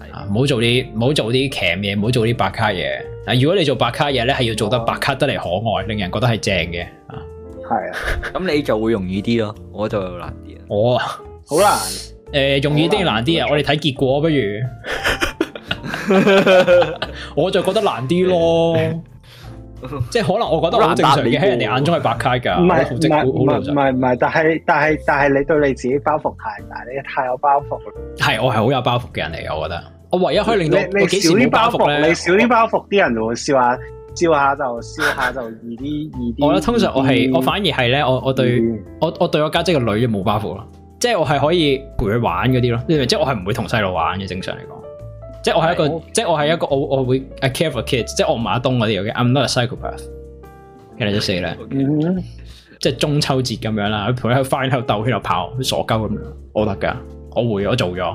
的啊，唔好做啲唔好做啲強嘢，唔好做啲白卡嘢。嗱，如果你做白卡嘢咧，係要做得白卡得嚟可愛，令人覺得係正嘅啊。係啊，咁你就會容易啲咯，我就難啲啊。我好 難，誒， 容易定係難啲啊？我哋睇結果不如， 我就覺得難啲咯。 即係可能我覺得我正常嘅喺人哋眼中係白卡噶，唔係唔係唔係唔係，但係但係但係你對你自己包袱太大，你太有包袱。係，我係好有包袱嘅人嚟，我覺得。我唯一可以令到你少啲包袱咧，你少啲包袱啲人就會笑下，笑下就笑下就易啲易啲。我覺得通常我係我反而係咧，我我對、嗯、我，我對我我對我家姐個女冇包袱咯，即係我係可以陪佢玩嗰啲咯。你明唔明？即係我係唔會同細路玩嘅，正常嚟講，即係我係一個是 okay, 即係我係一個我我會、I、care for kids，即係我唔係馬東嗰啲嘅，I'm not a psychopath。其實都死啦！即係中秋節咁樣啦，陪佢喺度翻喺度鬥喺度跑，傻鳩咁，我得噶，我會我做咗。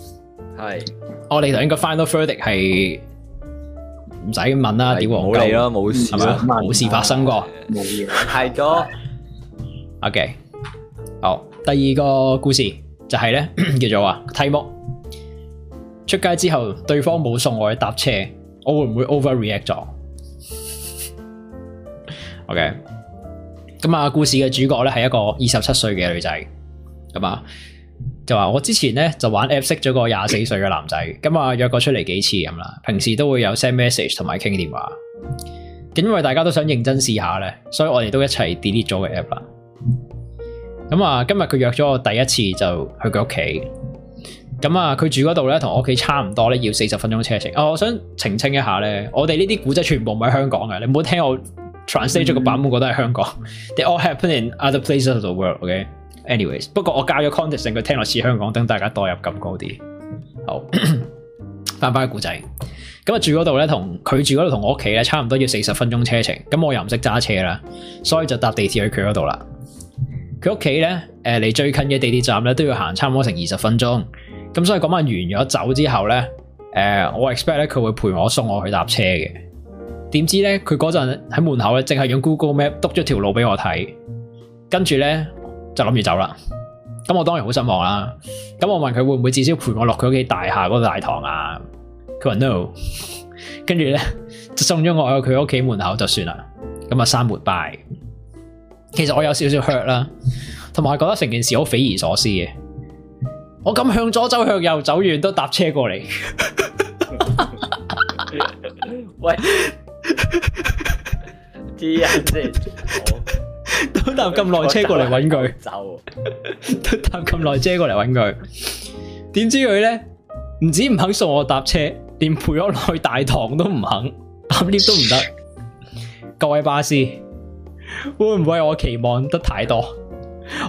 係，我哋就應該 final verdict 係唔使問啦。點好嚟咯？冇事，冇吧事發生過，冇嘢 多，太多，OK，好，第二個故事就係、是、咧， 叫做 t 話題目。出街之後，對方冇送我去搭車，我會唔會 overreact 咗？OK，咁啊，故事嘅主角咧係一個二十七歲嘅女仔，咁啊。就話我之前咧就玩 app 識咗個廿四歲嘅男仔，咁啊約過出嚟幾次咁啦，平時都會有 send message 同埋傾電話。咁因為大家都想認真試下咧，所以我哋都一齊 delete 咗個 app 啦。咁啊今日佢約咗我第一次就去佢屋企。咁啊佢住嗰度咧同我屋企差唔多咧，要四十分鐘車程。啊我想澄清一下咧，我哋呢啲古仔全部唔喺香港嘅，你唔好聽我 translate 咗個版本，嗯、我覺得喺香港，嗯、 ？They all happen in other places of the world，ok？、Okay? anyways，不過我教咗 context 令佢聽落似香港，等大家代入感高啲。好，翻返個故仔，咁啊住嗰度咧，同佢住嗰度同我屋企咧差唔多要四十分鐘車程，咁我又唔識揸車啦，所以就搭地鐵去佢嗰度啦。佢屋企咧，誒、呃、離最近嘅地鐵站咧都要行差唔多成二十分鐘，咁所以嗰晚完咗走之後咧，誒、呃、我 expect 咧佢會陪我送我去搭車嘅，點知咧佢嗰陣喺門口咧，淨係用 Google Map 篤咗條路俾我睇，跟住咧，就諗住走啦，咁我當然好失望啦。咁我問佢會唔會至少陪我落佢屋企大廈嗰個大堂啊？佢話 no，跟住咧就送咗我去佢屋企門口就算啦。咁啊，三沒拜。其實我有少少 hurt 啦，同埋覺得成件事好匪夷所思嘅。我咁向左走向右走完都搭車過嚟。 喂，啲嘢啫。搭咁耐車過嚟揾佢，我 都搭咁耐車過嚟揾佢。點 知佢咧唔止唔肯送我搭車，連陪我落去大堂都唔肯，搭 lift 都唔得。 各位巴士，會唔會我期望得太多？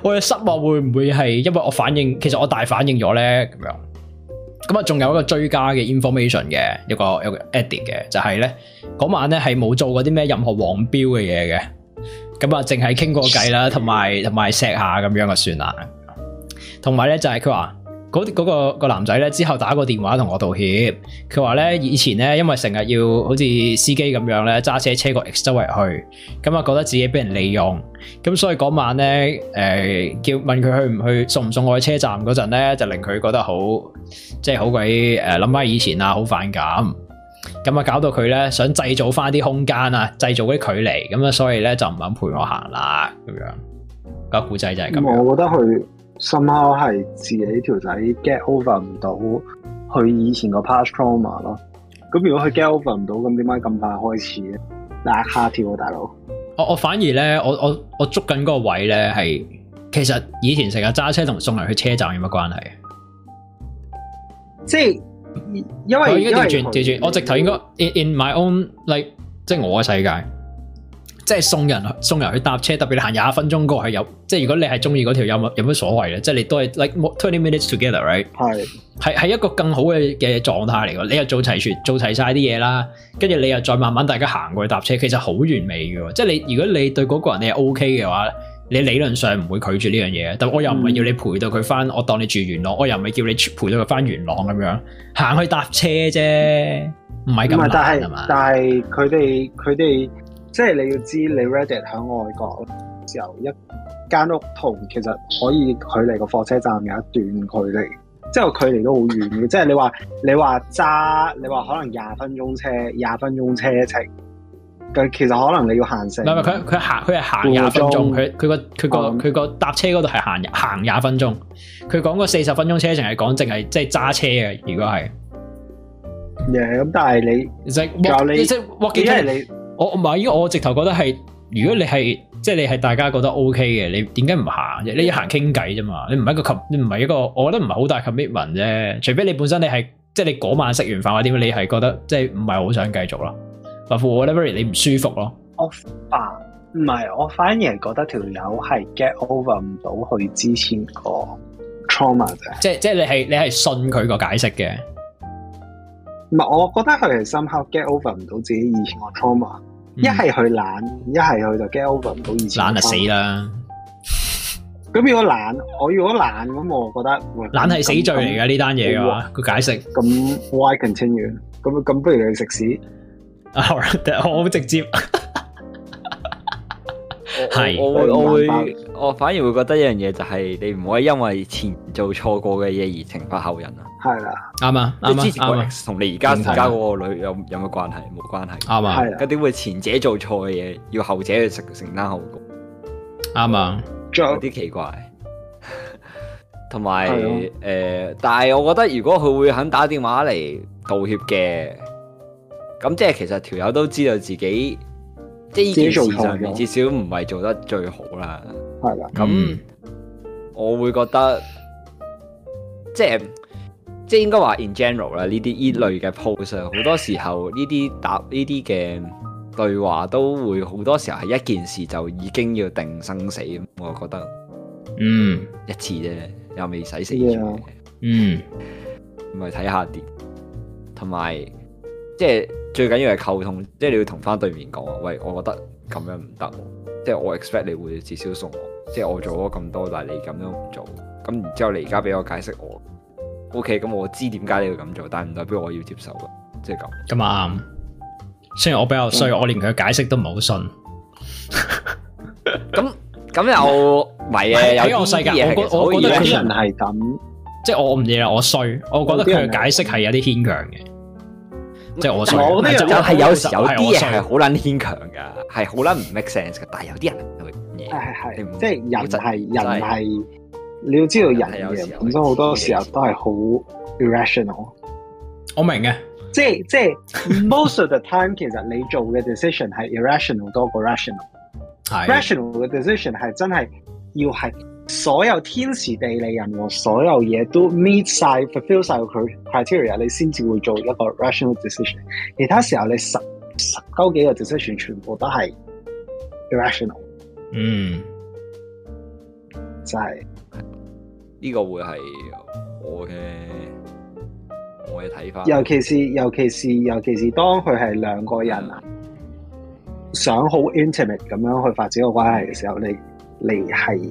我嘅失望會唔會係因為我反應？其實我大反應咗咧，咁樣。咁啊，仲有一個追加嘅 information 嘅，有一個一個 edit 嘅，就係咧嗰晚咧係冇做過啲咩任何黃標嘅嘢嘅。咁啊，淨係傾過偈啦，同埋同埋錫下咁樣就算啦。同埋咧就係佢話嗰嗰個、嗰個男仔咧之後打個電話同我道歉，佢話咧以前咧因為成日要好似司機咁樣咧揸車車個 X 周圍去，咁啊覺得自己俾人利用，咁所以嗰晚咧誒叫問佢去唔去送唔送我去車站嗰陣咧，就令佢覺得好即係好鬼誒諗翻以前啊，好反感。咁啊，搞到佢咧想製造翻啲空間啊，製造啲距離，咁啊，所以咧就唔肯陪我行啦，咁樣個故仔就係咁。我覺得佢 somehow 係自己條仔 get over 唔到佢以前個 past trauma 咯。咁如果佢 get over 唔到，咁點解咁快開始咧？一、啊、下跳啊，大佬！我我反而咧，我我我捉緊嗰個位咧，係其實以前成日揸車同送人去車站有乜關係？即係。因為我應該調轉調轉，我直頭應該 in, in my own like 即係我嘅世界，即係送人送人去搭車，特別你行廿分鐘過去。有，即係如果你係中意嗰條音有乜所謂咧？即係你都係 like twenty minutes together right 係係係一個更好嘅嘅狀態嚟嘅，你又做齊全做齊晒啲嘢啦，跟住你又再慢慢大家行過去搭車，其實好完美嘅，即係你如果你對嗰個人你係 OK 嘅話。你理論上唔會拒絕呢樣嘢，但我又唔係要你陪到佢返，嗯、我當你住元朗，我又唔係叫你陪到佢返元朗咁樣行去搭車啫，唔係咁難係嘛？但係但係佢哋佢哋即係你要知，你 Reddit 喺外國時一間屋同其實可以距離個火車站有一段距離，即係距離都好遠嘅，即係你話你話揸你話可能廿分鐘車廿分鐘車程。其實可能你要行成，唔係佢佢行佢係行廿分鐘，佢佢、嗰個佢、嗯、個佢個搭車嗰度係行行廿分鐘。佢講個四十分鐘車程係講淨係即係揸車嘅，如果係。咁、yeah, 但係你即係是你即係因為你我唔係，因為我直頭覺得係，如果你係即係你係大家覺得 OK 嘅，你點解唔行？你要行傾偈啫嘛，你唔係一個你唔係一個，我覺得唔係好大的 commitment 啫。除非你本身你係即係你嗰晚食完飯或者點你係覺得即係唔係好想繼續咯。阿富，我 v 懷疑你唔舒服咯。我唔係，我反而覺得條友係 get over 唔到佢之前個 trauma 啫。即係即係你係你係信佢個解釋嘅。唔係，我覺得佢係深刻 get over 唔到自己以前個 trauma。一係佢懶，一係佢就 get over 唔到以前。懶啊，死啦！咁如果懶，我如果懶咁，我覺得懶係死罪嚟㗎呢單嘢嘅話，個辱解釋咁 why continue 咁咁，why 不如你去食屎。我 好直接係， 我會我會我反而會覺得一樣嘢就係你唔可以因為前做錯過嘅嘢而懲罰後人啊。係啦吧，啱啊。你之前同吧你而家而家嗰個女有有乜關係？冇吧關係，啱啊吧。咁點會前者做錯嘅嘢要後者去承承擔後果？啱啊吧，仲有啲奇怪。同埋誒，但係我覺得如果佢會肯打電話嚟道歉嘅。咁即係其實條友都知道自己，即係呢件事上面至少唔係做得最好啦。係啦，咁我會覺得，即係即係應該話 in general 啦。呢啲依類嘅 post 啊，好多時候呢啲答呢啲嘅對話都會好多時候係一件事就已經要定生死。我覺得，嗯，一次啫又未使死咗。嗯，咪睇下跌，同埋、嗯、即係。最緊要係溝通，即係你要同翻對面講啊！喂，我覺得咁樣唔得，即係我 expect 你會至少送我，即係我做咗咁多，但係你咁樣唔做，咁然之後你而家俾我解釋我，OK？咁我知點解你要咁做，但係唔代表我要接受啦，即係咁。咁啊啱，雖然我比較衰，嗯、我連佢嘅解釋都唔係好信。咁咁又唔係啊？喺我世界，我我覺得啲人係咁，即係我唔知啦。我衰，我覺得佢嘅解釋係有啲牽強嘅。即係我，我、就係，但係有時有啲嘢係好撚牽強㗎，係好撚唔 make sense 㗎。但係有啲人係，係係係，即係人係人係，就係、你要知道人嘅本身好多時候都係好 irrational。我明嘅、就係，即係即係 most of the time， 其實你做嘅 decision 係 irrational 多過 rational。是 rational 嘅 decision 係真係要係。所有天時地利人和所有嘢都 meet 晒、mm. fulfill 晒佢 criteria，你先至會做一個 rational decision。其他時候你十十鳩幾個 decision 全部都係 irrational。嗯、mm. 就是，就係呢個會係我嘅我嘅睇法。尤其是尤其是尤其是當佢係兩個人、mm. 想好 intimate 咁樣去發展個關係嘅時候，你你係。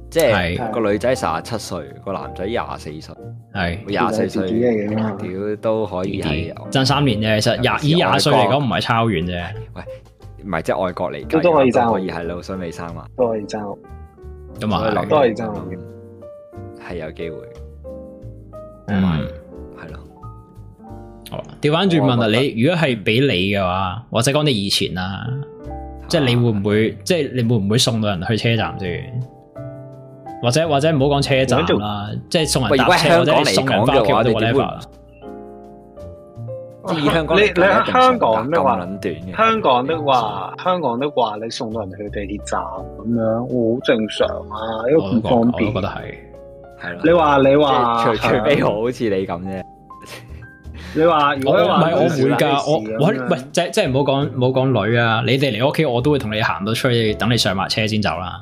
即係個女仔卅七歲，個男仔廿四歲，係廿四歲，屌都可以係爭三年啫。其實廿廿歲嚟講唔係差好遠啫。喂，唔係即係外國嚟，都都可以爭，可以係咯，老水未生嘛，都可以爭，咁啊，都可以爭，係有機會，嗯，係咯。哦，調翻轉問啊，你如果係俾你嘅話，或者講你以前啊，即係你會唔會，即係你會唔會送到人去車站先？或者或者唔好講車站啦，即係送人搭車或者送人翻屋企都冇 level，香港你你喺香港咩話？香港的話，香港都話，你送人去地鐵站咁樣，好正常啊，因為唔方便。我都覺得係，係咯。你話你話，除非我好似你咁啫。你話如果我唔係我會噶，我我唔係即即係唔好講唔講女啊！你哋嚟屋企，我都會同你行到出去等你上埋車先走啦。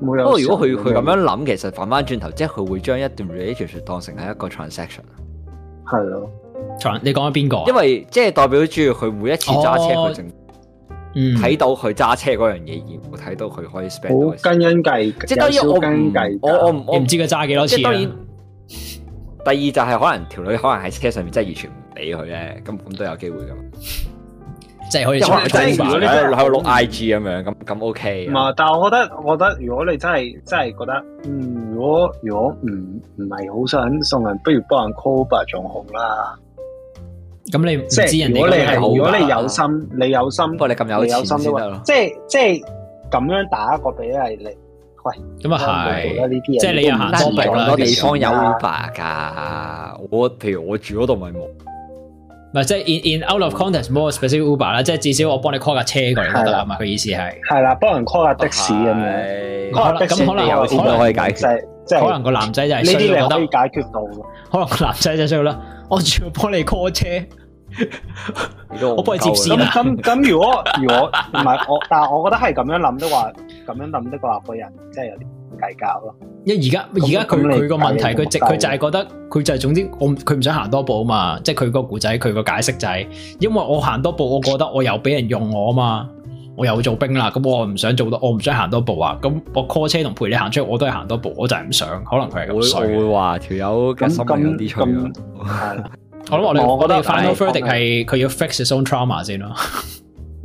不過如果佢佢咁樣諗，其實反翻轉頭，即係佢會將一段 relationship 當成係一個 transaction。係咯，你講緊邊個？因為即係代表住佢每一次揸車，佢正、哦，嗯，睇到佢揸車嗰樣嘢，而冇睇到佢可以 spend 到。好斤計，即係等於我，我我唔我唔知佢揸幾多次。當然，第二就係可能條女，女可能喺車上面真係完全唔理佢咧，咁咁都有機會噶嘛。即係可以坐喺度，喺度碌 IG 咁樣，咁咁 OK。唔係，但係我覺得，我覺得如果你真係真係覺得，嗯，如果如果唔唔係好想送人，不如幫人 cover 仲好啦、啊。咁你即係、就是、如果你係、啊、如果你有心，你有心不過你咁有，有心，都得即係即係咁樣打一個比例，你喂咁啊係。即係不你又行多咁多地方有啲大噶。啊、我譬如我住嗰度咪冇。唔即係 in in out of context more specific Uber 啦，即係至少我幫你 call 架車過嚟都得啊嘛，佢意思係。係啦，幫人 call 架的士咁樣，咁可能有啲都可以解決，即係可能個男仔就係呢啲你可以解決到。可能個男仔就係需要啦，我仲要幫你 call 車，我幫你接線啊。咁咁如果如果唔係我，但係我覺得係咁樣諗的話，咁樣諗的話，個人即係有啲計較咯，因為而家而家佢佢個問題，佢直佢就係覺得佢就係總之我，我佢唔想行多步啊嘛，即係佢個古仔，佢個解釋就係、是，因為我行多步，我覺得我又俾人用我啊嘛，我又做兵啦，咁我唔想做到，我唔想行多步啊，咁我 call 車同陪你行出去，我都係行多步，我就係唔想，可能佢係咁想。我會會話條友咁咁咁係啦，我諗 我哋我哋得到 verdict 係佢要 fix his own trauma 先咯。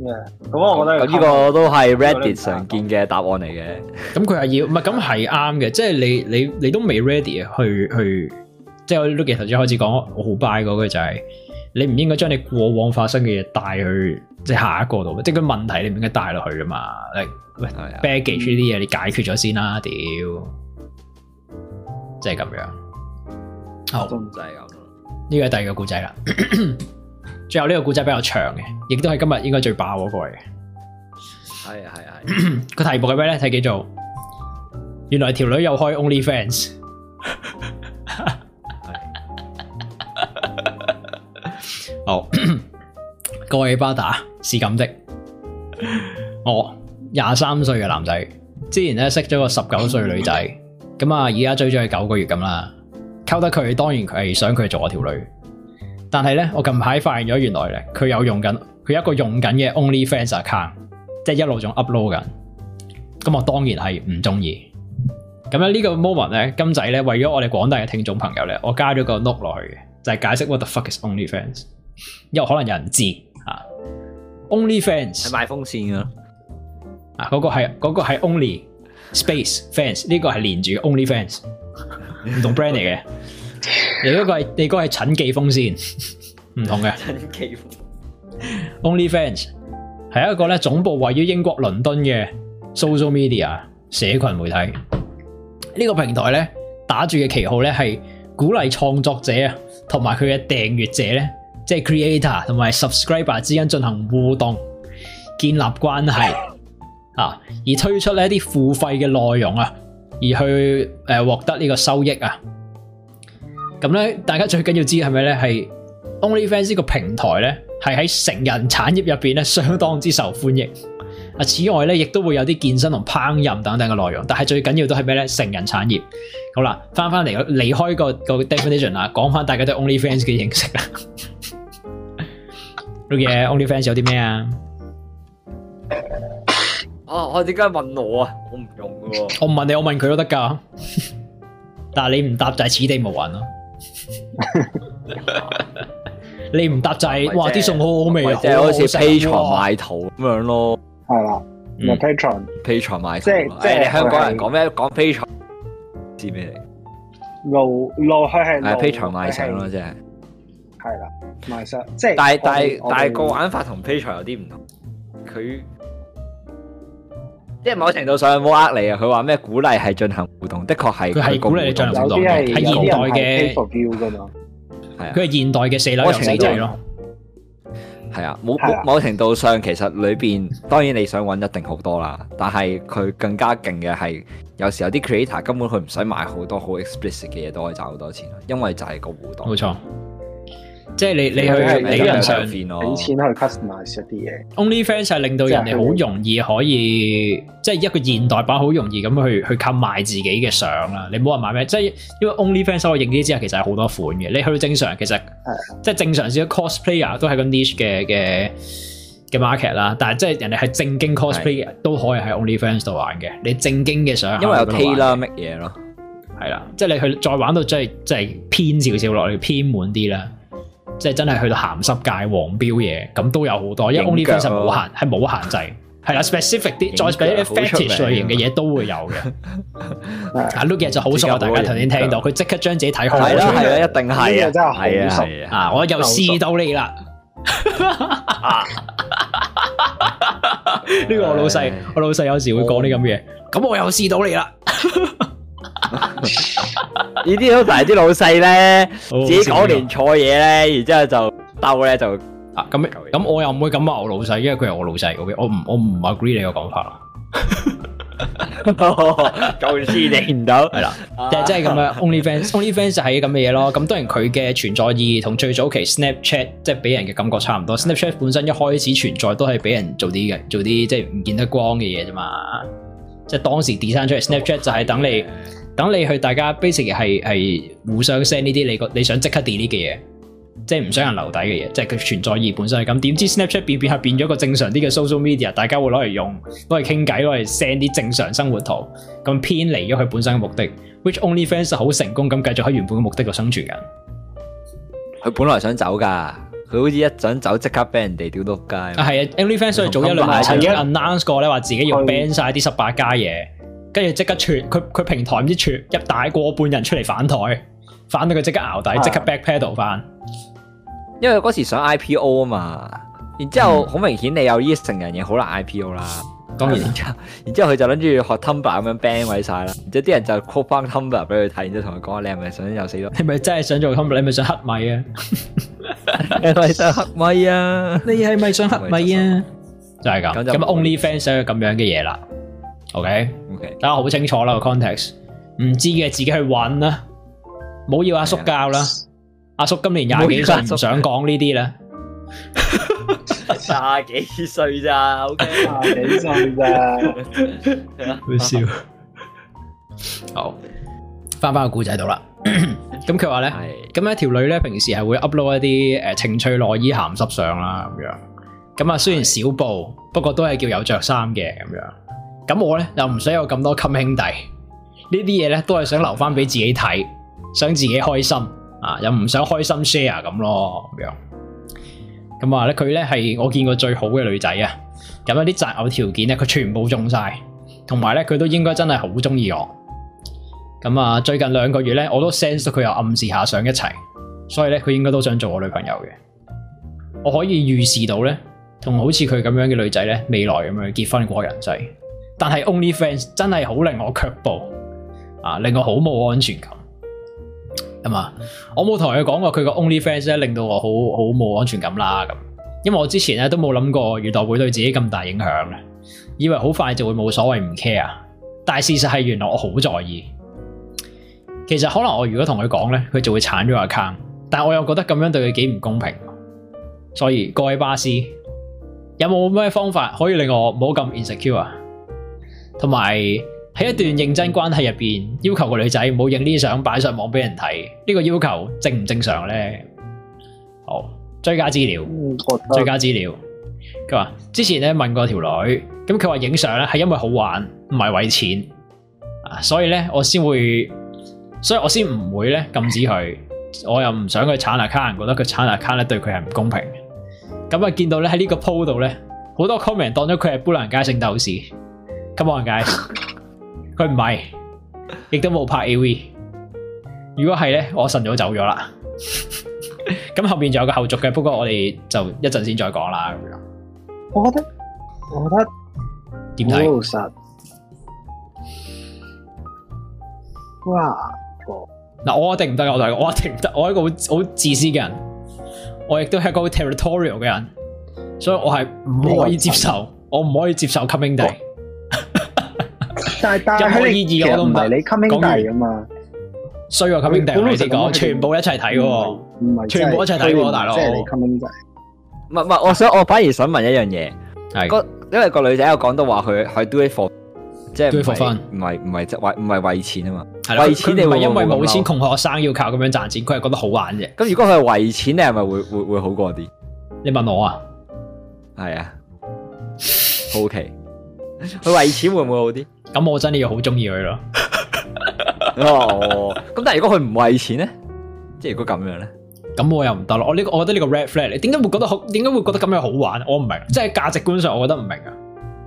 咁、yeah. 我覺得呢個都係 Reddit 常見嘅答案嚟嘅。咁佢係要唔係咁係啱嘅，即係你你你都未 ready 去去，即係我啱頭先開始講，我好 buy 嗰個就係、是、你唔應該將你過往發生嘅嘢帶去即係下一個度，即係個問題你唔應該帶落去啊嘛。你喂 baggage 啲嘢你解決咗先啦，屌、嗯，即係咁樣好，呢個係第二個故仔啦。最後呢個故仔比較長嘅，亦都係今日應該最爆嗰、那個嘅。係啊係啊，個題目係咩呢？係叫做原來條女又開 OnlyFans。好，各位巴打是咁的。我廿三歲嘅男仔，之前咧識咗個十九歲的女仔， 咁啊，而家追咗佢九個月咁啦，溝得佢，當然佢係想佢做我條女。但係咧，我近排發現咗，原來咧佢有用緊佢一個用緊嘅 Only Fans account，即係一路仲 upload 緊。咁我當然係唔中意。咁呢個 moment 咧，金仔咧為咗我哋廣大嘅聽眾朋友咧，我加咗個 note 落去嘅，就係、是、解釋 What the fuck is Only Fans？因為可能有人唔知、啊、Only Fans 係賣風扇嘅。啊，嗰、嗰個係、嗰個、Only Space Fans，呢個係連住 Only Fans 唔同 brand 嚟嘅。 另一個係，你嗰係陳記峰先，唔同嘅。陳記峰 Only Fans 係一個咧技 總部位於英國倫敦嘅 social media 社群媒體。呢、這個平台咧打住嘅旗號咧係鼓勵創作者啊同埋佢嘅訂閱者咧，即、就、係、是、creator 同埋 subscriber 之間進行互動，建立關係啊，而推出呢一啲付費嘅內容啊，而去誒獲、呃、得呢個收益啊。咁咧，大家最緊要知係咩咧？係 OnlyFans 呢個平台咧，係喺成人產業入邊咧，相當之受歡迎。啊，此外咧，亦都會有啲健身同烹飪等等嘅內容。但係最緊要都係咩咧？成人產業。好啦，翻翻嚟，離開個個 definition 啦，講翻大家對 OnlyFans 嘅認識啦。老爺 ，OnlyFans 有啲咩啊？哦，我點解問我啊？我唔用噶喎。我唔問你，我問佢都得噶。 但係你唔答就係此地無銀咯、啊。你唔搭仔，哇！啲餸好好味啊，即係好似披財買土咁樣咯，係啦，嗯披財，披財買，即係即係你香港人講咩講披財，知咩嚟？路路係係，係披財買石咯，即係，係啦，買石，即係，但係但係但係個玩法同披財有啲唔同，佢。即係某程度上冇呃你啊，佢話咩鼓勵係進行互動，的確係係鼓勵你進行互動嘅。係現代嘅，係啊的，佢係現代嘅四流又四流咯。係啊，某某程度上其實裏邊當然你想搵一定好多啦，但係佢更加勁嘅係，有時候啲 creator 根本佢唔使賣好多好 explicit 嘅嘢都可以賺好多錢，因為就係個互動。冇錯。即係你你去私人上，俾錢去 customize 一啲嘢。Onlyfans 係令到人哋好容易可以，就是，即係一個現代版好容易咁去去靠賣自己嘅相啦。你冇人買咩？即係因為 Onlyfans 喺我認知之下其實有好多款嘅。你去到正常，其實的即係正常少少 cosplayer 都係個 niche 嘅嘅嘅 market 啦。但係即係人哋係正經 cosplayer 的都可以喺 Onlyfans 度玩嘅。你正經嘅相，因為有 key 啦，乜嘢咯？係啦，即係你去再玩到即係即係偏少少落去，偏滿啲啦。即係真係去到鹹濕界黃標嘢，咁都有好多，因為 Onlyfans 冇限係冇限制，係啦，specific 啲，再俾啲 fetish 類型嘅嘢都會有嘅。啊，Luke 嘢就好爽啊！大家頭先聽到，佢即刻將自己睇開。係啦一定係啊！真係好啊！啊，我又試到你啦！呢個我老細，我老細有時會講啲咁嘅嘢。咁我又試到你啦！ 呢啲都大啲老細咧自己講年錯嘢咧，好然之後就斗咧就啊咁咁我又唔會咁話我老細，因為佢係我老細，OK，我唔我唔 agree 你個講法咯，構思、 哦、定唔到係啦，即係咁樣、啊，Only Fans，Only Fans 就係咁嘅嘢咯。咁當然佢嘅存在意義同最早期 Snapchat 即係俾人嘅感覺差唔多。 Snapchat 本身一開始存在都係俾人做啲嘅，做啲即係唔見得光嘅嘢啫嘛。即、就、係、是、當時 design 出嚟，Snapchat 就係等你。 等你去大，大家 basic 係係互相 send 呢啲你個你想即刻 delete 嘅嘢，即係唔想人留底嘅嘢，即係佢存在意義本身係咁。點知 Snapchat 變變下變咗個正常啲嘅 social media，大家會攞嚟用，攞嚟傾偈，攞嚟 send 啲正常生活圖，咁偏離咗佢本身嘅目的。Which OnlyFans 好成功咁繼續喺原本嘅目的度生存緊。佢本來想走㗎，佢好似一想走即刻俾人哋屌到街。啊，係啊，OnlyFans 雖然早一兩年就 announce 過咧，話自己要 ban 晒啲十八家嘢。跟住即刻撤，佢佢平台唔知撤，一大過半人出嚟反台，反到佢即刻熬底，即刻 back pedal 翻。因為嗰時想 IPO 啊嘛，嗯、然之後好明顯你有呢啲成人嘢好難 IPO 啦，當然然之後佢就諗住學 Tumblr 咁樣 ban 位晒啦，然之後啲人就 call 翻 Tumblr 俾佢睇，然之後同佢講你係咪想又死咗，你咪真係想做 Tumblr 你咪想黑米啊？ 你咪想黑米啊？你係咪想黑米啊？就係咁，咁 only fans 有咁樣嘅嘢啦。O K，O K，大家好清楚啦，個 context 唔知嘅自己去揾啦，唔好要阿叔教啦，阿叔今年廿幾歲，唔想講呢啲啦，廿幾歲咋，O K，廿幾歲咋，好笑，好，翻翻個故仔度啦，咁佢話咧，咁一條女咧平時係會 upload 一啲誒情趣內衣鹹濕相啦，咁樣，咁啊雖然少布，不過都係叫有着衫嘅，咁樣。咁我咧又唔想有咁多襟兄弟呢啲嘢咧，都係想留翻俾自己睇，想自己開心啊，又唔想開心 share 咁咯。咁樣咁啊咧，佢咧係我見過最好嘅女仔啊。咁有啲擇偶條件咧，佢全部中晒，同埋咧佢都應該真係好中意我。咁啊，最近兩個月咧，我都 sense 到佢又暗示下想一齊，所以咧佢應該都想做我女朋友嘅。我可以預示到咧，同好似佢咁樣嘅女仔咧，未來咁樣結婚過人世。但是 OnlyFans 真係好令我卻步，啊，令我好冇安全感。咁啊，我冇同佢講過佢個 OnlyFans 令到我好好冇安全感啦。因為我之前都冇諗過，原來會對自己咁大影響，以為好快就會冇所謂唔 care。但事實係，原來我好在意。其實可能我如果同佢講呢，佢就會鏟咗我 account。但我又覺得咁樣對佢幾唔公平。所以各位巴士，有冇咩方法可以令我冇咁 insecure？同埋喺一段認真關係入邊，要求個女仔唔好影啲相擺上網俾人睇，呢個要求正唔正常咧？好，追加資料，追加資料。佢話之前咧問過條女，咁佢話影相咧係因為好玩，唔係為錢啊，所以咧我先會，所以我先唔會咧禁止佢，我又唔想佢鏟下卡，人覺得佢鏟下卡咧對佢係唔公平。咁啊見到咧喺呢個鋪度咧，好多 comment 當咗佢係波蘭街聖鬥士。咁我唔介，佢唔係，亦都冇拍 AV。如果係咧，我晨早走咗啦。咁 後面仲有個後續嘅，不過我哋就一陣先再講啦。咁樣，我覺得，我覺得點睇？哇，哇我我，就是！我一定唔得，我同你講我一定唔得。我係一個好好自私嘅人，我亦都係一個好 territorial 嘅人，所以我係唔可以接受，我唔可以接受 coming 弟。但係，但係，佢其實你 coming 弟啊嘛，衰啊，coming 弟，我講全部一齊睇喎，唔係全部一齊睇喎，大佬。即係你 coming 弟，唔係唔係，我想我反而想問一樣嘢，係因為個女仔有講到話佢佢 do it for，即係 do 翻，唔係唔係即係唔係為錢啊嘛，為錢你唔係因為冇錢窮學生要靠咁樣賺錢，佢係覺得好玩啫。咁如果佢係為錢，你係咪會會會好過啲？你問我啊，係啊，O K。佢為錢會唔會好啲？咁我真係要好中意佢咯。哦，咁但係如果佢唔為錢咧，即係如果咁樣咧，咁我又唔得咯。我呢、這個，我覺得呢個 Red Flag，你點解會覺得好？點解會覺得咁樣好玩？我唔明，即係價值觀上，我覺得唔明啊。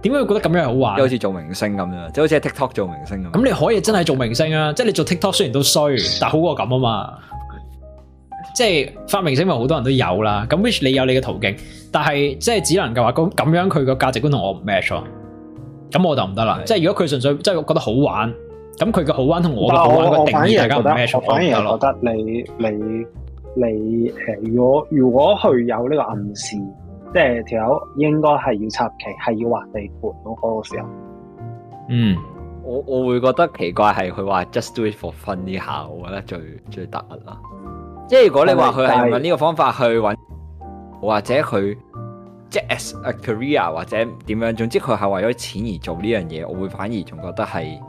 點解會覺得咁樣好玩？好似做明星咁樣，即係好似喺 TikTok 做明星咁。咁你可以真係做明星啊，即係你做 TikTok 雖然都衰，但好過咁啊嘛。即係發明星咪好多人都有啦、啊。咁 which 你有你嘅途徑，但係即係只能夠話咁咁樣，佢個價值觀同我唔 match 咯、啊。咁我就唔得啦，的即係如果佢純粹即係覺得好玩，咁佢嘅好玩同我嘅好玩嘅我定義，大家唔係相同得咯。我反而覺得你你你，誒，如果如果佢有呢個暗示，即係條友應該係要插旗，係要劃地盤嗰個時候，嗯，我我會覺得奇怪係佢話 just do it for fun 呢下，我覺得最最突兀啦。即係如果你話佢係用緊呢個方法去揾，是或者佢。即係 as a career 或者點樣，總之佢係為咗錢而做呢樣嘢，我會反而仲覺得係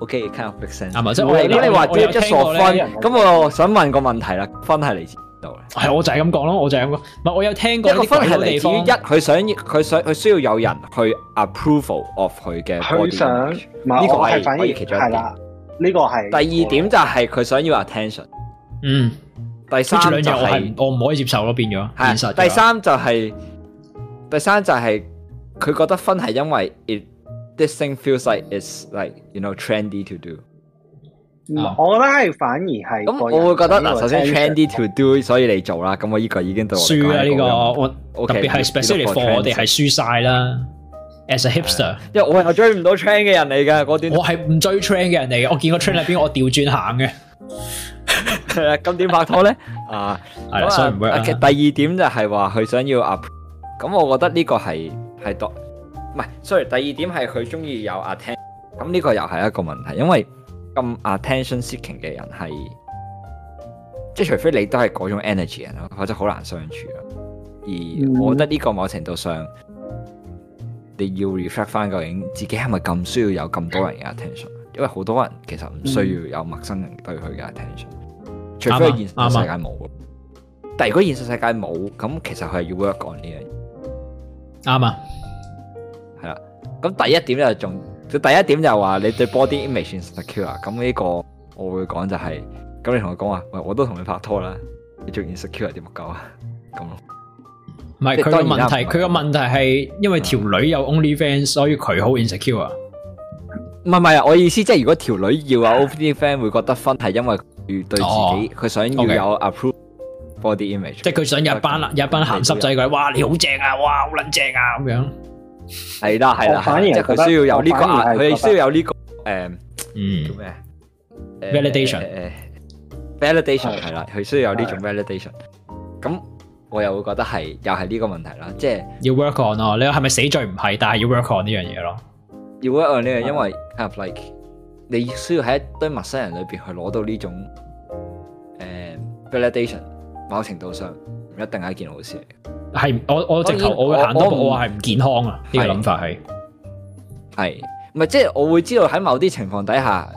OK kind of make sense 係咪？啊嘛，即係如果你話叫一傻分，咁我想問個問題啦，分係嚟自邊度咧？係，我就係咁講咯，我就係咁講。唔係，我有聽過呢個分係嚟自於一，佢想佢想佢需要有人去 approval of 佢嘅。佢想，呢個係可，可以其中一啲。呢、這個係第二點就係佢想要 attention。嗯。第三就係我唔可以接受咯，變咗。係，第三就係第三就係佢覺得分係因為，this thing feels like it's like you know trendy to do。我覺得係反而係。咁我會覺得嗱，首先 trendy to do，所以你做啦。咁我依個已經到輸啦。呢個特別係 specific for 我哋係輸曬啦。As a hipster，因為我係追唔到 trend 嘅人嚟嘅嗰段，我係唔追 trend 嘅人嚟嘅。我見個 trend 入邊，我調轉行嘅。係啊，咁點 拍拖咧？啊，所以第二點就係話佢想要阿咁，我覺得呢個係係多唔係？sorry 第二點係佢中意有 attention 咁，呢個又係一個問題，因為咁 attention seeking 嘅人係即係除非你都係嗰種 energy 人咯，或者好難相處啊。而我覺得呢個某程度上，mm. 你要 reflect 翻，究竟自己係咪咁需要有咁多人嘅 attention？因為好多人其實唔需要有陌生人對佢嘅 attention。Mm. 除非現實世界冇，啊啊、但如果現實世界冇，咁其實佢係要 work on 呢樣嘢。啱啊，係啦。咁第一點又仲，第一點就話你對 body image insecure，咁呢個我會講就係、是，咁你同佢講啊，喂，我都同你拍拖啦，你仲 insecure 點樣搞啊？咁咯不，唔係佢個問題，佢個問題係因為條女有 only fans 所以佢好 insecure 啊。唔係唔係，我意思即係如果條女要啊，only fans 會覺得分係因為。對自己，佢想要有 approve body image，即係佢想有一班啦，有一班鹹濕仔佢，哇你好正啊，哇好撚正啊咁樣，係啦係啦，反而佢需要有呢個，佢需要有呢個，誒，嗯，叫咩 validation，validation，係啦，佢需要有呢種 validation。咁我又會覺得係，又係呢個問題啦，即係要 work on 咯。你係咪死罪唔係，但係要 work on 呢樣嘢咯，要 work on 呢樣嘢，因為 have like。你需要喺一堆陌生人裏邊去攞到呢種、呃、validation，某程度上唔一定係一件好事嚟。係我我直頭我會行多步，我話係唔健康啊！呢個諗法係係唔係，即係我會知道喺某啲情況底下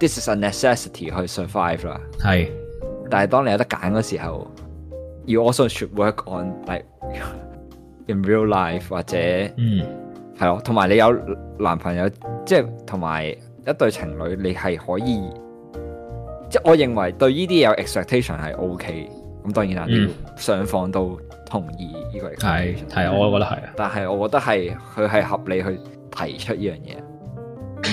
，this is a necessity 去 survive 啦是。係，但係當你有得揀嗰時候，you also should work on like in real life 或者嗯係咯，同埋你有男朋友即係同埋。就是一對情侶，你係可以，即係我認為對呢啲有 expectation 係 O、OK, K，咁當然啦、啊，要、嗯、上放到同意呢個係，係我覺得係啊，但係我覺得係佢係合理去提出呢樣嘢。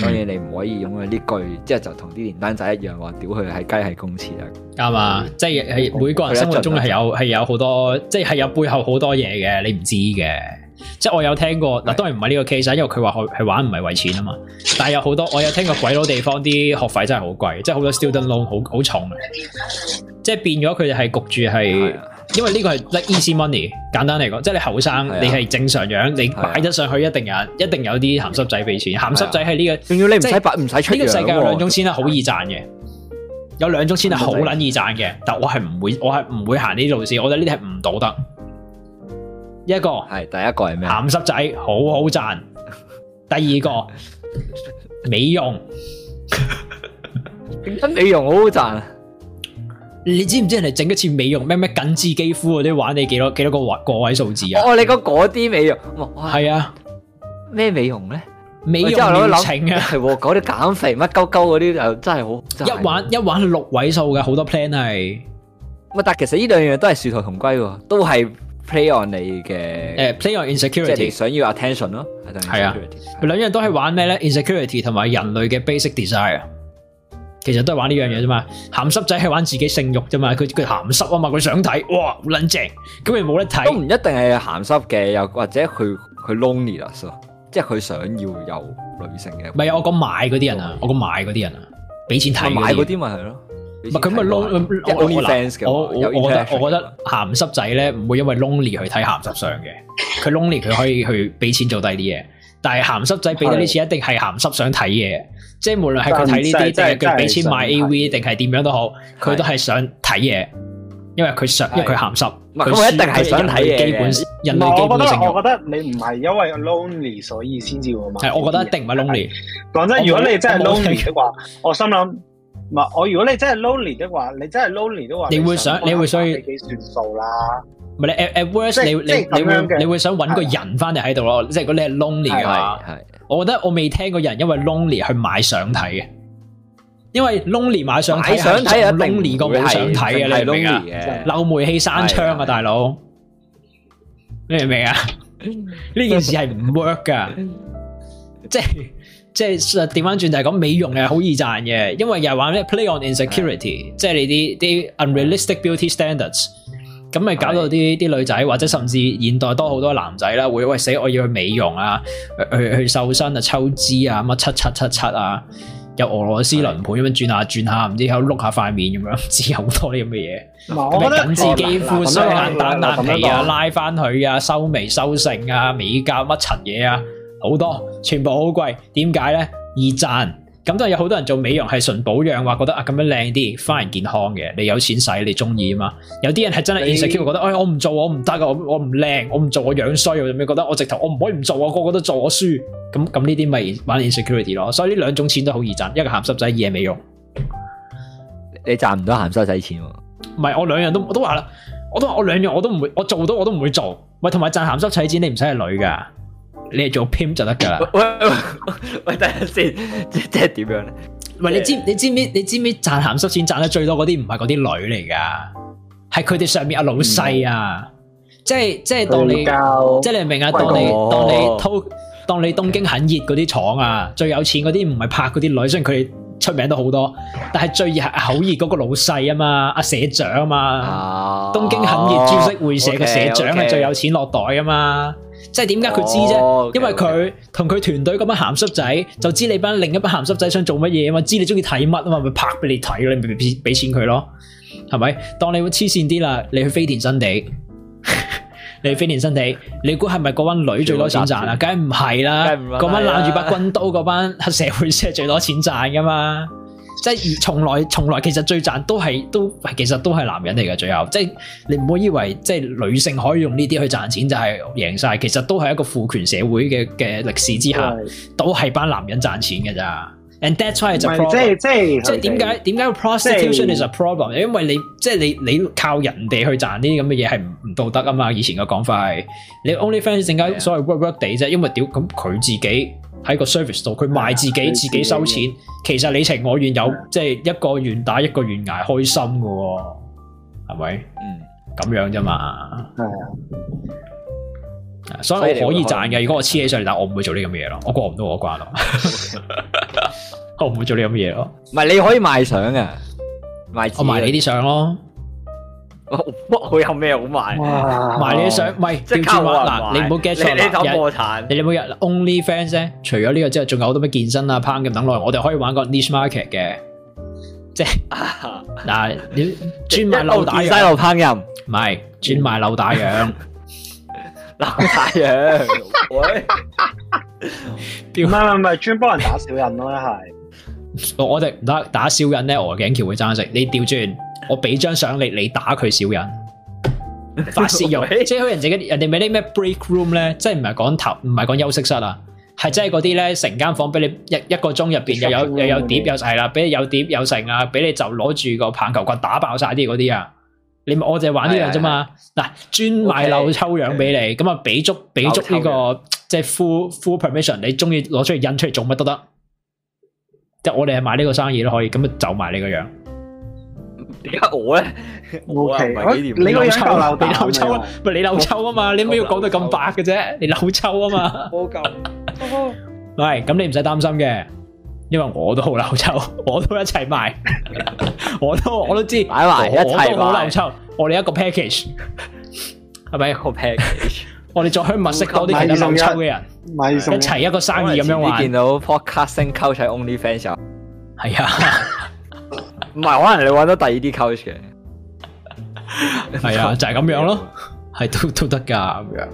當然你唔可以用呢句， 即係就同啲連登仔一樣話，屌佢係雞係公廁啊，啱啊吧，即係係每個人生活中係有係有好多，即係係有背後好多嘢嘅，你唔知嘅。即係我有聽過，嗱，當然唔係呢個 case，因為佢話去去玩唔係為錢啊嘛。但係有好多，我有聽過鬼佬地方啲學費真係好貴，即係好多 student loan 好好重，即係變咗佢哋係焗住係。因為呢個係 like easy money，簡單嚟講，即係你後生，你係正常樣，你擺得上去一定有，一定有啲鹹濕仔俾錢。鹹濕仔係呢個，仲要你唔使唔使出，呢個世界有兩種錢啊，好易賺嘅，有兩種錢係好撚易賺嘅，但我係唔會，我係唔會行呢啲路線，我覺得呢啲係唔道德。一個係，第一個係咩？鹹濕仔好好賺。第二個 美容， 美容好好賺啊。你知唔知人哋整一次美容咩咩緊緻肌膚嗰啲玩你幾多幾多個位個位數字啊？哦，你講嗰啲美容，係啊，咩美容咧？美容療程啊，係嗰啲減肥乜鳩鳩嗰啲就真係好。一玩一玩六位數嘅好多 plan 係。咪但其實呢兩樣都係殊途同歸喎，都係。play on 你嘅，誒、uh,，play on insecurity，想要 attention 咯，係啊，兩樣都係玩咩咧？insecurity 同埋人類嘅 basic desire，其實都係玩呢樣嘢啫嘛。咸濕仔係玩自己性欲啫嘛，佢佢咸濕啊嘛，佢想睇，哇，好撚正，咁你冇得睇，都唔一定係咸濕嘅，又或者佢佢 lonely 啦，他 eless, 即係佢想要有女性嘅，唔係我講買嗰啲人啊，我講買嗰啲人啊，俾錢睇，買嗰啲咪係咯。唔係佢咪 lonely 我我我覺得我覺得鹹濕仔咧唔會因為 lonely 去睇鹹濕相嘅。佢 lonely 佢可以去俾錢做低啲嘢，但係鹹濕仔俾咗啲錢一定係鹹濕想睇嘢。即係無論係佢睇呢啲定係佢俾錢買 AV 定係點樣都好，佢都係想睇嘢。因為佢想，因為佢鹹濕，佢一定係想睇嘢基本，人類基本性。我覺得我覺得你唔係因為 lonely 所以先至會買？我覺得一定唔係 lonely。講真，如果你真係 lonely 嘅話，我心諗。唔係我，如果你真係 lonely 的話，你真係 lonely 的話你會想，你會所以算數啦。唔係你 at at worst 你你你樣嘅，你會想揾個人翻嚟喺度咯。即係如果你係 lonely 嘅話，係。我覺得我未聽過個人因為 lonely 去買相睇嘅，因為 lonely 買相睇，買相睇啊，lonely 個冇相睇啊，你明唔明啊？漏煤氣閂窗啊，大佬。你明唔明啊？呢件事係唔 work 噶，即係。即係誒，調翻轉就係、是、講美容係好易賺嘅，因為又玩咩 play on insecurity，Yeah. 即係你啲啲 unrealistic beauty standards，咁咪搞到啲啲女仔的或者甚至現代多好多男仔啦，會喂死我要去美容啊、呃，去去瘦身啊，抽脂啊，乜七七七七啊，有俄羅斯輪盤咁樣轉,轉,轉下轉下，唔知喺度碌下塊面咁樣，知有好多啲咁嘅嘢，咩緊緻肌膚、雙眼皮啊、單拉翻佢啊、收眉收剩啊、美甲乜柒嘢啊，好多。全部好貴，點解呢？易賺咁都係有好多人做美容係純保養，話覺得啊咁樣靚啲，反而健康嘅。你有錢使，你中意啊嘛。有啲人係真係 insecurity，< 你 S 1> 覺得哎我唔做我唔得噶，我我唔靚，我唔做我樣衰，又點覺得我直頭我唔可以唔做，我個個都做，我輸。咁咁呢啲咪玩 insecurity 咯。所以呢兩種錢都好易賺，一個鹹濕仔，二係美容。你賺唔到鹹濕仔錢，啊，唔係我兩樣都我都話啦，我都話我兩樣我都唔會，我做到我都唔會做。唔係同埋賺鹹濕仔錢你，你唔使係女噶。你係做 Pimp 就得噶啦！喂，喂等下先，即係點樣咧？唔係你知你知唔知你知唔知賺鹹濕錢賺得最多嗰啲唔係嗰啲女嚟噶，係佢哋上面阿老細啊！嗯、即係即係當你即係你明唔明啊？當你當你當你，當你東京肯熱嗰啲廠啊，Okay. 最有錢嗰啲唔係拍嗰啲女，雖然佢哋出名都好多，但係最熱係好熱嗰個老細啊嘛，阿、啊、社長啊嘛，啊東京肯熱株式會社嘅社長係 okay, okay. 最有錢落袋啊嘛。即係點解佢知啫？Oh, okay, okay. 因為佢同佢團隊嗰班鹹濕仔，就知你班另一班鹹濕仔想做乜嘢啊嘛？知你中意睇乜啊嘛？咪拍俾你睇咯，你咪俾俾錢佢咯，係咪？當你黐線啲啦，你去飛田新地， 你去飛田新地，你估係咪嗰班女最多錢賺啊？梗係唔係啦，嗰班攬住把軍刀嗰班黑社會先係最多錢賺噶嘛。即係從來從來其實最賺都係都其實都係男人嚟嘅最後，即係你唔好以為即係女性可以用呢啲去賺錢就係贏晒。其實都係一個父權社會嘅嘅歷史之下，對都係班男人賺錢嘅咋。對 And that's why it's a problem。唔係即係即係即係是點解點解是 prostitution is a problem？因為你即係你你靠人哋去賺啲咁嘅嘢係唔道德啊嘛！以前嘅講法係你 onlyfans 點解所謂 work work 地啫？因為屌咁佢自己。喺個 service 度，佢賣自己，自己收錢，其實你情我願有，嗯、即係一個願打，一個願挨，開心噶，係咪、嗯嗯？嗯，咁樣啫嘛。係啊，所以我可以賺嘅。如果我黐起上嚟，但我唔會做呢咁嘅嘢咯。我過唔到我關咯， 我唔會做呢咁嘅嘢咯。唔係你可以賣相啊，賣我賣你啲相咯，啊。不乜佢有咩好賣？賣啲相，唔係調轉嗱，你唔好 get 錯。你呢套貨產，你有冇 only fans 咧？除咗呢個之外，仲有好多咩健身啊、烹飪等內容，我哋可以玩個 niche market 嘅，即係嗱，你專賣老打西老烹飪，唔係專賣老打樣，老打樣。喂，唔係唔係專幫人打小人咯，係我哋唔得打小人咧，鵝頸橋會爭食。你調轉。我俾張相你，你打佢小人發泄用， 即係好似人哋嘅人哋啲咩 break room 咧，即係唔係講頭，唔係講休息室啊，係即係嗰啲咧，成間房俾你一一個鐘入面又有又息有，有碟，有係啦，俾有碟有剩啊，俾你就攞住個棒球棍打爆晒啲嗰啲啊！你就我淨係玩呢對樣啫嘛，嗱專買漏抽樣俾你，咁啊俾足俾足呢個即係 full full permission，你中意攞出嚟印出嚟做乜都得，即係我哋係買呢個生意都可以咁啊，就買你個樣。點解我咧，我唔係幾年冇抽，你漏抽，咪你漏抽啊嘛？你咩要講到咁白嘅啫？你漏抽啊嘛？冇救，喂咁你唔使擔心嘅，因為我都好漏抽，我都一齊賣，我都我都知，買埋一齊，我好漏抽，我哋一個 package，係咪一個 package？我哋再去物色多啲其他漏抽嘅人，一齊一個生意咁樣玩。你見到 podcast c 聲溝出 onlyfans 啊？係啊。唔係，可能你搵到第二啲 coach 錢，係 啊，就係、是、咁樣咯，係都都得噶咁樣。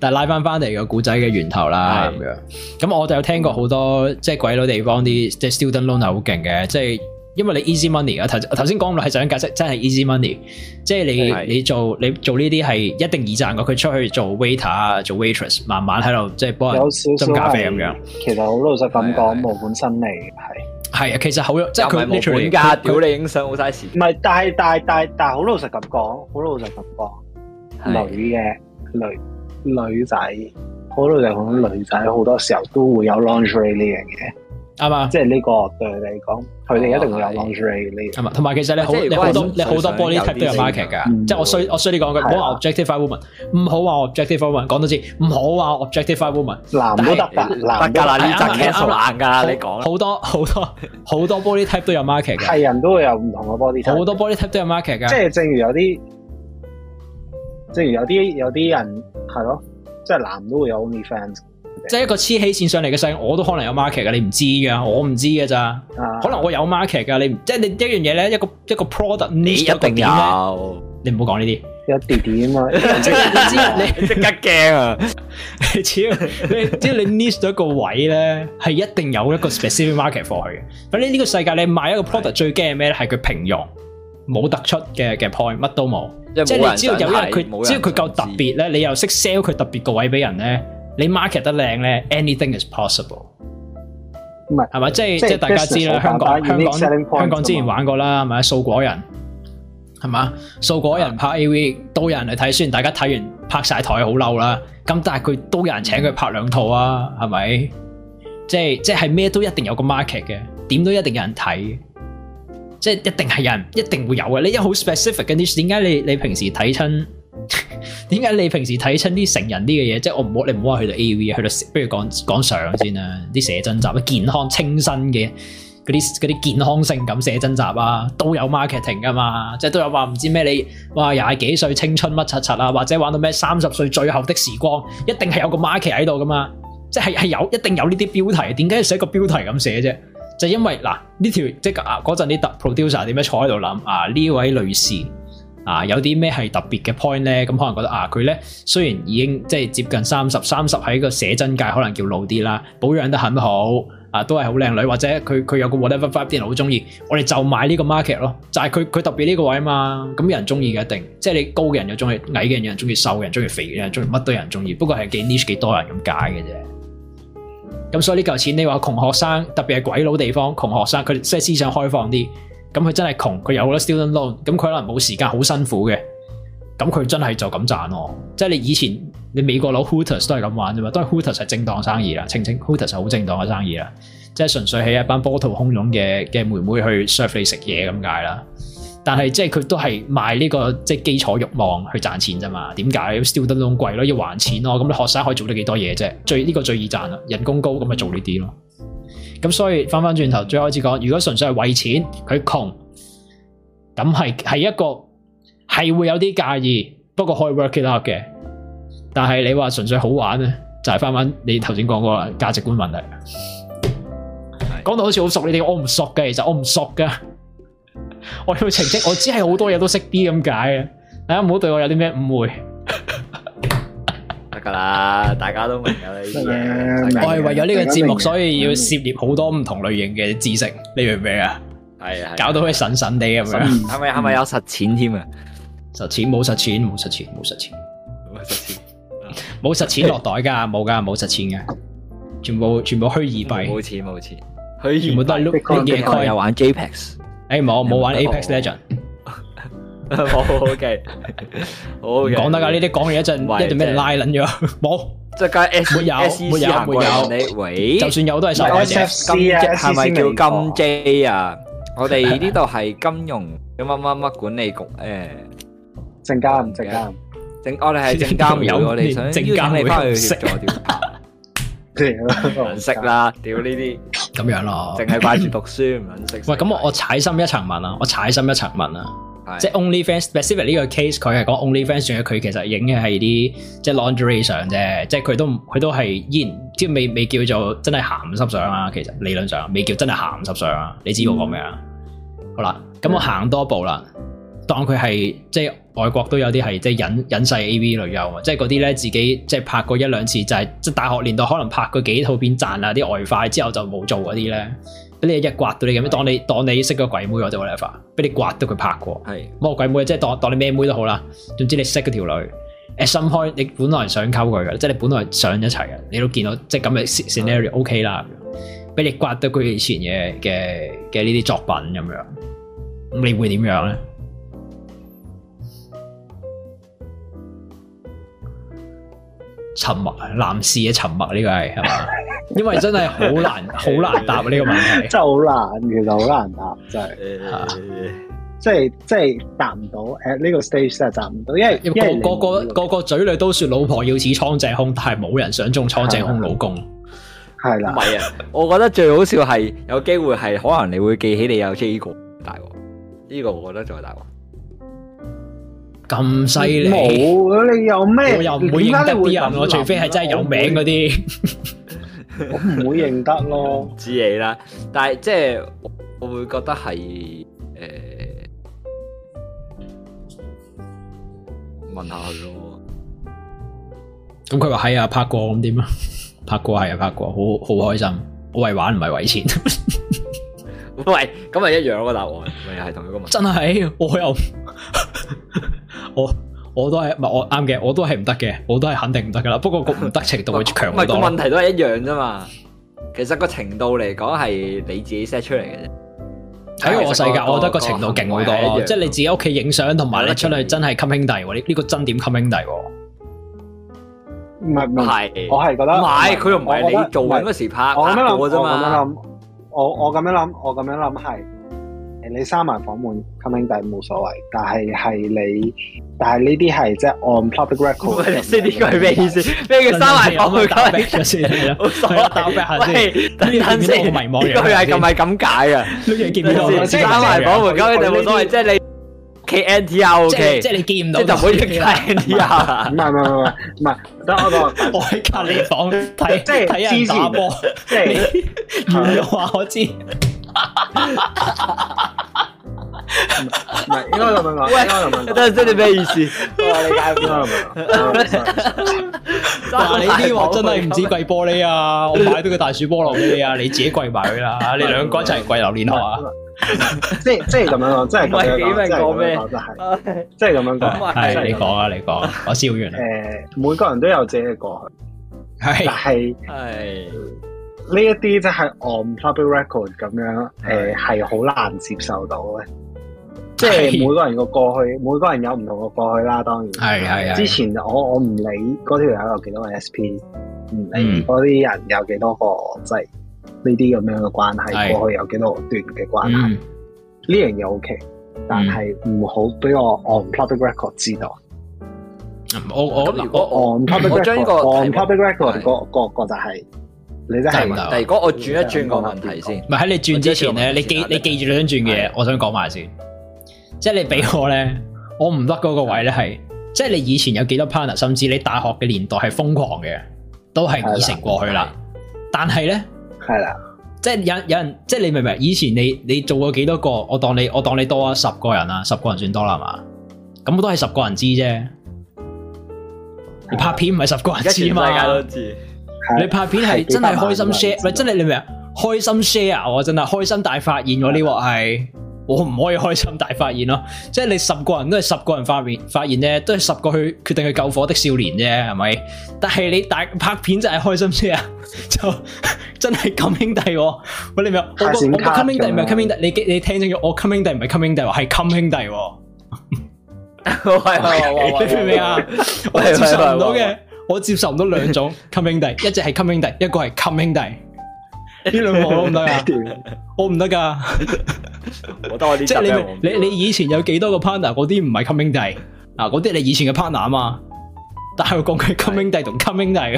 但係拉翻翻嚟個古仔嘅源頭啦，咁樣。咁我就有聽過好多、嗯、即係鬼佬地方啲即係 student loan 係好勁嘅，即係因為你 easy money 啊。頭頭先講落係想解釋，真係 easy money，即係你是是你做你做呢啲係一定易賺過佢出去做 waiter 啊，做 waitress，慢慢喺度即係幫人少少增加咖啡咁樣是。其實好老實咁講，冇是本生利係。係啊，其實好即係佢冇本家，屌你影相好嘥時。唔係，但係但係但係但係好老實咁講，好老實咁講的，女嘅女女仔，好老實講，女仔好多時候都會有 laundry 呢樣嘢。係咪？即係呢個對你嚟講，佢哋一定會有。同埋其實你好多 body type 都有 market 㗎。即係我需要你講句，唔好話 objectify woman，唔好話 objectify woman。講多次，唔好話 objectify woman。男都得，男㗎喇。呢陣間，男㗎。你講好多好多 body type 都有 market 㗎。係人都會有唔同嘅 body type。好多 body type 都有 market 㗎。即係正如有啲，即係有啲，有啲人，係囉。即係男都會有 OnlyFans。即係一個黐起線上嚟嘅聲，我都可能有 market 噶，你唔知噶，我唔知噶咋，可能我有 market 噶，你即係你一樣嘢咧，一個一個 product n 一定有，你唔好講呢啲，有特點啊嘛，你即刻驚啊！只要你，只要你 n i s d 咗一個位咧，係一定有一個 specific market 貨佢嘅。咁你呢個世界你賣一個 product 最驚咩咧？係佢平庸，冇突出嘅嘅 point，乜都冇。即係你只要有一只要佢夠特別咧，你又識 sell 佢特別個位俾人咧。你 market 得靚咧，anything is possible，係咪啊？即係即係大家知啦，香港香港香港之前玩過啦，係咪？素果人係嘛？素果人拍 AV，都有人嚟睇。雖然大家睇完拍晒台好嬲啦，咁但係佢都有人請佢拍兩套啊，係咪？即係即係咩都一定有個 market 嘅，點都一定有人睇，即係一定係有人一定會有嘅。你一好 specific 嘅呢？點解你你平時睇親？點解你平時睇親啲成人啲嘅嘢？即係我唔好，你唔好話去到 A.V. 去到，不如講講相先啦，啲寫真集健康清新嘅嗰啲啲健康性咁寫真集啊，都有 marketing 噶嘛，即係都有話唔知咩你哇廿幾歲青春乜柒柒啊，或者玩到咩三十歲最後的時光，一定係有個 market 喺度噶嘛，即係係有一定有呢啲標題，點解要寫個標題咁寫啫？就因為嗱呢條即係嗱嗰陣啲 producer 點樣坐喺度諗啊？呢位女士。啊，有啲咩係特別嘅 point 咧？咁可能覺得啊，佢咧雖然已經即係接近三十，三十喺個寫真界可能叫老啲啦，保養得很好，啊都係好靚女，或者佢佢有個 whatever five 啲人好中意，我哋就買呢個 market 咯，就係佢佢特別呢個位啊嘛，咁有人中意嘅一定，即係你高嘅人又中意，矮嘅人中意，瘦嘅人中意，肥嘅人中意，乜都有人中意，不過係幾 niche 幾多人咁解嘅啫。咁所以呢嚿錢，你話窮學生特別係鬼佬地方窮學生，佢即係思想開放啲。咁佢真係窮，佢有好多 student loan，咁佢可能冇時間，好辛苦嘅。咁佢真係就咁賺咯，即係你以前你美國佬 Hooters 都係咁玩啫嘛，都係 Hooters 係正當生意啦，清清 Hooters 係好正當嘅生意啦，即係純粹係一班波濤洶湧嘅嘅妹妹去 serve 你食嘢咁解啦。但係即係佢都係賣呢、這個即係基礎欲望去賺錢啫嘛。點解？有 student loan 貴咯，要還錢咯。咁你學生可以做得幾多嘢啫？最呢、這個最易賺啦，人工高咁咪做呢啲咯。咁所以翻翻轉頭，最開始講，如果純粹係為錢，佢窮，咁係係一個係會有啲介意，不過可以 work it up 嘅。但係你話純粹好玩咧，就係翻翻你頭先講嗰個價值觀問題。講到的好似好熟你，你哋我唔熟嘅，其實我唔熟嘅。我要澄清，我只係好多嘢都識啲咁解嘅。大家唔好對我有啲咩誤會。啦，大家都明咗呢啲嘢。我係為咗呢個節目，所以要涉獵好多唔同類型嘅知識。你明唔明啊？係啊，搞到佢神神地咁樣。係咪係咪有實錢添啊？實錢冇實錢，冇實錢，冇實錢，冇實錢，冇實錢落袋噶，冇噶，冇實錢嘅，全部全部虛擬幣。冇錢冇錢，全部都係碌嘢。又玩 JPEX？哎，冇冇玩 Apex Legends 呢？仲？好 OK，好講得噶呢啲講嘢一陣，一陣俾人拉撚咗冇？即係加 S，沒有，沒有，沒有。喂，就算有都係細嘅。S C S C 係咪叫金 J 啊？我哋呢度係金融乜乜乜管理局誒，證監唔證監，正我哋係證監有你想要揾你翻去協助調查，唔識啦，屌呢啲咁樣咯，淨係掛住讀書唔識喂。咁我我踩深一層問啊，我踩深一層問啊。即係 OnlyFans specific 呢個 case，佢係講 OnlyFans 嘅。佢其實影嘅係啲即係 laundry 上啫，即係佢都佢都係依然即係未未叫做真係鹹濕相啊，其實理論上未叫真係鹹濕相啊。你知我講咩啊？嗯、好啦，咁我行多步啦，嗯、當佢係即係外國都有啲係即係隱隱世 AV 女優啊，即係嗰啲咧自己即係拍過一兩次就係、是、即係大學年代可能拍過幾套片賺啊啲外快之後就冇做嗰啲咧。.俾你一刮到你咁是的，當你當你識嗰鬼妹或者 whatever，俾你刮到佢拍過，係魔是的 鬼妹即係當當你咩妹都好啦，總之你識嗰條女，at some point 你本來想溝佢噶，即係你本來想一齊嘅，你都見到即係咁嘅 scenario、嗯、OK 啦，俾你刮到佢以前嘅嘅嘅呢啲作品咁樣，咁你會點樣咧？沉默，男士嘅沉默呢個係係嘛？ 因為真係好難，好 難答呢 個問題。真係好難，其實好難答，真係， 即係即係答唔到。誒，呢個 stage 真係答唔到，因為個個個個嘴裏都說老婆要似蒼井空，但係冇人想中蒼井空老公。係啦，唔係啊？ 我覺得最好笑係有機會係可能你會記起你有 J 過大鑊，呢、這個我覺得仲係大鑊。咁犀利？冇，你有咩？我又唔會認得啲人，我除非係真係有名嗰啲，我唔會認得咯。知你啦，但係即係我會覺得係誒問下咯。咁佢話係啊，拍過咁點啊？拍過係啊，拍過，好好開心。我為玩唔係為錢。喂，咁咪一樣個答案，咪又係同一個問題。真係，我又。我我都係，唔係我啱嘅，我都係唔得嘅，我都係肯定唔得噶啦。不過個唔得程度會強，唔係個問題都係一樣啫嘛。其實個程度嚟講係你自己 set 出嚟嘅啫。喺我世界，我覺得個程度勁好多，即係你自己屋企影相同埋你出去，真係襟兄弟喎。呢呢個真點襟兄弟？唔係唔係，我係覺得唔係佢又唔係你做嗰時拍拍過嘅啫嘛。我我咁樣諗，我咁樣諗係。你閂埋房門，咁兄弟冇所謂，但係係你，但係呢啲係即係 on public record。你呢啲句咩意思？咩叫閂埋房門？等我打筆先，好，打筆下先。等陣先，佢係咁係咁解噶。你又見唔到？閂埋房門，咁你冇所謂。即係你 K N T R O K，即係你見唔到。即係唔好一加 N T R。唔係唔係唔係唔係，等我講。我喺隔籬房睇，即係睇人打波。即係，話我知。唔係，應該咁樣講，應該咁樣講。即係你咩意思？你解唔到咁樣。你啲話真係唔止跪玻璃啊！我買到個大樹菠蘿俾你啊！你自己跪埋佢啦！你兩個一齊跪榴蓮好嘛？即係即係咁樣講，即係唔係講咩？就係，即係咁樣講，係你講啊，你講，我笑完。誒，每個人都有自己過去，係，係，係。呢一啲即係 on public record 咁樣，誒，係好難接受到嘅，即係每個人個過去，每個人有唔同嘅過去啦。當然係係啊。之前我我唔理嗰條友有幾多個 SP，唔理嗰啲人有幾多個即係呢啲咁樣嘅關係，過去有幾多段嘅關係。呢樣嘢 OK，但係唔好俾我 on public record 知道。我我我我我將個 on public record 個個個就係。你真係，但係如果我轉一轉個問題先，唔係喺你轉之前咧，你記你記住你想轉嘅嘢，我想講埋先。即係你俾我咧，我唔得嗰個位咧係，即係你以前有幾多 partner，甚至你大學嘅年代係瘋狂嘅，都係已成過去啦。但係咧，係啦，即係有有人，即係你明唔明？以前你你做過幾多個？我當你我當你多十個人啦，十個人算多啦，係嘛？咁都係十個人知啫。你拍片唔係十個人知嘛？大家都知。你拍片係真係開心 share，唔係真係，你明唔明啊？開心 share，我真係開心大發現。我呢話係我唔可以開心大發現咯。即係你十個人都係十個人發現發現啫，都係十個去決定去救火的少年啫，係咪？但係你拍片就係開心 share，就真係 come 兄弟。喂，你明唔明啊？我我 come 兄弟唔係 come 兄弟，你你聽清楚，我 come 兄弟唔係 come 兄弟，係 come 兄弟。我係我我我你明唔明啊？我接受唔到嘅我接受唔到兩種襟兄弟，一隻係襟兄弟，一個係襟兄弟，呢兩個我都唔得啊，我唔得噶即係你你你以前有幾多個 partner，嗰啲唔係襟兄弟啊，嗰啲係你以前嘅 partner 啊嘛，但係我講嘅襟兄弟同襟兄弟，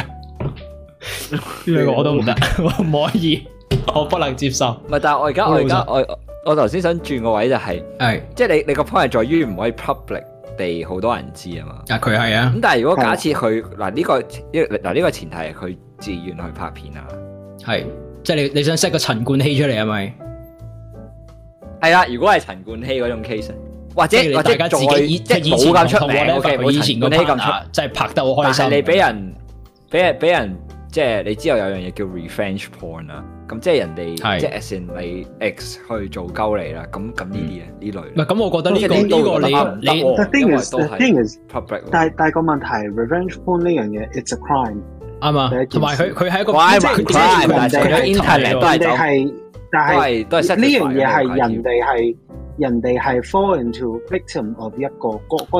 呢兩個我都唔得，我唔可以，我不能接受。唔係，但係我而家我而家我我頭先想轉個位就係，係即係你你個 point 係在於唔可以 public。哋好多人知啊嘛，但佢係啊，咁、啊、但係如果假設佢嗱呢個，呢嗱呢個前提係佢自願去拍片啊，係，即係你你想識個陳冠希出嚟係咪？係啊，如果係陳冠希嗰種 case，或者大家會自己以即係冇咁出名，以前我哋冇 Okay, 陳冠希咁出，即係拍得好開心。你俾人俾人俾人，即係你知道有樣嘢叫 revenge porn 啊。咁即係人哋，即係成你 X 去做鳩你啦。咁咁呢啲啊，呢類。唔係咁，我覺得呢個都立立唔立喎，因為都係。但係但係個問題，revenge porn 呢樣嘢，it's a crime。啱啊。同埋佢佢係一個，即係即係人哋係 internet，人哋係，但係都係都係失。呢樣嘢係人哋係人哋係 fall into victim of 一個個個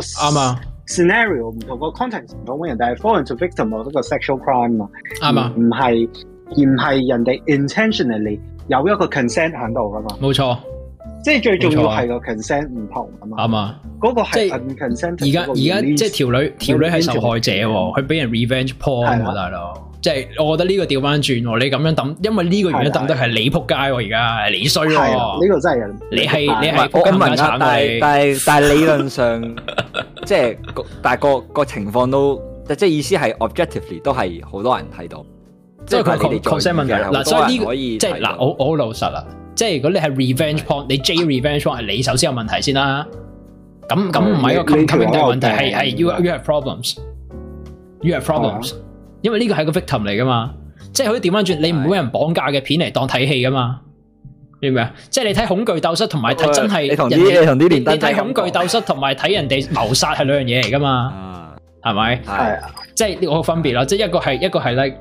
scenario 唔同個 context 唔同嘅人，但係 fall into victim of 一個 sexual crime 啊嘛，唔係。而唔係人哋 intentionally 有一個 consent 喺度噶嘛？冇錯，即係最重要係個 consent 唔同啊嘛。嗰個即係而家而家即係條女條女係受害者，佢俾人 revenge porn 啊大佬，即係我覺得呢個調翻轉，你咁樣抌，因為呢個原因抌得係你仆街，而家係你衰咯。呢個真係你係你係我問啊，但係但係但係理論上，即係個但係個個情況都即係意思係 objectively 都係好多人睇到。即係佢 concept 問題，嗱，所以呢，這個即係嗱，我我好老實啦，即係如果你係 revenge point，你 j revenge point 係你首先有問題先啦。咁咁唔係一個 c o n 嘅問題，係係 you you have problems，you have problems，啊。因為呢個係個 victim 嚟噶嘛，即係佢點翻轉，你唔會被人綁架嘅片嚟當睇戲噶嘛？明唔明？啊？即係你睇恐懼鬥室同埋睇真係，你同啲你年代睇恐懼鬥室同埋睇人哋謀殺係兩樣嘢嚟噶嘛？啊，係咪？係，這個，即係呢個分別啦，即係一個係一個係咧。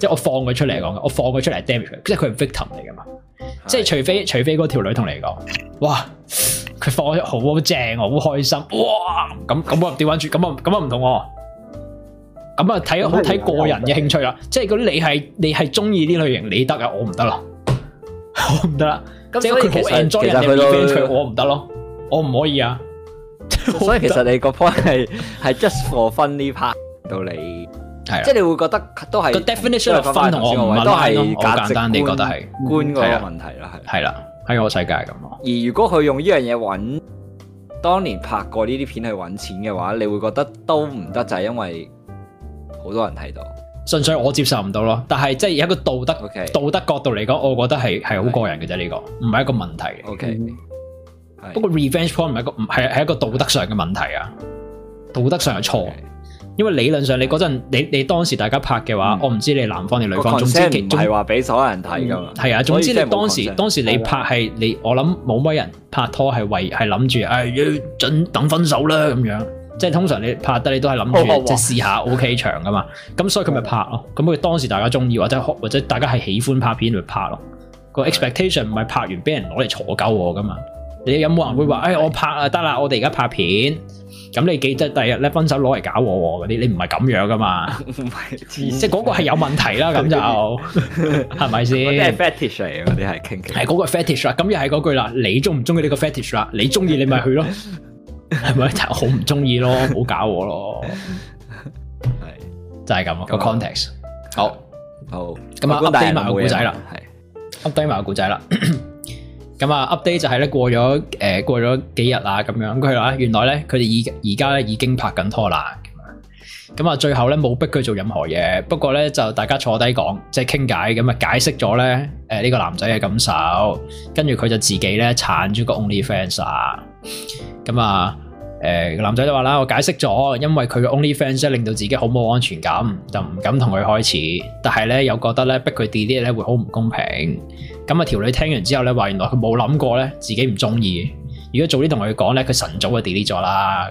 即係我放佢出嚟講嘅，嗯、我放佢出嚟 damage 佢，即係佢係 victim 嚟噶嘛。的即係除非除非嗰條女同你講，哇，佢放好正啊，好開心，哇，咁咁我點玩轉？咁啊咁啊唔同喎。咁啊睇好睇個人嘅興趣啦。 即係你係你係中意呢類型，你得啊，我唔得啦，我唔得啦。所即係佢好 enjoy 人哋撩緊佢他都，我唔得咯，我唔可以啊。所以其實你個 point 係係 just for fun 呢 part 到你。係，即係你會覺得都係個 definition 分同我都係，簡單你覺得係觀個問題啦，係係啦，喺個世界咁咯。而如果佢用呢樣嘢搵當年拍過呢啲片去搵錢嘅話，你會覺得都唔得，就係因為好多人睇到，純粹我接受唔到咯。但係即係一個道德 Okay. 道德角度嚟講，我覺得係係好個人嘅啫，呢個唔係一個問題。OK，不過 revenge porn 唔係一個唔係係一個道德上嘅問題啊，道德上係錯。Okay. 因為理論上你嗰陣，你你當時大家拍嘅話，我唔知你男方定女方。總之唔係話俾所有人睇噶嘛。係啊，總之你當時當時你拍係你，我諗冇乜人拍拖係為係諗住，哎要等等分手啦咁樣。即係通常你拍得你都係諗住即試下 O K 長噶嘛。咁所以佢咪拍咯。咁佢當時大家中意或者或者大家係喜歡拍片咪拍咯。個 expectation 唔係拍完俾人攞嚟坐狗我噶嘛。你有冇人會話？哎，我拍啊，得啦，我哋而家拍片。咁你記得第日咧分手攞嚟搞我嗰啲，你唔係咁樣噶嘛？即係嗰個係有問題啦，咁 就係咪先？即係 fetish 嚟嘅嗰啲係傾傾，係嗰 個 fetish 啦。咁又係嗰句啦，你中唔中意呢個 fetish 啦？你中意你咪去 是是咯，係咪？好唔中意咯，唔好搞我咯。係， 就係咁咯。個 context 好，好。咁啊噏低埋個故仔啦，係噏低埋個故仔啦。 咁啊，update 就係咧過咗誒、呃、過咗幾日啊，咁樣佢話原來咧佢哋已而家咧已經拍緊拖啦。咁啊，最後咧冇逼佢做任何嘢，不過咧就大家坐低講即係傾偈咁啊，解釋咗咧誒呢、呃呢個男仔嘅感受，跟住佢就自己咧鏟住個 OnlyFans 啊。咁啊誒男仔就話啦，我解釋咗，因為佢嘅 OnlyFans 咧令到自己好冇安全感，就唔敢同佢開始，但係咧又覺得咧逼佢 delete 咧會好唔公平。咁啊，條女聽完之後咧，話原來佢冇諗過咧，自己唔中意。如果早啲同佢講咧，佢晨早就 delete 咗啦。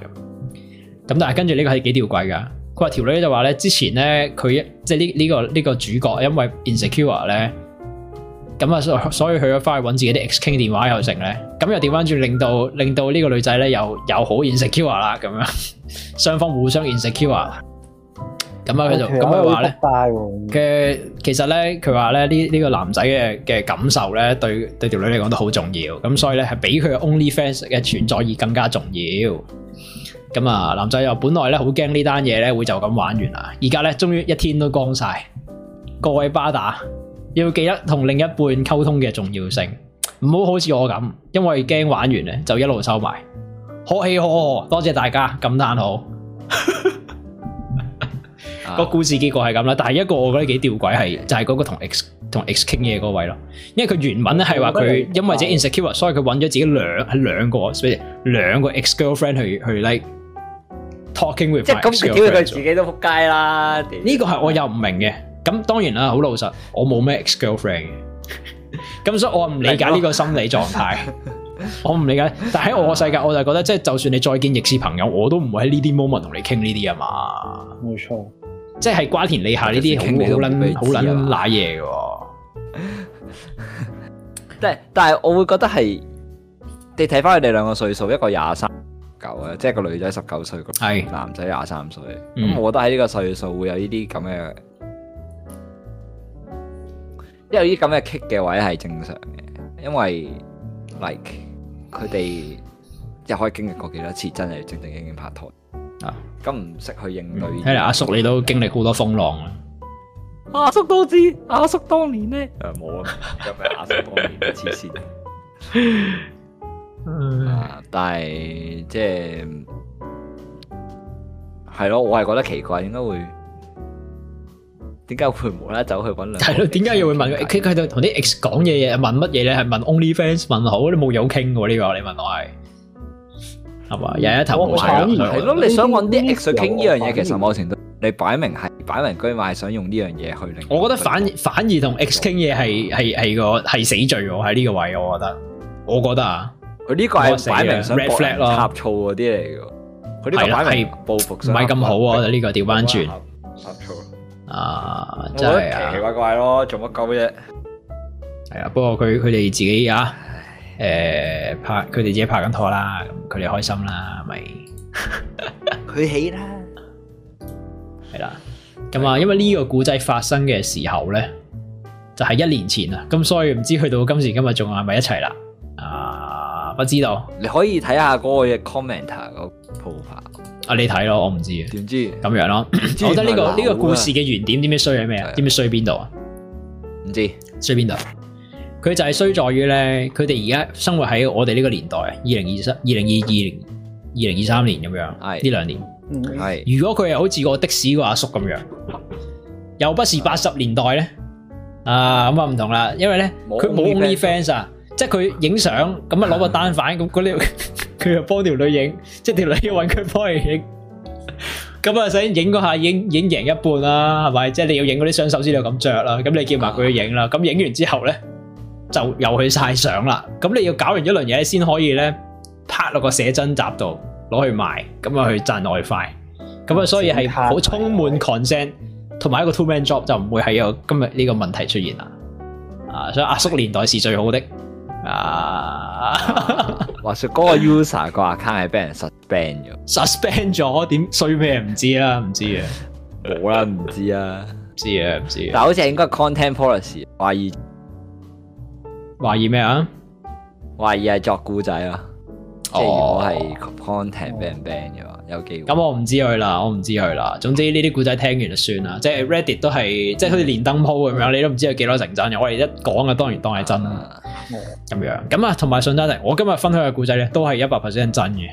咁但係跟住呢個係幾吊詭噶？佢話條女就話咧，之前咧佢即係呢呢個呢個主角，因為 insecure 咧，咁啊，所以所以去咗翻去搵自己啲 ex 傾電話又成咧。咁又調翻轉，令到令到呢個女仔咧又又好 insecure 啦。咁樣雙方互相 insecure。咁啊，佢就咁佢話咧嘅，其實咧佢話咧呢呢、呢個男仔嘅嘅感受咧，對對條女嚟講都好重要。咁所以咧係比佢嘅 OnlyFans 嘅存在意義更加重要。咁啊，男仔又本來咧好驚呢單嘢咧會就咁玩完啦。而家咧終於一天都光晒。各位巴打要記得同另一半溝通嘅重要性，唔好好似我咁，因為驚玩完咧就一路收埋。可喜可賀，多謝大家，咁單好。 個故事結果係咁啦，但係一個我覺得幾吊詭係，是就係嗰個同 x 同 ex 傾嘢嗰位咯。因為佢原文咧係話佢因為自己 insecure，所以佢揾咗自己兩兩個，所以兩個 x girlfriend 去去 like talking with my。即係咁佢自己都扑街啦。呢個係我又唔明嘅。咁當然啦，好老實，我冇咩 x girlfriend 嘅。咁所以我唔理解呢個心理狀態。 我唔理解。但喺我個世界，我就覺得即係，就算你再見亦是朋友，我都唔會喺呢啲 moment 同你傾呢啲啊嘛。冇錯。即係瓜田李下呢啲好好卵好卵瀨嘢嘅，但係但係我會覺得係你睇翻佢哋兩個歲數，一個廿三九啊，即係個女仔十九歲，係男仔廿三歲，咁我覺得喺呢個歲數會有呢啲咁嘅，因為呢啲咁嘅 kick 嘅位係正常嘅，因為 like 佢哋又可以經歷過幾多次真係正正經經拍拖。啊，咁唔識去應對。睇嚟阿叔你都經歷好多風浪啦。阿叔都知，阿叔當年咧，誒冇啊，有咩阿叔當年黐線。啊，但係即係係咯，我係覺得奇怪，應該會點解會無啦啦走去搵？係咯，點解又會問？佢喺度同啲 X 講嘢嘢，問乜嘢咧？係問 OnlyFans 問好，你冇有傾嘅喎？呢個你問我係。係嘛，又有頭冇埋。係咯，你想搵啲 X 去傾呢樣嘢，其實某程度你擺明係擺明居埋，係想用呢樣嘢去令。我覺得反反而同 X 傾嘢係係係個係死罪喎，喺呢個位，我覺得，我覺得啊，佢呢個係擺明想搏呷醋嗰啲嚟噶，佢呢個係報復，唔係咁好啊，呢個掉返轉，呷醋啊，真係奇奇怪怪咯，做乜鳩啫？係啊，不過佢佢哋自己啊。誒、嗯，拍佢哋自己拍緊拖啦，咁佢哋開心啦，咪佢 起啦，係啦，咁啊，因為呢個故仔發生嘅時候咧，就係、是、一年前啊，咁所以唔知去到今時今日仲係咪一齊啦？啊，不知道，你可以睇下嗰個嘅 comment 嗰、er、鋪排，啊，你睇咯，我唔知，點知咁樣咯？我覺得呢、這個呢個故事嘅原點點樣衰啊？咩啊？點樣衰邊度啊？唔知衰邊度？佢就係衰在於咧，佢哋而家生活喺我哋呢個年代，二零二三、二零二二年、二零二三年咁樣，係呢兩年係。如果佢係好似個的士個阿叔咁樣，又不是八十年代咧啊，咁啊唔同啦，因為咧佢冇 only fans 啊，即係佢影相咁啊，攞個單反咁嗰條佢又幫條女影，即係條女要揾佢幫佢影，咁啊，想影嗰下已經已經贏一半啦，係咪？即係你要影嗰啲雙手先，你咁着啦，咁你叫埋佢去影啦。咁影完之後咧。就又去晒相啦，咁你要搞完一輪嘢先可以咧，拍落個寫真集度攞去賣，咁啊去賺外快、嗯，咁啊所以係好充滿 content 同埋、嗯、一個 two man job 就唔會係有今日呢個問題出現啦啊，所以阿叔年代是最好的啊,啊,啊！話說嗰個 user 個 account 係俾人 suspend 咗 ，suspend 咗點衰咩唔知啦，唔知啊，冇啦唔知啊， 知嘅唔、啊、知、啊，但好似係應該 content policy 懷疑。懷疑咩啊？懷疑係作古仔啊？即係如果係 content ban ban 嘅話，有機會。咁、哦哦哦、我唔知佢啦，我唔知佢啦。總之呢啲古仔聽完就算啦，即係 Reddit 都係，即係好似連燈泡咁樣，你都唔知有幾多成真嘅。我哋一講嘅當然當係真啦，咁、啊哦、樣。咁啊，同埋信德我今日分享嘅古仔咧，都係一百 percent 真嘅，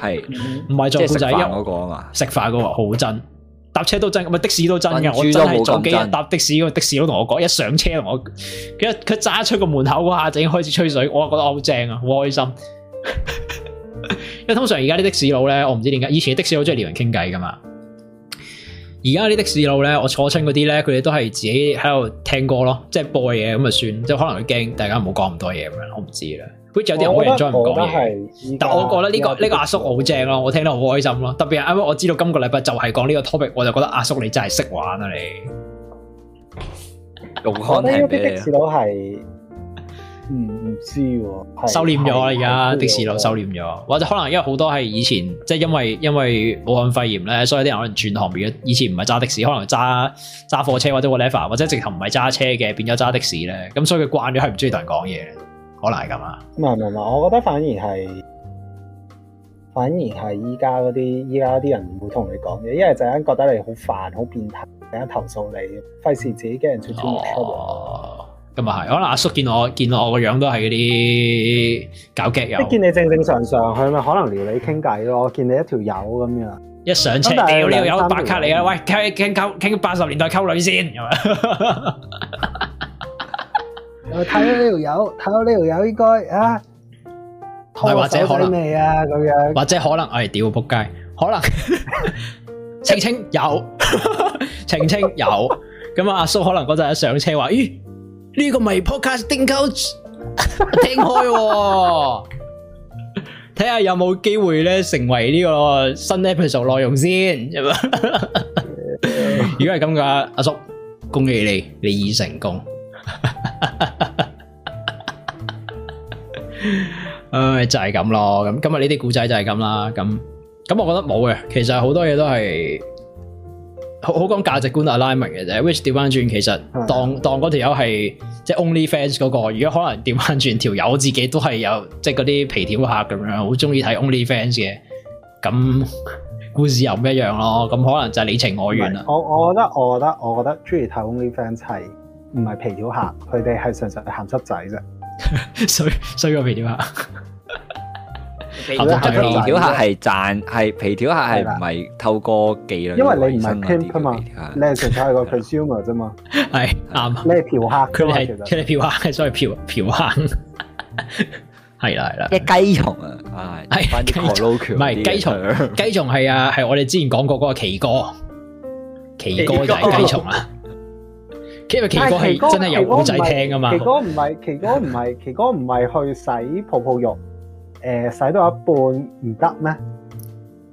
係唔係作古仔？嘅。我講啊，食飯嗰個好真。搭車都真，咪的士都真噶。我真係早幾日搭的士，個的士佬同我講，一上車同我，佢佢揸出個門口嗰下就已經開始吹水，我覺得我好正啊，好開心。 因為通常而家啲的士佬咧，我唔知點解。以前的,的士佬中意撩人傾偈噶嘛，而家啲的士佬咧，我坐親嗰啲咧，佢哋都係自己喺度聽歌咯，即係播嘢咁啊算，即係可能佢驚大家唔好講咁多嘢咁樣，我唔知啦。好似有啲人好認真唔講嘢，但係我覺得呢個呢個阿叔好正咯，我聽得好開心咯。特別係因為我知道今個禮拜就係講呢個 topic，我就覺得阿叔你真係識玩啊你。用康題俾 的士佬係唔，唔知喎，收斂咗，而家的士佬收斂咗，或者可能因為好多係以前即係因為因為武漢肺炎咧，所以啲人可能轉行變咗。以前唔係揸的士，可能揸揸貨車或者 whatever，或者直頭唔係揸車嘅，變咗揸的士咧。咁所以佢慣咗係唔中意同人講嘢。可能係咁啊？唔係唔係，我覺得反而係，反而係依家嗰啲，依家啲人唔會同你講嘢，因為陣間覺得你好煩，好變態，陣間投訴你，費事自己驚人出錯。咁、哦嗯嗯嗯、啊係，可能阿叔見我見我個樣都係嗰啲搞基友，一見你正正常常，佢咪可能撩你傾偈咯。我見你一條友咁樣，一上車撩你條友，白卡你啦，喂，傾傾溝傾八十年代溝女先。係咪 睇到呢條友，睇到呢條友應該啊，或者可能啊咁樣，或者可能，我係，屌仆街，可能澄清有，澄清有，咁阿叔可能嗰陣一上車話，咦，呢個咪 podcast 聽開，聽開，睇下有冇機會咧成為呢個新 episode 內容先。如果係咁噶，阿叔，恭喜你，你已成功。 唉，就係咁咯。咁今日呢啲古仔就係咁啦。咁咁，我覺得冇嘅。其實好多嘢都係好好講價值觀 alignment 嘅啫。which 掉翻轉，其實當當嗰條友係即係 Only Fans 嗰個，如果可能掉翻轉條友自己都係有即係嗰啲皮條客咁樣，好中意睇 Only Fans 嘅，咁故事又唔一樣咯？咁可能就係你情我願啦。我我覺得，我覺得，我覺得中意睇 Only Fans 係。唔係皮條客，佢哋係純粹鹹濕仔啫。衰衰過皮條客。皮條客係賺，係皮條客係唔係透過技能。因為你唔係 pimp 噶嘛，你係純粹個 consumer 啫嘛。係啱。你係嫖客，佢係嫖客，所以嫖嫖客。係啦，係啦。啲雞蟲啊，係雞蟲，唔係雞蟲，雞蟲係啊，係我哋之前講過嗰個奇哥，奇哥就係雞蟲啊。因為奇哥係真係有古仔聽噶嘛，但係奇哥唔係，奇哥唔係，奇哥唔係，奇哥唔係去洗泡泡浴，誒、呃，洗到一半唔得咩？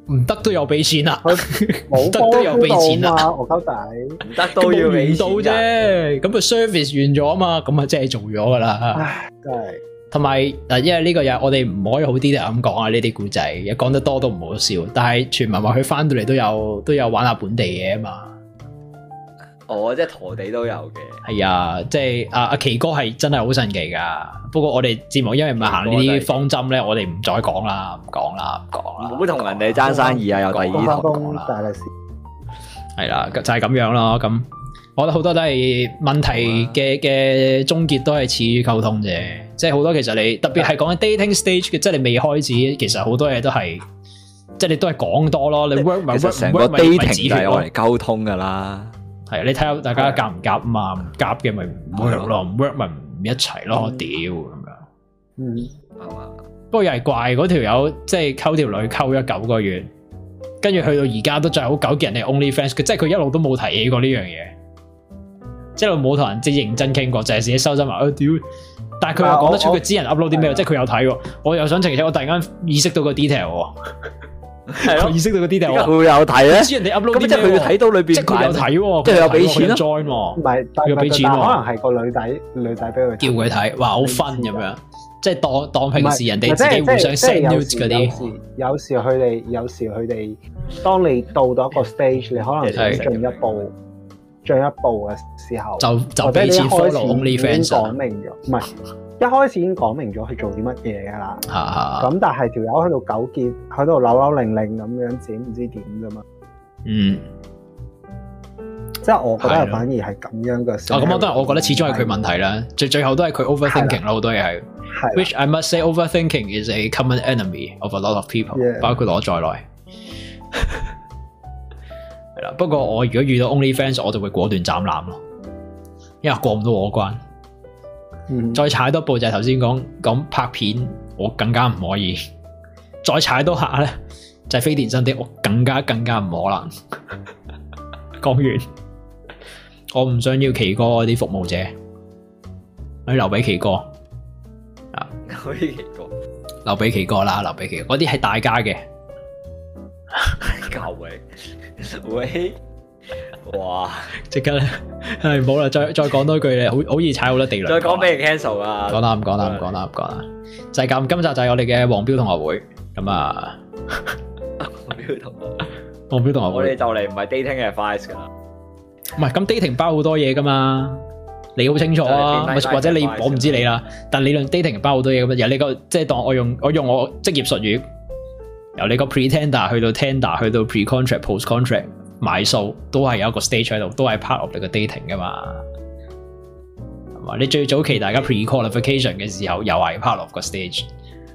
唔得都有俾錢啊，唔得 都，都有俾錢啊，我交底，唔得都要俾錢啫，咁啊對 service 完咗啊嘛，咁啊即係做咗噶啦。唉，真係。同埋嗱，因為呢個又我哋唔可以好啲啲咁講啊，呢啲古仔，講得多都唔好笑。但係傳聞話佢翻到嚟，都有都有玩下本地嘢啊嘛。哦，即係陀地都有嘅。係啊，即係阿阿奇哥係真係好神奇噶。不過我哋節目因為唔係行呢啲方針咧，我哋唔再講啦，唔講啦，唔講啦。唔好同人哋爭生意啊！又第二台風啦。係啦，就係咁樣咯。咁我覺得好多都係問題嘅嘅終結都係始於溝通啫。即係好多其實你特別係講緊 dating stage 嘅，即係你未開始，其實好多嘢都係即係你都係講多咯。你 work 咪 work 成個 dating 就係我嚟溝通噶啦。係，你睇下大家夾唔夾嘛？夾嘅咪唔 work 咯，唔 work 咪唔一齊咯。屌咁樣，嗯，嗯不過又係怪嗰條友，即係溝條女溝咗九個月，fans，就是就是、跟住去到而家都仲係好糾結，人哋 OnlyFans。即係佢一路都冇提起過呢樣嘢，即係冇同人即係認真傾過，就係自己收心埋。屌、oh！但係佢又講得出佢知人 upload 啲咩，即係佢有睇喎。我又想澄清，我突然間意識到個 detail 喎。 佢意識到嗰啲定點解會有睇咧？知人哋 upload 啲咩，即係佢要睇到裏邊，佢有睇喎，即係有俾錢 join 唔係，但俾錢可能係個女仔，女仔俾佢叫佢睇，話好分咁樣，即係當當平時人哋自己互相 send 嗰啲。有時佢哋，有時佢哋，當你到到一個 stage，你可能想進一步，進一步嘅時候，就就俾錢 follow 你講明咗，唔係。一開始已經講明咗佢做啲乜嘢噶啦，咁、啊、但係條友喺度糾結，喺度扭扭擰擰咁樣整，唔知點噶嘛？嗯，即係我覺得是的反而係咁樣嘅。哦、啊，咁我都我覺得始終係佢問題啦，最的最後都係佢 overthinking 咯的，好多嘢係。which I must say overthinking is a common enemy of a lot of people，Yeah. 包括我在內。啦， 不過我如果遇到 only fans 我就會果斷斬纜咯，因為過唔到我關。再踩多步就係頭先講講拍片，我更加唔可以。再踩多下咧，就係、是、飛電真啲，我更加更加唔可能。講 完，我唔想要奇哥啲服務者，我留俾奇哥。啊，可以奇哥留俾奇哥啦，留俾奇哥，嗰啲係大家嘅。教會喂。哇！即刻咧，係唔好啦，再再講多句嘅， 好易猜好易踩好多地雷。再講俾你 cancel 啊！講啦，唔講啦，唔講啦，唔講啦，就係、是、咁。今集就係我哋嘅黃標同學會。咁啊，同學，黃標同學，黃標同學會我哋就嚟唔係 dating 嘅 advice 噶啦，唔係，咁 dating 包好多嘢噶嘛，你好清楚啊，不或者你 advice 我唔知你啦，但理論 dating 包好多嘢咁樣，由你個即係當我用我用我職業術語，由你個 pretender 去到 tender 去到 pre contract post contract。Cont ract, 嗯買數都係有一個 stage 喺度，都係 part of 你個 dating 噶嘛，係嘛？你最早期大家 pre qualification 嘅時候，又係 part of 個 stage；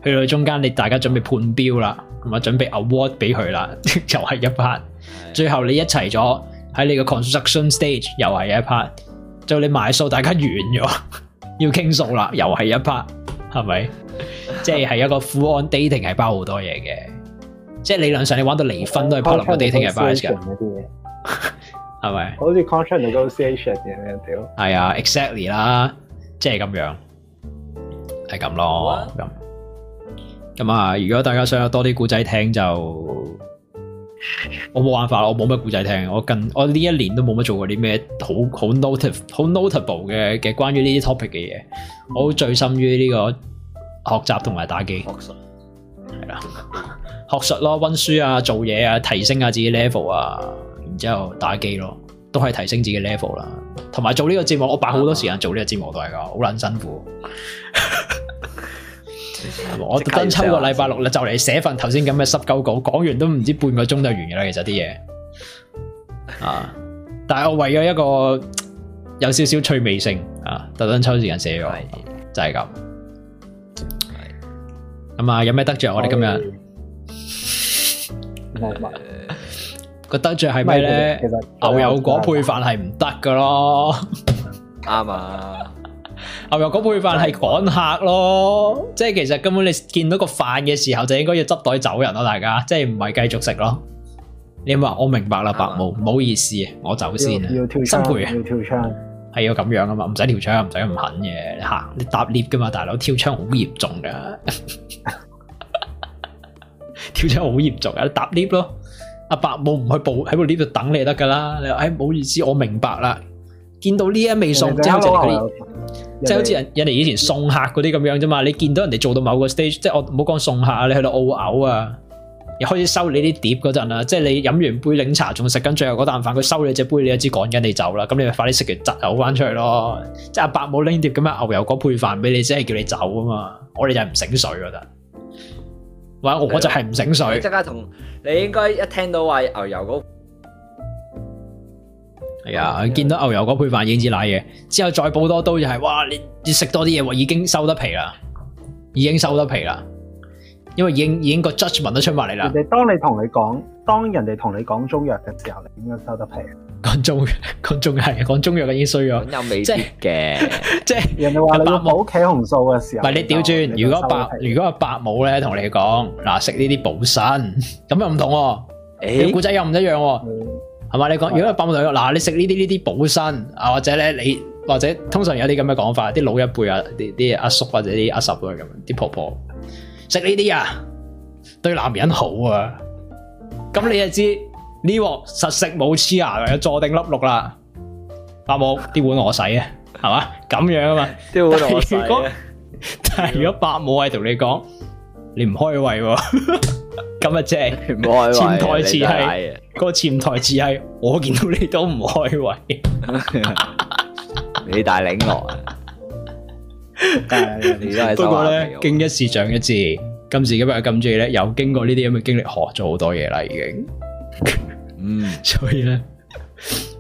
去到中間你大家準備判標啦，同埋準備 award 俾佢啦，又係一 part；最後你一齊咗喺你個 construction stage，又係一 part；就你買數大家完咗，要傾數啦，又係一 part，係咪？即係係一個 full on dating 係包好多嘢嘅。即係理論上，你玩到離婚都係 part of dating advice 嘅，係咪？是不是好似 contract negotiation 咁樣屌。係啊，exactly 啦，即係咁樣，係、就、咁、是、咯，咁哇。咁啊，如果大家想有多啲故仔聽就，我冇辦法，我冇乜故仔聽。我近我呢一年都冇乜做過啲咩好好 notable 好 notable 嘅嘅關於呢啲 topic 嘅嘢。我好最深於呢個學習同埋打機。係啦，學術咯，溫書啊，做嘢啊，提升下、啊、自己 level 啊，然之後打機咯，都係提升自己 level 啦、啊。同埋做呢個節目，我擺好多時間做呢個節目都係噶，好捻辛苦。 我特登 抽個禮拜六啦，就嚟 寫份頭先咁嘅濕鳩稿，講完都唔知道半個鐘就完噶啦。其實啲嘢啊， 但係我為咗一個有少少趣味性啊，特登抽時間寫咗，是的就係咁。嗯啊、有咩得着？我哋今日？唔個、嗯、是得着係咩咧？其實其實牛油果配飯係唔得噶咯，啱啊吧！牛油果配飯係趕客咯，吧即係其實根本你見到個飯嘅時候就應該要執袋走人咯、啊，大家，即係唔係繼續食咯？你話我明白啦，吧白毛，唔好意思，我走先啦，心賠啊！要跳係要咁樣啊嘛，唔使跳窗，唔使咁狠嘅吓，你搭 lift 噶嘛，大佬跳窗好嚴重噶，跳窗好嚴重噶，搭 lift 咯。阿伯冇唔去抱喺呢度等你得噶啦。你唉，唔好意思，我明白啦。見到呢一位送，即係好似即係好似人人哋以前送客嗰啲咁樣啫嘛。你見到人哋做到某個 stage，即係我唔好講送客啊，你去到嘔嘔啊。開始收你啲碟嗰陣啦，即係你飲完杯檸茶仲食緊最後嗰啖飯，佢收你隻杯，你一支趕緊你走啦，咁你咪快啲食完執走翻出去咯。即係阿伯冇拎碟咁啊，牛油果配飯俾你，即係叫你走啊嘛。我哋就係唔醒水啊，得。我我就係唔醒水，即刻同你應該一聽到話牛油果，係啊、哎，見到牛油果配飯已經知瀨嘢。之後再補多刀就係、是，哇！你你食多啲嘢，已經收得皮啦，已經收得皮啦。因為已經已經個 judge 聞都出埋嚟啦，人哋當你同你講，當人哋同你講中藥嘅時候，你應該收得皮。講中講中藥、講中藥已經衰咗。有未必嘅，即係人哋話你要冇企紅數嘅時候。唔係你調轉，如果白如果阿白母咧同你講嗱，食呢啲補身咁又唔同。誒，古仔又唔一樣，係嘛？你講如果阿白母同你嗱，你食呢啲呢啲補身啊，或者咧你，你或者通常有啲咁嘅講法，啲老一輩啊，啲啲阿叔或者啲阿嬸咁，啲婆婆。食呢啲啊，對男人好啊！咁你就知呢鑊實食冇黐牙，咗坐定粒六啦。伯、啊、母，啲碗我洗啊，係咪咁樣啊嘛？碗我啊，如果但係如果伯母係同你講，你唔開胃喎， 今日即係潛台詞係嗰潛台詞係我見到你都唔開胃， 你大領我。誒，不過咧，經一事長一智，今時今日咁中意咧，又經過呢啲咁嘅經歷，學咗好多嘢啦，已經。嗯，所以咧，呢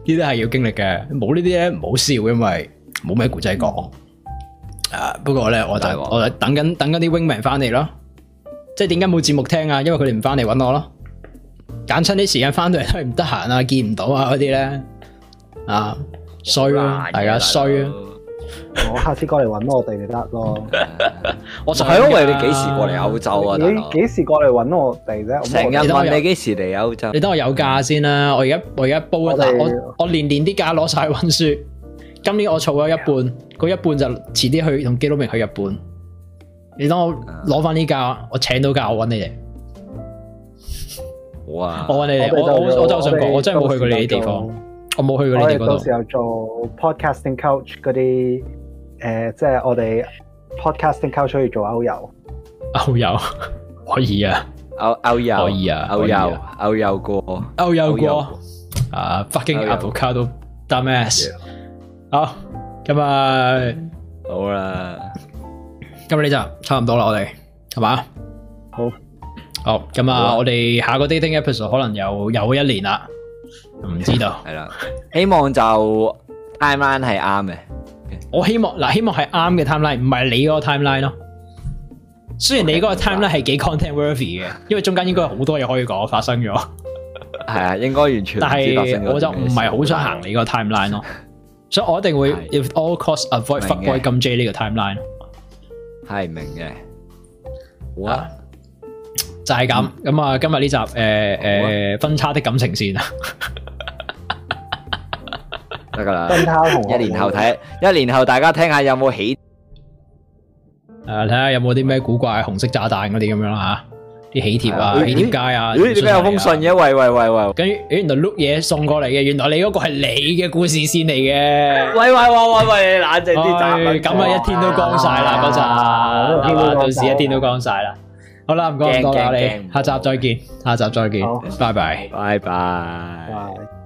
啲係要經歷嘅，冇呢啲咧，唔好笑，因為冇咩故仔講。啊，不過咧，我就我等緊等緊啲 wingman 翻嚟咯，即係點解冇節目聽啊？因為佢哋唔翻嚟揾我咯，揀親啲時間翻到嚟都係唔得閒啊，見唔到啊嗰啲咧，啊衰啊，大家衰啊！ 我下次過嚟搵我哋咪得咯。 我係咯、啊，喂，你幾時過嚟歐洲啊？你幾時過嚟搵我哋啫？成日問你幾時嚟歐洲。你等我有假先啦、啊。我而家我而家煲一我們、啊、我年年啲假攞晒温書。今年我儲咗一半，嗰、嗯、一半就遲啲去同基督徒去日本。你等我攞翻啲假，我請到假，我搵你哋。哇！我搵你哋，我就我就想講，我真係冇去過你啲地方。我冇去過嗰啲。我到時候做 podcasting coach 嗰啲，誒，即係我哋 podcasting coach 可以做歐遊。歐遊可以啊，歐歐遊可以啊，歐遊歐遊過，歐遊過。啊北京嘅 Apple Car 都 dumbass。好，今日好啦，今日呢集差唔多啦，我哋係嘛？好，好，咁啊，我哋下個 dating episode 可能又有一年啦。唔知道，係啦。希望就 timeline 係啱嘅。我希望嗱，希望係啱嘅 timeline，唔係你嗰個 timeline 咯。雖然你嗰個 timeline 係幾 content worthy 嘅，因為中間應該有好多嘢可以講發生咗。係啊，應該完全唔同。但係我就唔係好想行你個 timeline 咯，所以我一定會 if all costs avoid avoid 咁 j 呢個 timeline。係明嘅。好啊，就係咁。咁啊，今日呢集誒誒分岔的感情線啊。得噶啦，一年後睇，一年後大家聽下有冇喜，誒，睇下有冇啲咩古怪紅色炸彈嗰啲咁樣吓，啲喜帖啊，喜帖街啊，點解有封信嘅？喂喂喂喂，跟住，原來碌嘢送過嚟嘅，原來你嗰個係你嘅故事先嚟嘅。喂喂喂喂喂，冷靜啲，咁啊，一天都光晒啦，嗰陣，到時一天都光晒啦。好啦，唔該多謝你，下集再見，下集再見，拜，拜拜，拜。